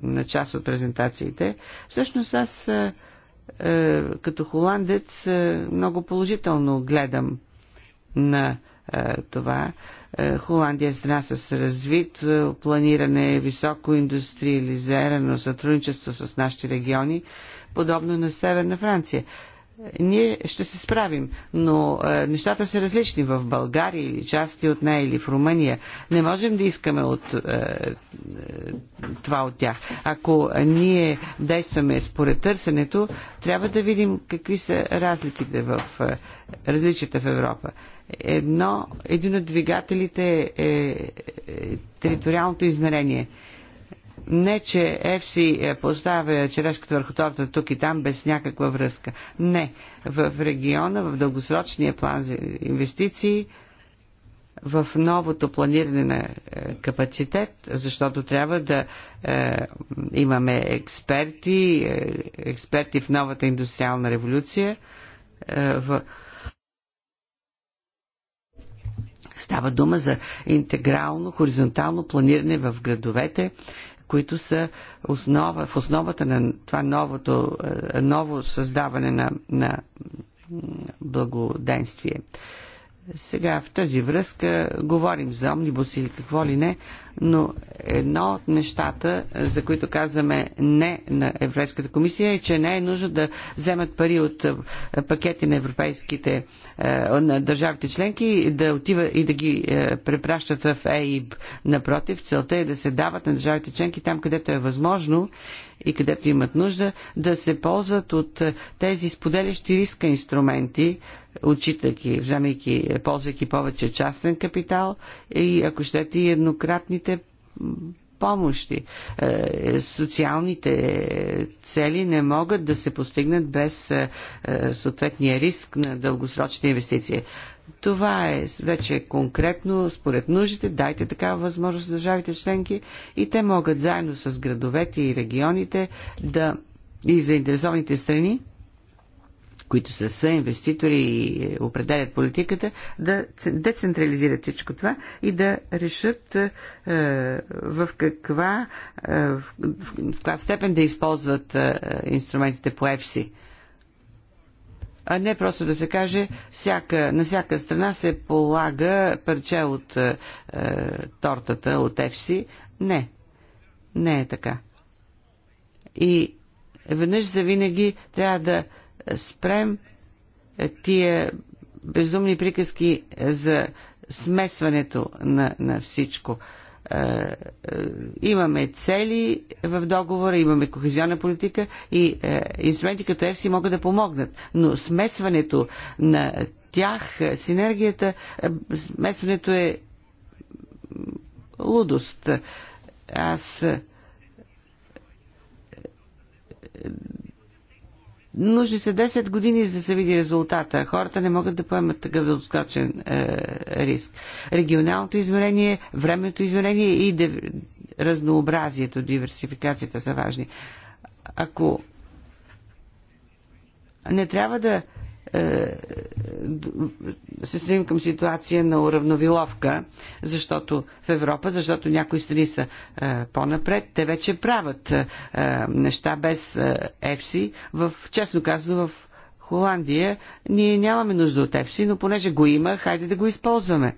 на част от презентациите. Всъщност аз като холандец много положително гледам на е, това. Е, Холандия е страна с развит е, планиране, високо индустриализирано сътрудничество с нашите региони, подобно на Северна Франция. Ние ще се справим, но е, нещата са различни в България или части от нея или в Румъния. Не можем да искаме от е, това от тях. Ако ние действаме според търсенето, трябва да видим какви са разликите в е, различията в Европа. Едно, един от двигателите е, е териториалното измерение. Не, че ЕФСИ е, поставя черешката върху торта тук и там без някаква връзка. Не. В региона, в дългосрочния план за инвестиции, в новото планиране на е, капацитет, защото трябва да е, имаме експерти, е, експерти в новата индустриална революция, е, в Става дума за интегрално, хоризонтално планиране в градовете, които са основа, в основата на това новото, е, ново създаване на, на благоденствие. Сега в тази връзка говорим за омнибус или какво ли не, но едно от нещата, за които казваме не на Европейската комисия е, че не е нужно да вземат пари от е, пакети на европейските е, на държавите членки и да отива и да ги е, препращат в ЕИБ. Напротив, целта е да се дават на държавите членки там, където е възможно и където имат нужда, да се ползват от тези споделящи риска инструменти, отчитайки, вземайки, ползвайки повече частен капитал и ако щете и еднократните помощи. Е, социалните цели не могат да се постигнат без е, е, съответния риск на дългосрочни инвестиции. Това е вече конкретно според нуждите. Дайте такава възможност за държавите членки и те могат заедно с градовете и регионите да и заинтересованите страни, които са съинвеститори и определят политиката, да децентрализират всичко това и да решат е, в, каква, е, в каква степен да използват е, инструментите по ЕФСИ а не просто да се каже всяка, на всяка страна се полага парче от е, е тортата, от ЕФСИ. Не, не е така. И веднъж за винаги трябва да спрем е, тия безумни приказки за смесването на, на всичко. Е, е, имаме цели в договора, имаме кохезионна политика и е, инструменти като ЕФСИ могат да помогнат. Но смесването на тях, синергията, смесването е лудост. Аз Нужни са 10 години, за да се види резултата. Хората не могат да поемат такъв дългосрочен е, риск. Регионалното измерение, времето измерение и дев... разнообразието, диверсификацията са важни. Ако не трябва да е, се стремим към ситуация на уравновиловка, защото в Европа, защото някои страни са е, по-напред, те вече правят е, неща без ЕФСИ. В, честно казано, в Холандия ние нямаме нужда от ЕФСИ, но понеже го има, хайде да го използваме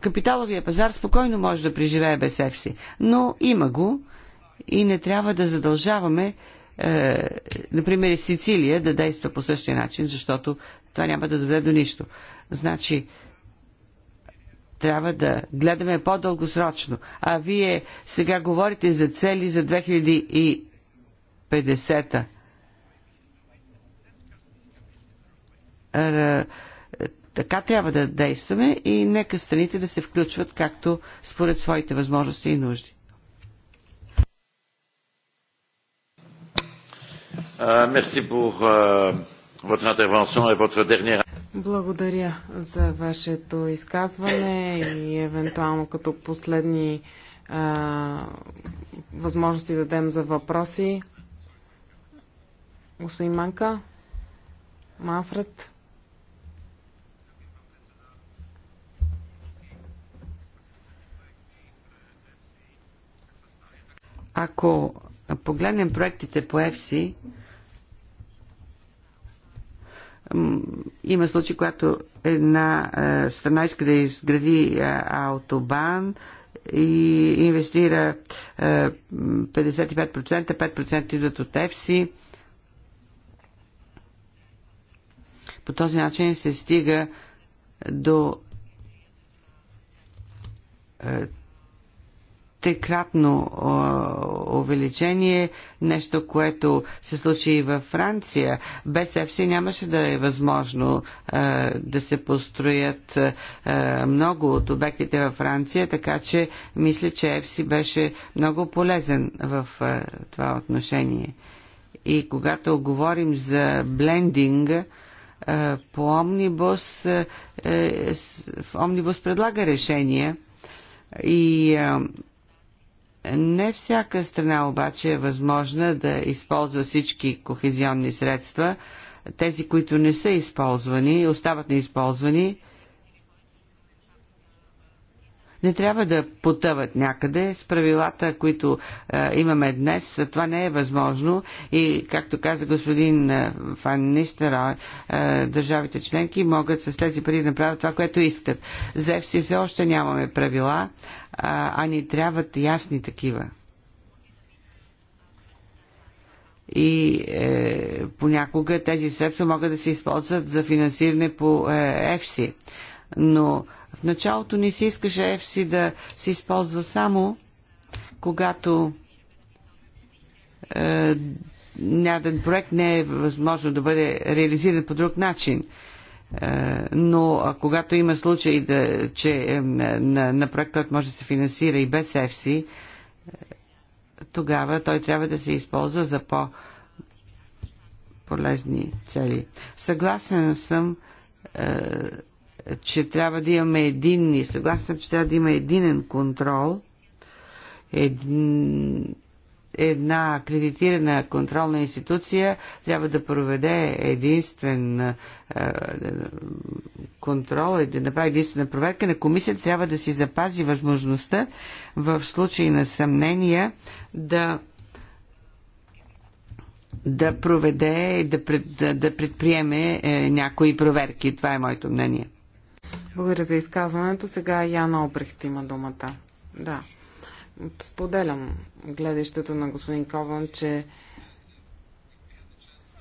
капиталовия пазар спокойно може да преживее без ЕФСИ, но има го и не трябва да задължаваме е, например, и Сицилия да действа по същия начин, защото това няма да доведе до нищо. Значи, трябва да гледаме по-дългосрочно. А вие сега говорите за цели за 2050-та. Така трябва да действаме и нека страните да се включват както според своите възможности и нужди. Euh, merci pour euh, votre intervention et votre dernière... Благодаря за вашето изказване и евентуално като последни а, възможности дадем за въпроси. Господин Манка, Манфред. Ако погледнем проектите по ЕФСИ, има случаи, когато една е, страна иска да изгради е, автобан и инвестира 55%, е, 5% идват от ЕФСИ. По този начин се стига до трикратно увеличение, нещо, което се случи и във Франция. Без ФС нямаше да е възможно да се построят много от обектите във Франция, така че мисля, че ФС беше много полезен в това отношение. И когато говорим за блендинг, по омнибус, е, омнибус предлага решения и не всяка страна обаче е възможна да използва всички кохезионни средства. Тези, които не са използвани, остават неизползвани, не трябва да потъват някъде. С правилата, които а, имаме днес, това не е възможно и, както каза господин Фан Нистер, държавите членки могат с тези пари да направят това, което искат. За ФСИ все още нямаме правила, а, а ни трябват ясни такива. и е, понякога тези средства могат да се използват за финансиране по е, Но началото ни се искаше FC да се използва само когато е, някакъв проект не е възможно да бъде реализиран по друг начин. Е, но когато има случай, да, че е, на, на проект, който може да се финансира и без е, тогава той трябва да се използва за по- полезни цели. Съгласен съм е, че трябва да имаме единни, съгласна, че трябва да има единен контрол, ед, една акредитирана контролна институция трябва да проведе единствен е, контрол и да направи единствена проверка на комисията, трябва да си запази възможността в случай на съмнения да да проведе, да, пред, да, да предприеме е, някои проверки. Това е моето мнение. Благодаря за изказването. Сега Яна Обрехт има думата. Да. Споделям гледащето на господин Кован, че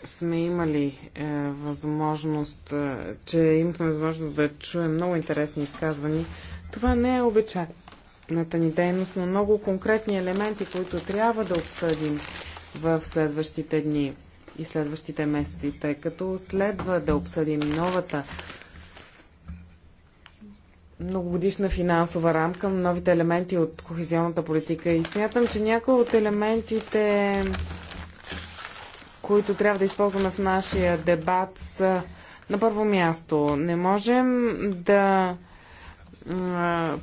сме имали е, възможност, е, че имахме възможност да чуем много интересни изказвания. Това не е обичайната ни дейност, но много конкретни елементи, които трябва да обсъдим в следващите дни и следващите месеци, тъй като следва да обсъдим новата многогодишна финансова рамка, новите елементи от кохезионната политика и смятам, че някои от елементите, които трябва да използваме в нашия дебат са на първо място. Не можем да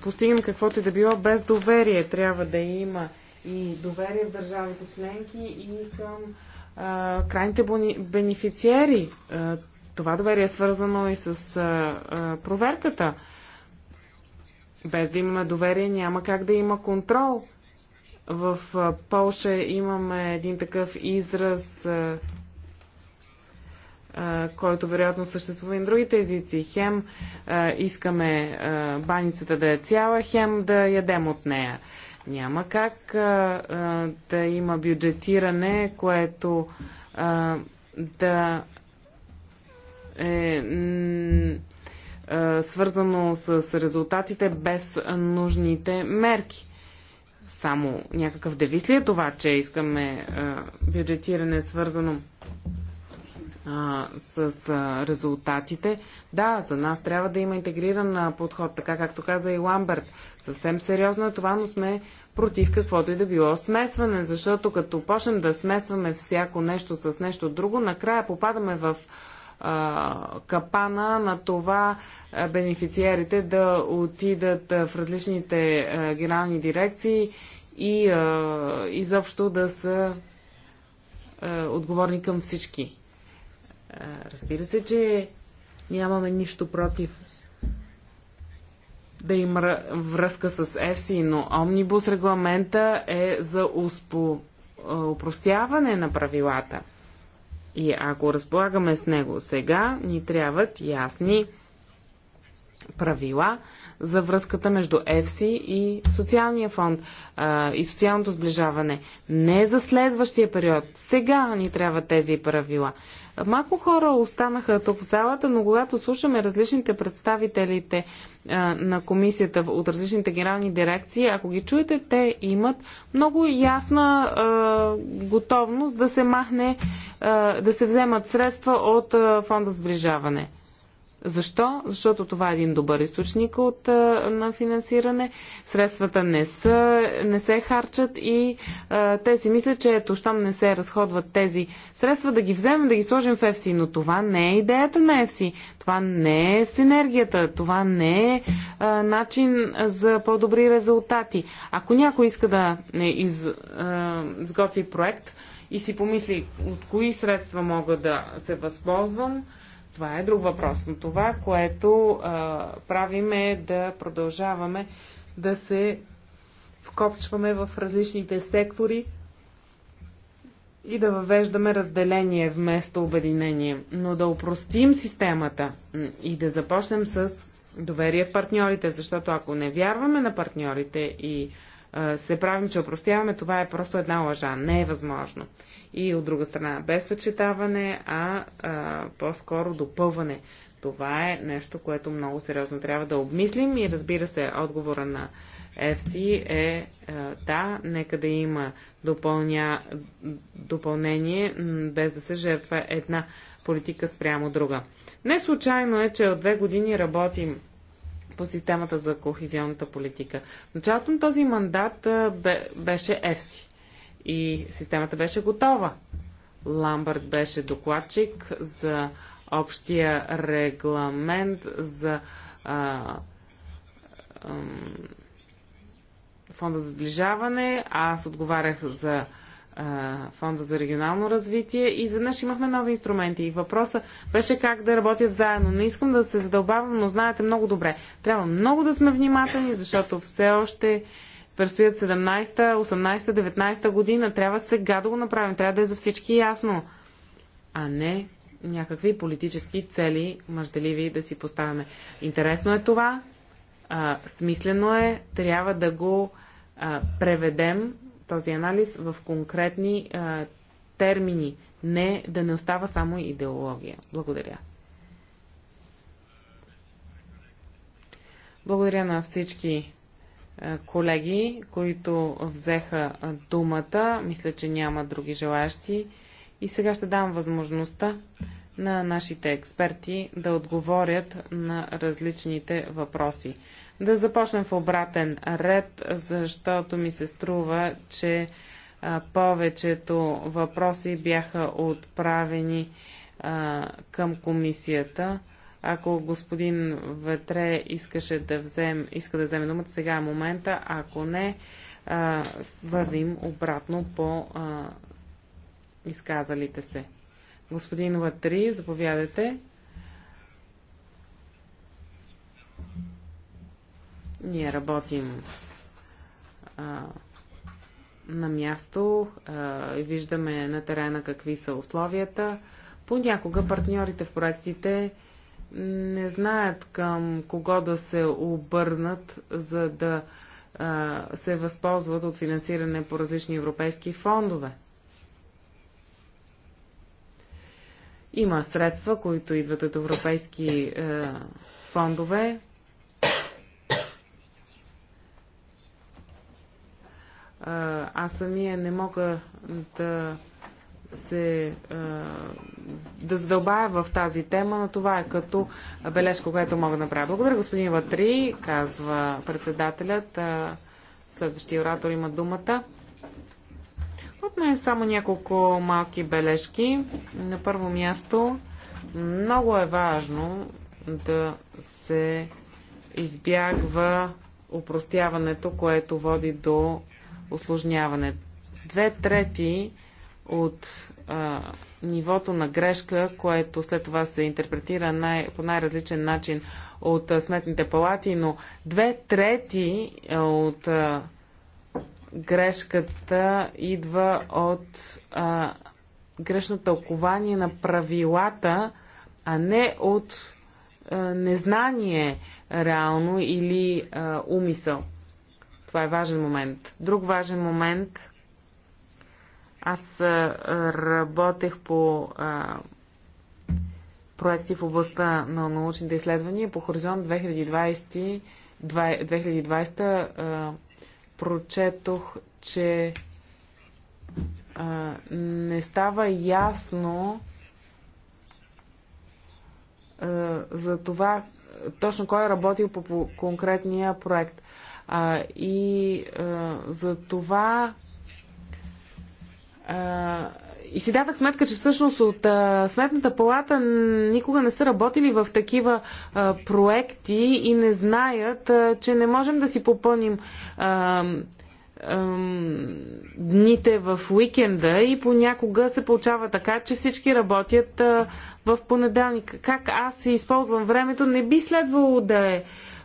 постигнем каквото и да било без доверие. Трябва да има и доверие в държавите членки и към а, крайните бенефициери. А, това доверие е свързано и с а, проверката без да имаме доверие няма как да има контрол. В Польша имаме един такъв израз, който вероятно съществува и на другите езици. Хем искаме баницата да е цяла, хем да ядем от нея. Няма как да има бюджетиране, което да е е, свързано с резултатите без нужните мерки. Само някакъв девиз ли е това, че искаме е, бюджетиране свързано с е, резултатите? Да, за нас трябва да има интегриран подход, така както каза и Ламберт. Съвсем сериозно е това, но сме против каквото и да било смесване, защото като почнем да смесваме всяко нещо с нещо друго, накрая попадаме в капана на това бенефициерите да отидат в различните генерални дирекции и изобщо да са отговорни към всички. Разбира се, че нямаме нищо против да има връзка с ЕФСИ, но омнибус регламента е за успо, упростяване на правилата. И ако разполагаме с него сега, ни трябват ясни правила за връзката между ЕФСИ и социалния фонд а, и социалното сближаване. Не за следващия период. Сега ни трябва тези правила. Малко хора останаха тук в залата, но когато слушаме различните представителите на комисията от различните генерални дирекции, ако ги чуете, те имат много ясна готовност да се махне, да се вземат средства от фонда сближаване. Защо? Защото това е един добър източник от, на финансиране. Средствата не, са, не се харчат и а, те си мислят, че ето, щом не се разходват тези средства, да ги вземем, да ги сложим в FC. Но това не е идеята на FC. Това не е синергията. Това не е а, начин за по-добри резултати. Ако някой иска да е, из, а, изготви проект и си помисли от кои средства мога да се възползвам, това е друг въпрос. Но това, което а, правим е да продължаваме да се вкопчваме в различните сектори и да въвеждаме разделение вместо обединение. Но да упростим системата и да започнем с доверие в партньорите, защото ако не вярваме на партньорите и се правим, че опростяваме, това е просто една лъжа. Не е възможно. И от друга страна, без съчетаване, а, а по-скоро допълване. Това е нещо, което много сериозно трябва да обмислим и разбира се, отговора на FC е да, нека да има допълня, допълнение, без да се жертва една политика спрямо друга. Не случайно е, че от две години работим по системата за кохезионната политика. В началото на този мандат беше ЕФСИ и системата беше готова. Ламбърт беше докладчик за общия регламент за а, а, фонда за сближаване. Аз отговарях за Фонда за регионално развитие и изведнъж имахме нови инструменти. И въпросът беше как да работят заедно. Не искам да се задълбавам, но знаете много добре. Трябва много да сме внимателни, защото все още предстоят 17-та, 18-та, 19-та година. Трябва сега да го направим. Трябва да е за всички ясно. А не някакви политически цели, мъжделиви да си поставяме. Интересно е това, а, смислено е, трябва да го а, преведем този анализ в конкретни а, термини. Не да не остава само идеология. Благодаря. Благодаря на всички колеги, които взеха думата. Мисля, че няма други желаящи. И сега ще дам възможността на нашите експерти да отговорят на различните въпроси. Да започнем в обратен ред, защото ми се струва, че повечето въпроси бяха отправени към комисията. Ако господин Ветре искаше да взем, иска да вземе думата, сега е момента. Ако не, вървим обратно по изказалите се. Господин Латри, заповядайте. Ние работим а, на място и виждаме на терена какви са условията. Понякога партньорите в проектите не знаят към кого да се обърнат, за да а, се възползват от финансиране по различни европейски фондове. Има средства, които идват от европейски е, фондове. Е, аз самия не мога да се е, да задълбая в тази тема, но това е като бележка, която мога да направя. Благодаря, господин Ватри, казва председателят. Е, следващия оратор има думата. От мен само няколко малки бележки. На първо място, много е важно да се избягва упростяването, което води до осложняване. Две трети от а, нивото на грешка, което след това се интерпретира най, по най-различен начин от а, сметните палати, но две трети от а, грешката идва от а, грешно тълкование на правилата, а не от а, незнание реално или а, умисъл. Това е важен момент. Друг важен момент. Аз а, работех по а, проекти в областта на научните изследвания по Хоризонт 2020. 2020 а, прочетох, че а, не става ясно а, за това точно кой е работил по, по конкретния проект. А, и а, за това а, и си дадах сметка, че всъщност от а, Сметната палата никога не са работили в такива а, проекти и не знаят, а, че не можем да си попълним а, а, дните в уикенда и понякога се получава така, че всички работят а, в понеделник. Как аз използвам времето, не би следвало да е. А,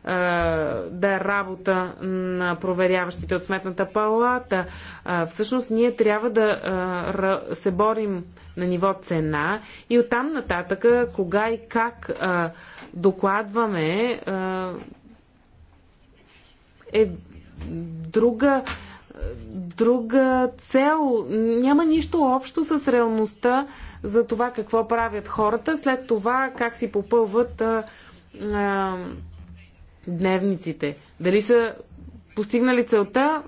да е работа на проверяващите от сметната палата. Всъщност ние трябва да се борим на ниво цена и оттам нататъка кога и как докладваме е друга друга цел. Няма нищо общо с реалността за това какво правят хората, след това как си попълват а, а, дневниците. Дали са постигнали целта?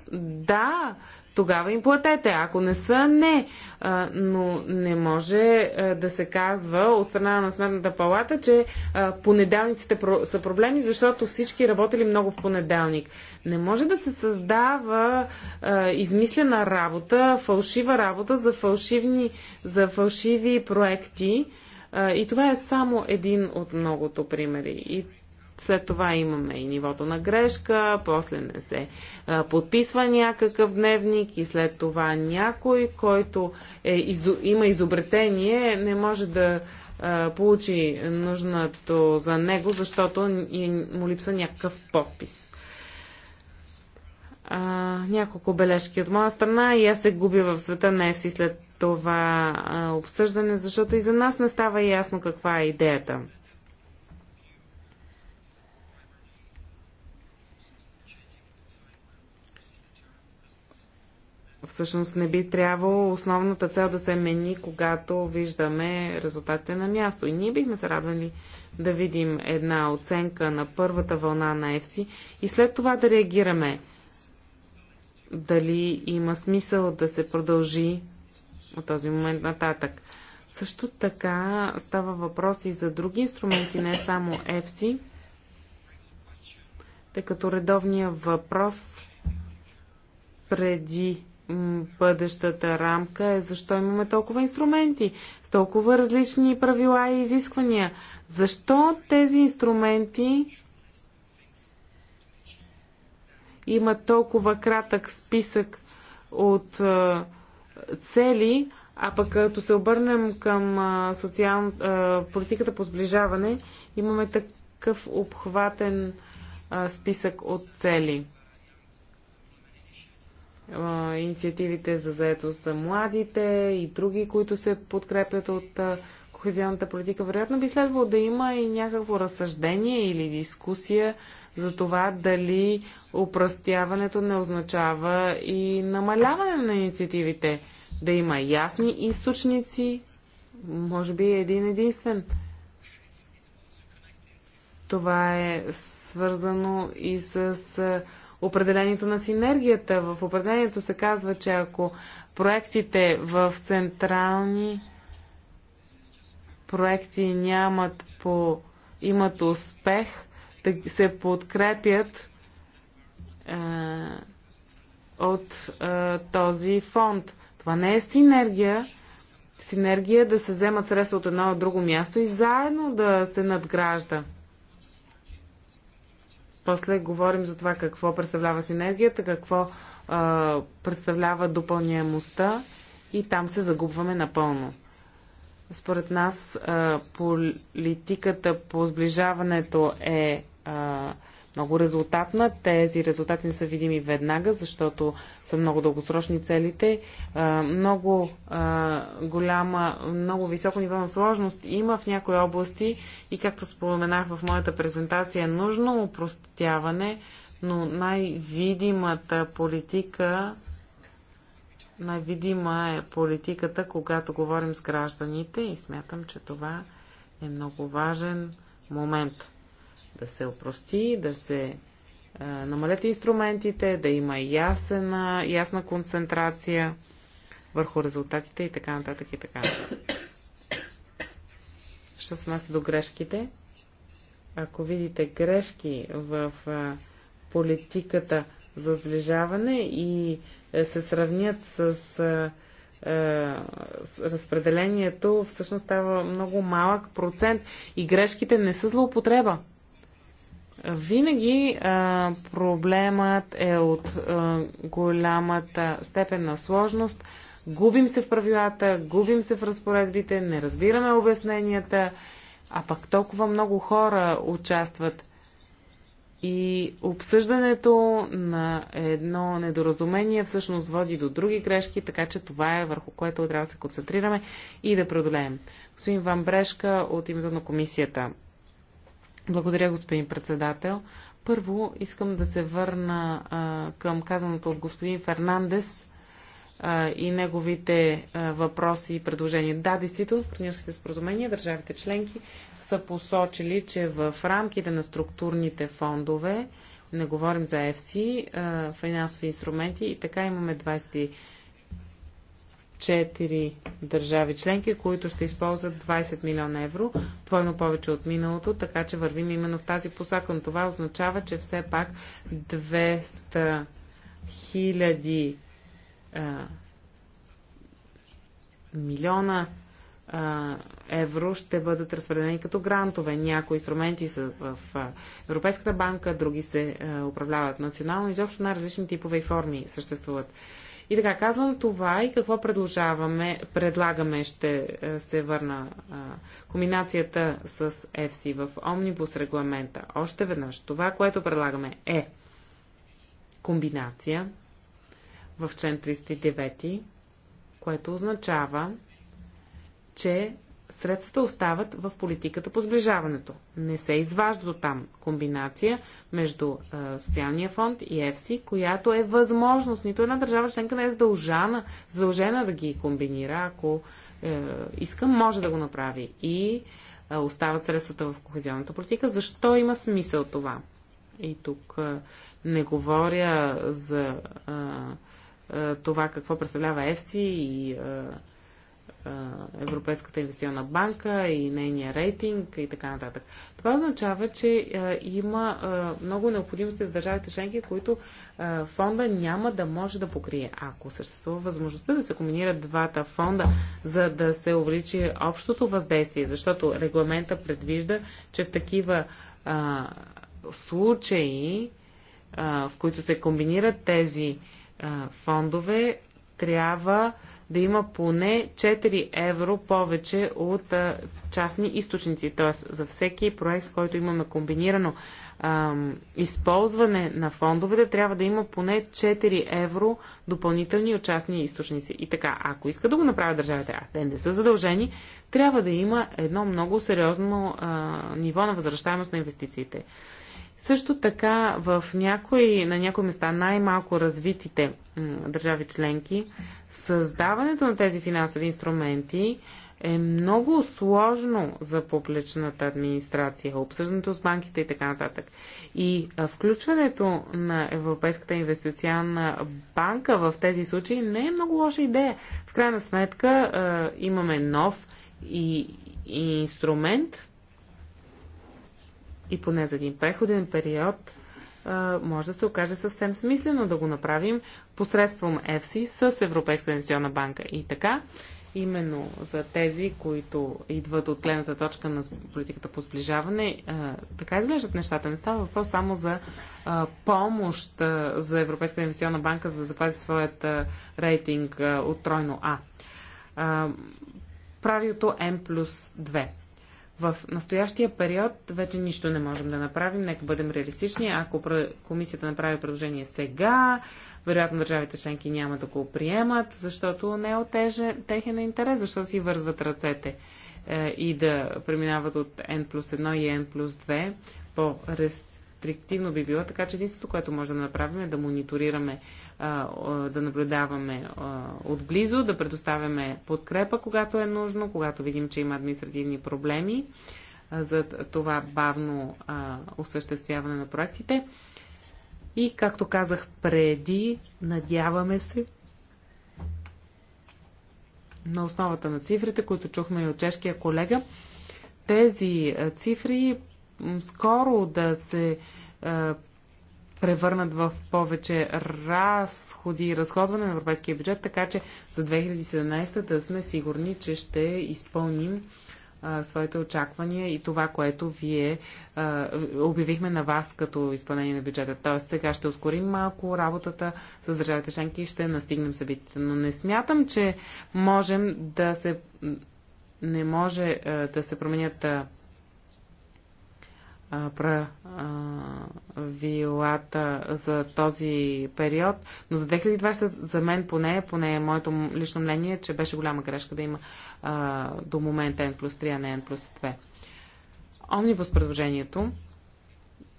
Да, тогава им платете. Ако не са, не. А, но не може а, да се казва от страна на Сметната палата, че а, понеделниците про- са проблеми, защото всички работили много в понеделник. Не може да се създава а, измислена работа, фалшива работа за, фалшивни, за фалшиви проекти. А, и това е само един от многото примери. И след това имаме и нивото на грешка, после не се а, подписва някакъв дневник и след това някой, който е, изо, има изобретение, не може да а, получи нужното за него, защото му липса някакъв подпис. А, няколко бележки от моя страна и аз се губя в света на ЕФСИ след това а, обсъждане, защото и за нас не става ясно каква е идеята. всъщност не би трябвало основната цел да се мени, когато виждаме резултатите на място. И ние бихме се радвали да видим една оценка на първата вълна на ЕФСИ и след това да реагираме дали има смисъл да се продължи от този момент нататък. Също така става въпрос и за други инструменти, не само Ефси, тъй като редовният въпрос преди бъдещата рамка е защо имаме толкова инструменти, с толкова различни правила и изисквания. Защо тези инструменти имат толкова кратък списък от а, цели, а пък като се обърнем към а, социал, а, политиката по сближаване, имаме такъв обхватен а, списък от цели инициативите за заето за младите и други, които се подкрепят от кохезионната политика. Вероятно би следвало да има и някакво разсъждение или дискусия за това дали упростяването не означава и намаляване на инициативите. Да има ясни източници, може би един единствен. Това е свързано и с определението на синергията. В определението се казва, че ако проектите в централни проекти нямат по, имат успех, да се подкрепят е, от е, този фонд. Това не е синергия. Синергия е да се вземат средства от едно от друго място и заедно да се надгражда. После говорим за това какво представлява синергията, какво а, представлява допълняемостта и там се загубваме напълно. Според нас а, политиката по сближаването е а, много резултатна. Тези резултати не са видими веднага, защото са много дългосрочни целите. Много голяма, много високо ниво на сложност има в някои области и както споменах в моята презентация, е нужно упростяване, но най-видимата политика най-видима е политиката, когато говорим с гражданите и смятам, че това е много важен момент да се опрости, да се а, намалят инструментите, да има ясна, ясна концентрация върху резултатите и така нататък и така нататък. Що се нас до грешките? Ако видите грешки в а, политиката за сближаване и а, се сравнят с а, разпределението всъщност става много малък процент и грешките не са злоупотреба. Винаги а, проблемът е от а, голямата степен на сложност. Губим се в правилата, губим се в разпоредбите, не разбираме обясненията, а пък толкова много хора участват. И обсъждането на едно недоразумение всъщност води до други грешки, така че това е върху което трябва да се концентрираме и да преодолеем. Господин Ван Брешка от името на комисията. Благодаря, господин председател. Първо искам да се върна а, към казаното от господин Фернандес а, и неговите а, въпроси и предложения. Да, действително, в партньорските споразумения държавите членки са посочили, че в рамките на структурните фондове, не говорим за ЕФСИ, финансови инструменти и така имаме 20 4 държави членки, които ще използват 20 милиона евро, двойно повече от миналото, така че вървим именно в тази посока. Но това означава, че все пак 200 хиляди милиона а, евро ще бъдат разпределени като грантове. Някои инструменти са в Европейската банка, други се а, управляват национално. Изобщо на различни типове и форми съществуват. И така, казвам това и какво предложаваме, предлагаме, ще е, се върна а, комбинацията с FC в Омнибус регламента. Още веднъж, това, което предлагаме е комбинация в член 309, което означава, че средствата остават в политиката по сближаването. Не се изважда до там комбинация между е, социалния фонд и ЕФСИ, която е възможност. Нито една държава членка не е задължена, задължена да ги комбинира. Ако е, иска, може да го направи. И е, остават средствата в кохезионната политика. Защо има смисъл това? И тук е, не говоря за е, е, това какво представлява ЕФСИ и е, Европейската инвестиционна банка и нейния рейтинг и така нататък. Това означава, че има много необходимости за държавите членки, които фонда няма да може да покрие. Ако съществува възможността да се комбинират двата фонда, за да се увеличи общото въздействие, защото регламента предвижда, че в такива случаи, в които се комбинират тези фондове, трябва да има поне 4 евро повече от а, частни източници. Т.е. за всеки проект, с който имаме комбинирано а, използване на фондовете, трябва да има поне 4 евро допълнителни от частни източници. И така, ако иска да го направят държавите, а те не са задължени, трябва да има едно много сериозно а, ниво на възвръщаемост на инвестициите. Също така в някои, на някои места най-малко развитите държави членки, създаването на тези финансови инструменти е много сложно за публичната администрация, обсъждането с банките и така нататък. И включването на Европейската инвестиционна банка в тези случаи не е много лоша идея. В крайна сметка имаме нов и, и инструмент, и поне за един преходен период може да се окаже съвсем смислено да го направим посредством EFSI с Европейска инвестиционна банка. И така, именно за тези, които идват от гледната точка на политиката по сближаване, така изглеждат нещата. Не става въпрос само за помощ за Европейска инвестиционна банка, за да запази своят рейтинг от тройно А. правилото М плюс 2. В настоящия период вече нищо не можем да направим. Нека бъдем реалистични. Ако комисията направи предложение сега, вероятно държавите членки няма да го приемат, защото не е от техен интерес, защото си вързват ръцете е, и да преминават от N плюс 1 и N плюс 2 по рест рестриктивно би било, така че единството, което може да направим е да мониторираме, да наблюдаваме отблизо, да предоставяме подкрепа, когато е нужно, когато видим, че има административни проблеми за това бавно осъществяване на проектите. И, както казах преди, надяваме се на основата на цифрите, които чухме и от чешкия колега, тези цифри скоро да се превърнат в повече разходи и разходване на европейския бюджет, така че за 2017 да сме сигурни, че ще изпълним своите очаквания и това, което вие а, обявихме на вас като изпълнение на бюджета. Тоест сега ще ускорим малко работата с държавите членки и ще настигнем събитията. Но не смятам, че можем да се не може а, да се променят правилата за този период, но за 2020 за мен поне, поне моето лично мнение, е, че беше голяма грешка да има а, до момента N плюс 3, а не N плюс 2. Омнибус предложението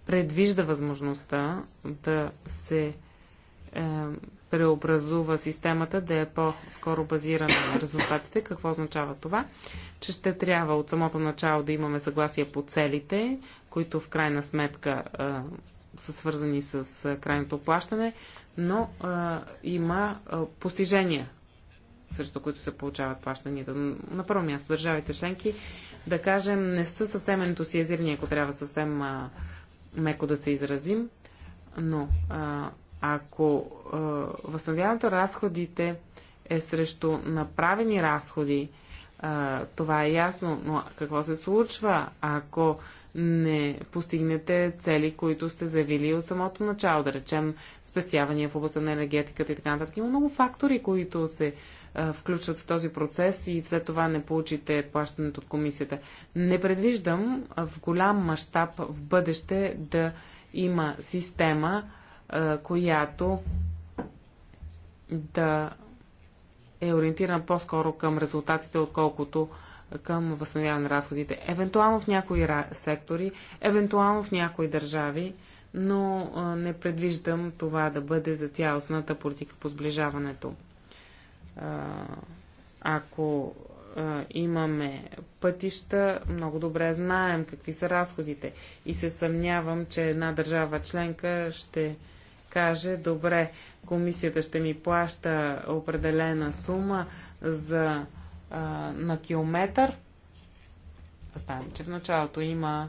предвижда възможността да се е, преобразува системата, да е по-скоро базирана на резултатите. Какво означава това? Че ще трябва от самото начало да имаме съгласие по целите, които в крайна сметка а, са свързани с а, крайното плащане, но а, има а, постижения, срещу които се получават плащанията. На първо място, държавите членки, да кажем, не са съвсем ентусиазирани, ако трябва съвсем а, меко да се изразим, но а, ако а, възстановяването разходите е срещу направени разходи, а, това е ясно, но какво се случва, ако не постигнете цели, които сте заявили от самото начало, да речем спестявания в областта на енергетиката и така нататък. Има много фактори, които се а, включват в този процес и след това не получите плащането от комисията. Не предвиждам в голям мащаб в бъдеще да има система, а, която да е ориентиран по-скоро към резултатите, отколкото към възстановяване на разходите. Евентуално в някои сектори, евентуално в някои държави, но не предвиждам това да бъде за цялостната политика по сближаването. Ако имаме пътища, много добре знаем какви са разходите и се съмнявам, че една държава членка ще каже, добре, комисията ще ми плаща определена сума за, а, на километър. Знаем, че в началото има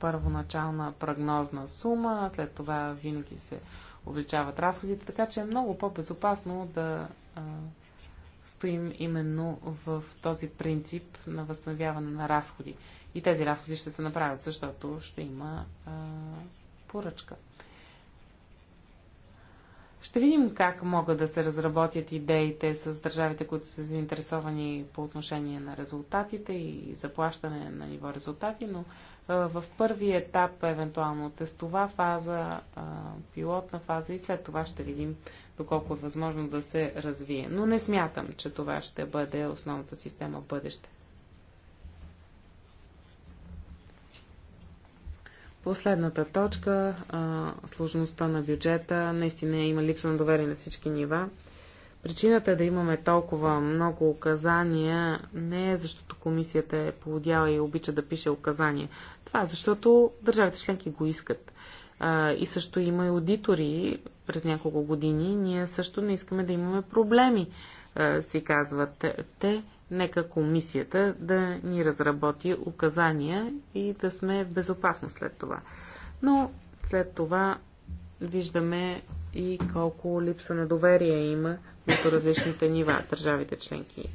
първоначална прогнозна сума, след това винаги се увеличават разходите, така че е много по-безопасно да а, стоим именно в този принцип на възстановяване на разходи. И тези разходи ще се направят, защото ще има а, поръчка. Ще видим как могат да се разработят идеите с държавите, които са заинтересовани по отношение на резултатите и заплащане на ниво резултати, но в първи етап, евентуално тестова фаза, пилотна фаза и след това ще видим доколко е възможно да се развие. Но не смятам, че това ще бъде основната система в бъдеще. Последната точка, а, сложността на бюджета, наистина има липса на доверие на всички нива. Причината е да имаме толкова много указания не е защото комисията е поводяла и обича да пише указания. Това е защото държавите членки го искат. А, и също има и аудитори през няколко години. Ние също не искаме да имаме проблеми, а, си казват те Нека комисията да ни разработи указания и да сме в безопасност след това. Но след това виждаме и колко липса на доверие има между различните нива. Държавите членки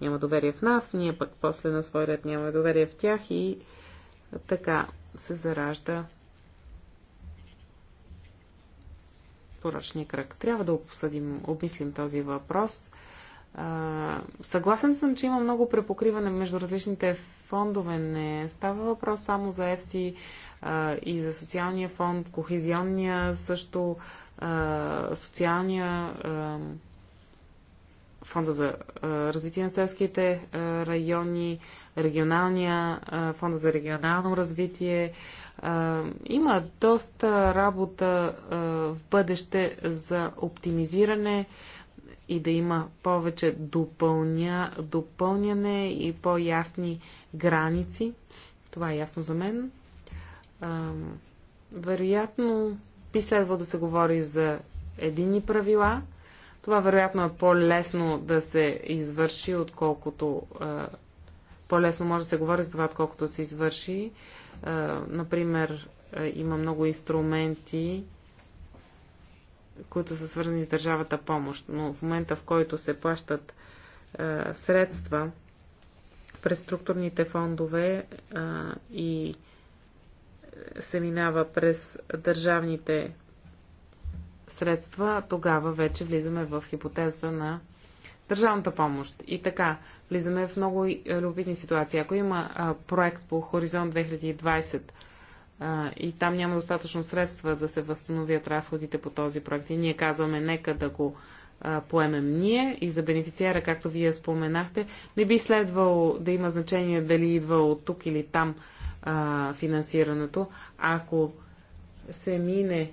няма доверие в нас, ние пък после на свой ред нямаме доверие в тях и така се заражда поръчния кръг. Трябва да обсъдим, обмислим този въпрос съгласен съм, че има много препокриване между различните фондове. Не става въпрос само за ЕФСИ а, и за социалния фонд, кохезионния също, а, социалния а, фонда за а, развитие на селските а, райони, регионалния а, фонда за регионално развитие. А, има доста работа а, в бъдеще за оптимизиране а, и да има повече допълня, допълняне и по-ясни граници. Това е ясно за мен. А, вероятно би следвало да се говори за едини правила. Това вероятно е по-лесно да се извърши, отколкото а, по-лесно може да се говори за това, отколкото се извърши. А, например, а, има много инструменти, които са свързани с държавата помощ. Но в момента, в който се плащат е, средства през структурните фондове е, и се минава през държавните средства, тогава вече влизаме в хипотезата на държавната помощ. И така, влизаме в много любопитни ситуации. Ако има е, проект по Хоризонт 2020, а, и там няма достатъчно средства да се възстановят разходите по този проект. И ние казваме, нека да го поемем ние и за бенефициера, както вие споменахте, не би следвало да има значение дали идва от тук или там а, финансирането. Ако се мине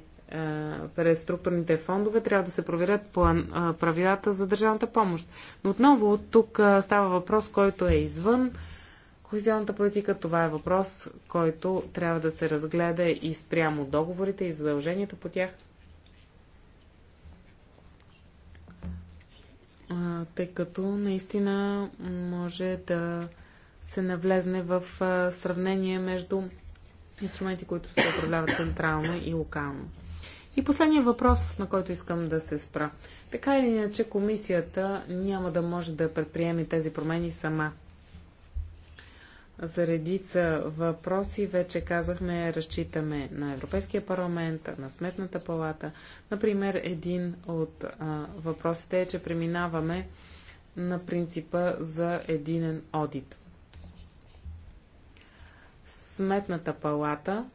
през структурните фондове, трябва да се проверят план, правилата за държавната помощ. Но отново тук става въпрос, който е извън Кохезионната политика това е въпрос, който трябва да се разгледа и спрямо договорите и задълженията по тях. тъй като наистина може да се навлезне в сравнение между инструменти, които се управляват централно и локално. И последния въпрос, на който искам да се спра. Така или иначе, комисията няма да може да предприеме тези промени сама за редица въпроси. Вече казахме, разчитаме на Европейския парламент, на Сметната палата. Например, един от а, въпросите е, че преминаваме на принципа за единен одит. Сметната палата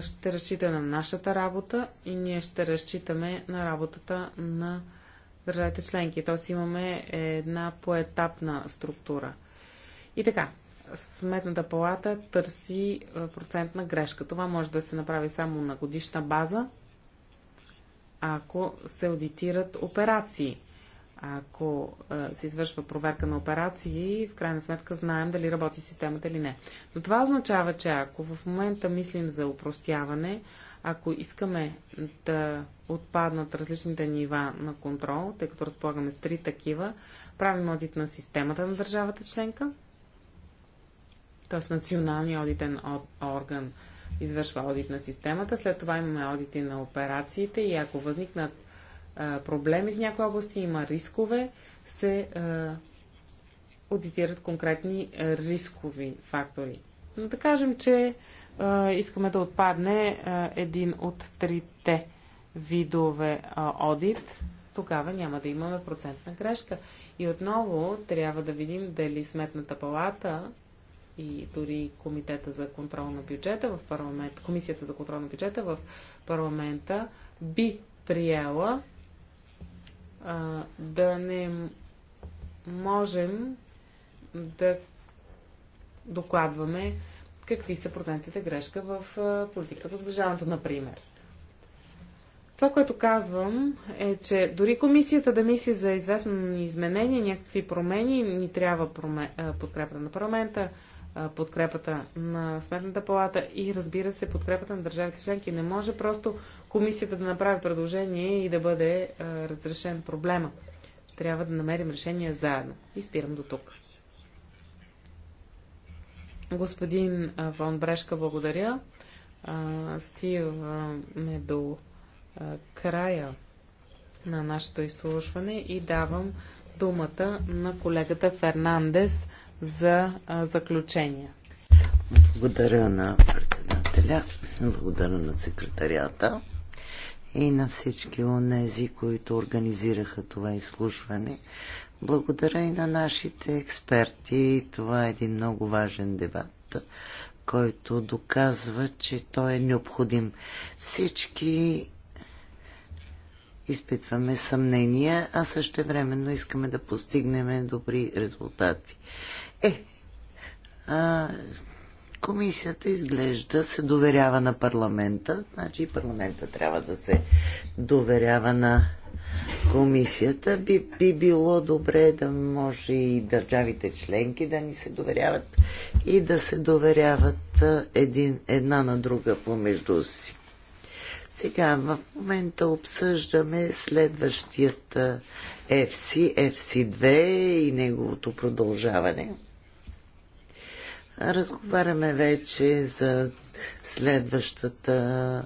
ще разчита на нашата работа и ние ще разчитаме на работата на държавите членки. Тоест имаме една поетапна структура. И така, Сметната палата търси е, процентна грешка. Това може да се направи само на годишна база, ако се аудитират операции. Ако е, се извършва проверка на операции, в крайна сметка знаем дали работи системата или не. Но това означава, че ако в момента мислим за упростяване, ако искаме да отпаднат различните нива на контрол, тъй като разполагаме с три такива, правим одит на системата на държавата членка, т.е. националния одитен орган извършва одит на системата, след това имаме одити на операциите и ако възникнат проблеми в някои области, има рискове, се аудитират конкретни рискови фактори. Но да кажем, че искаме да отпадне един от трите видове одит, тогава няма да имаме процентна грешка. И отново трябва да видим дали Сметната палата и дори Комитета за контрол на бюджета в парламент, Комисията за контрол на бюджета в парламента би приела а, да не можем да докладваме какви са процентите грешка в политиката по сближаването, например. Това, което казвам, е, че дори комисията да мисли за известни изменения, някакви промени, ни трябва проме... подкрепата на парламента, подкрепата на Сметната палата и разбира се подкрепата на държавите членки. Не може просто комисията да направи предложение и да бъде разрешен проблема. Трябва да намерим решение заедно. И спирам до тук. Господин Вон Брешка, благодаря. Стиваме до края на нашето изслушване и давам думата на колегата Фернандес за заключение. Благодаря на председателя, благодаря на секретарията и на всички онези, които организираха това изслушване. Благодаря и на нашите експерти. Това е един много важен дебат, който доказва, че той е необходим. Всички изпитваме съмнения, а също времено искаме да постигнем добри резултати. Е, а, комисията изглежда се доверява на парламента, значи парламента трябва да се доверява на комисията, би, би било добре да може и държавите членки да ни се доверяват и да се доверяват един, една на друга помежду си. Сега в момента обсъждаме следващият FC, FC2 и неговото продължаване. Разговаряме вече за следващата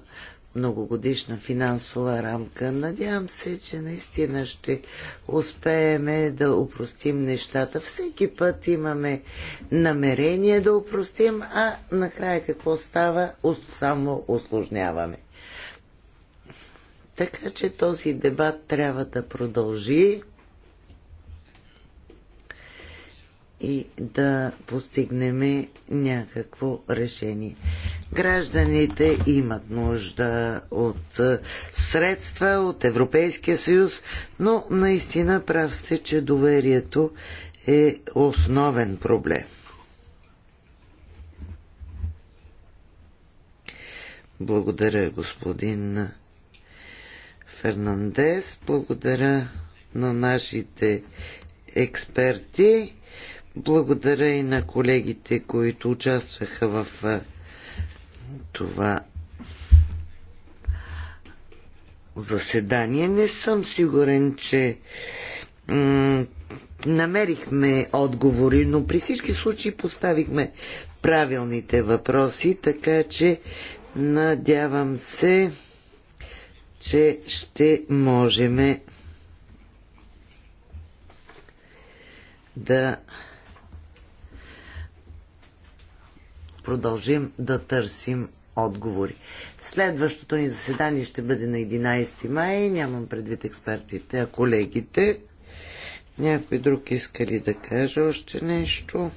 многогодишна финансова рамка. Надявам се, че наистина ще успееме да упростим нещата. Всеки път имаме намерение да упростим, а накрая какво става? Само осложняваме. Така че този дебат трябва да продължи. и да постигнем някакво решение. Гражданите имат нужда от е, средства, от Европейския съюз, но наистина прав сте, че доверието е основен проблем. Благодаря, господин Фернандес. Благодаря на нашите експерти. Благодаря и на колегите, които участваха в това заседание. Не съм сигурен, че намерихме отговори, но при всички случаи поставихме правилните въпроси, така че надявам се, че ще можем да продължим да търсим отговори. Следващото ни заседание ще бъде на 11 май. Нямам предвид експертите, а колегите. Някой друг иска ли да каже още нещо?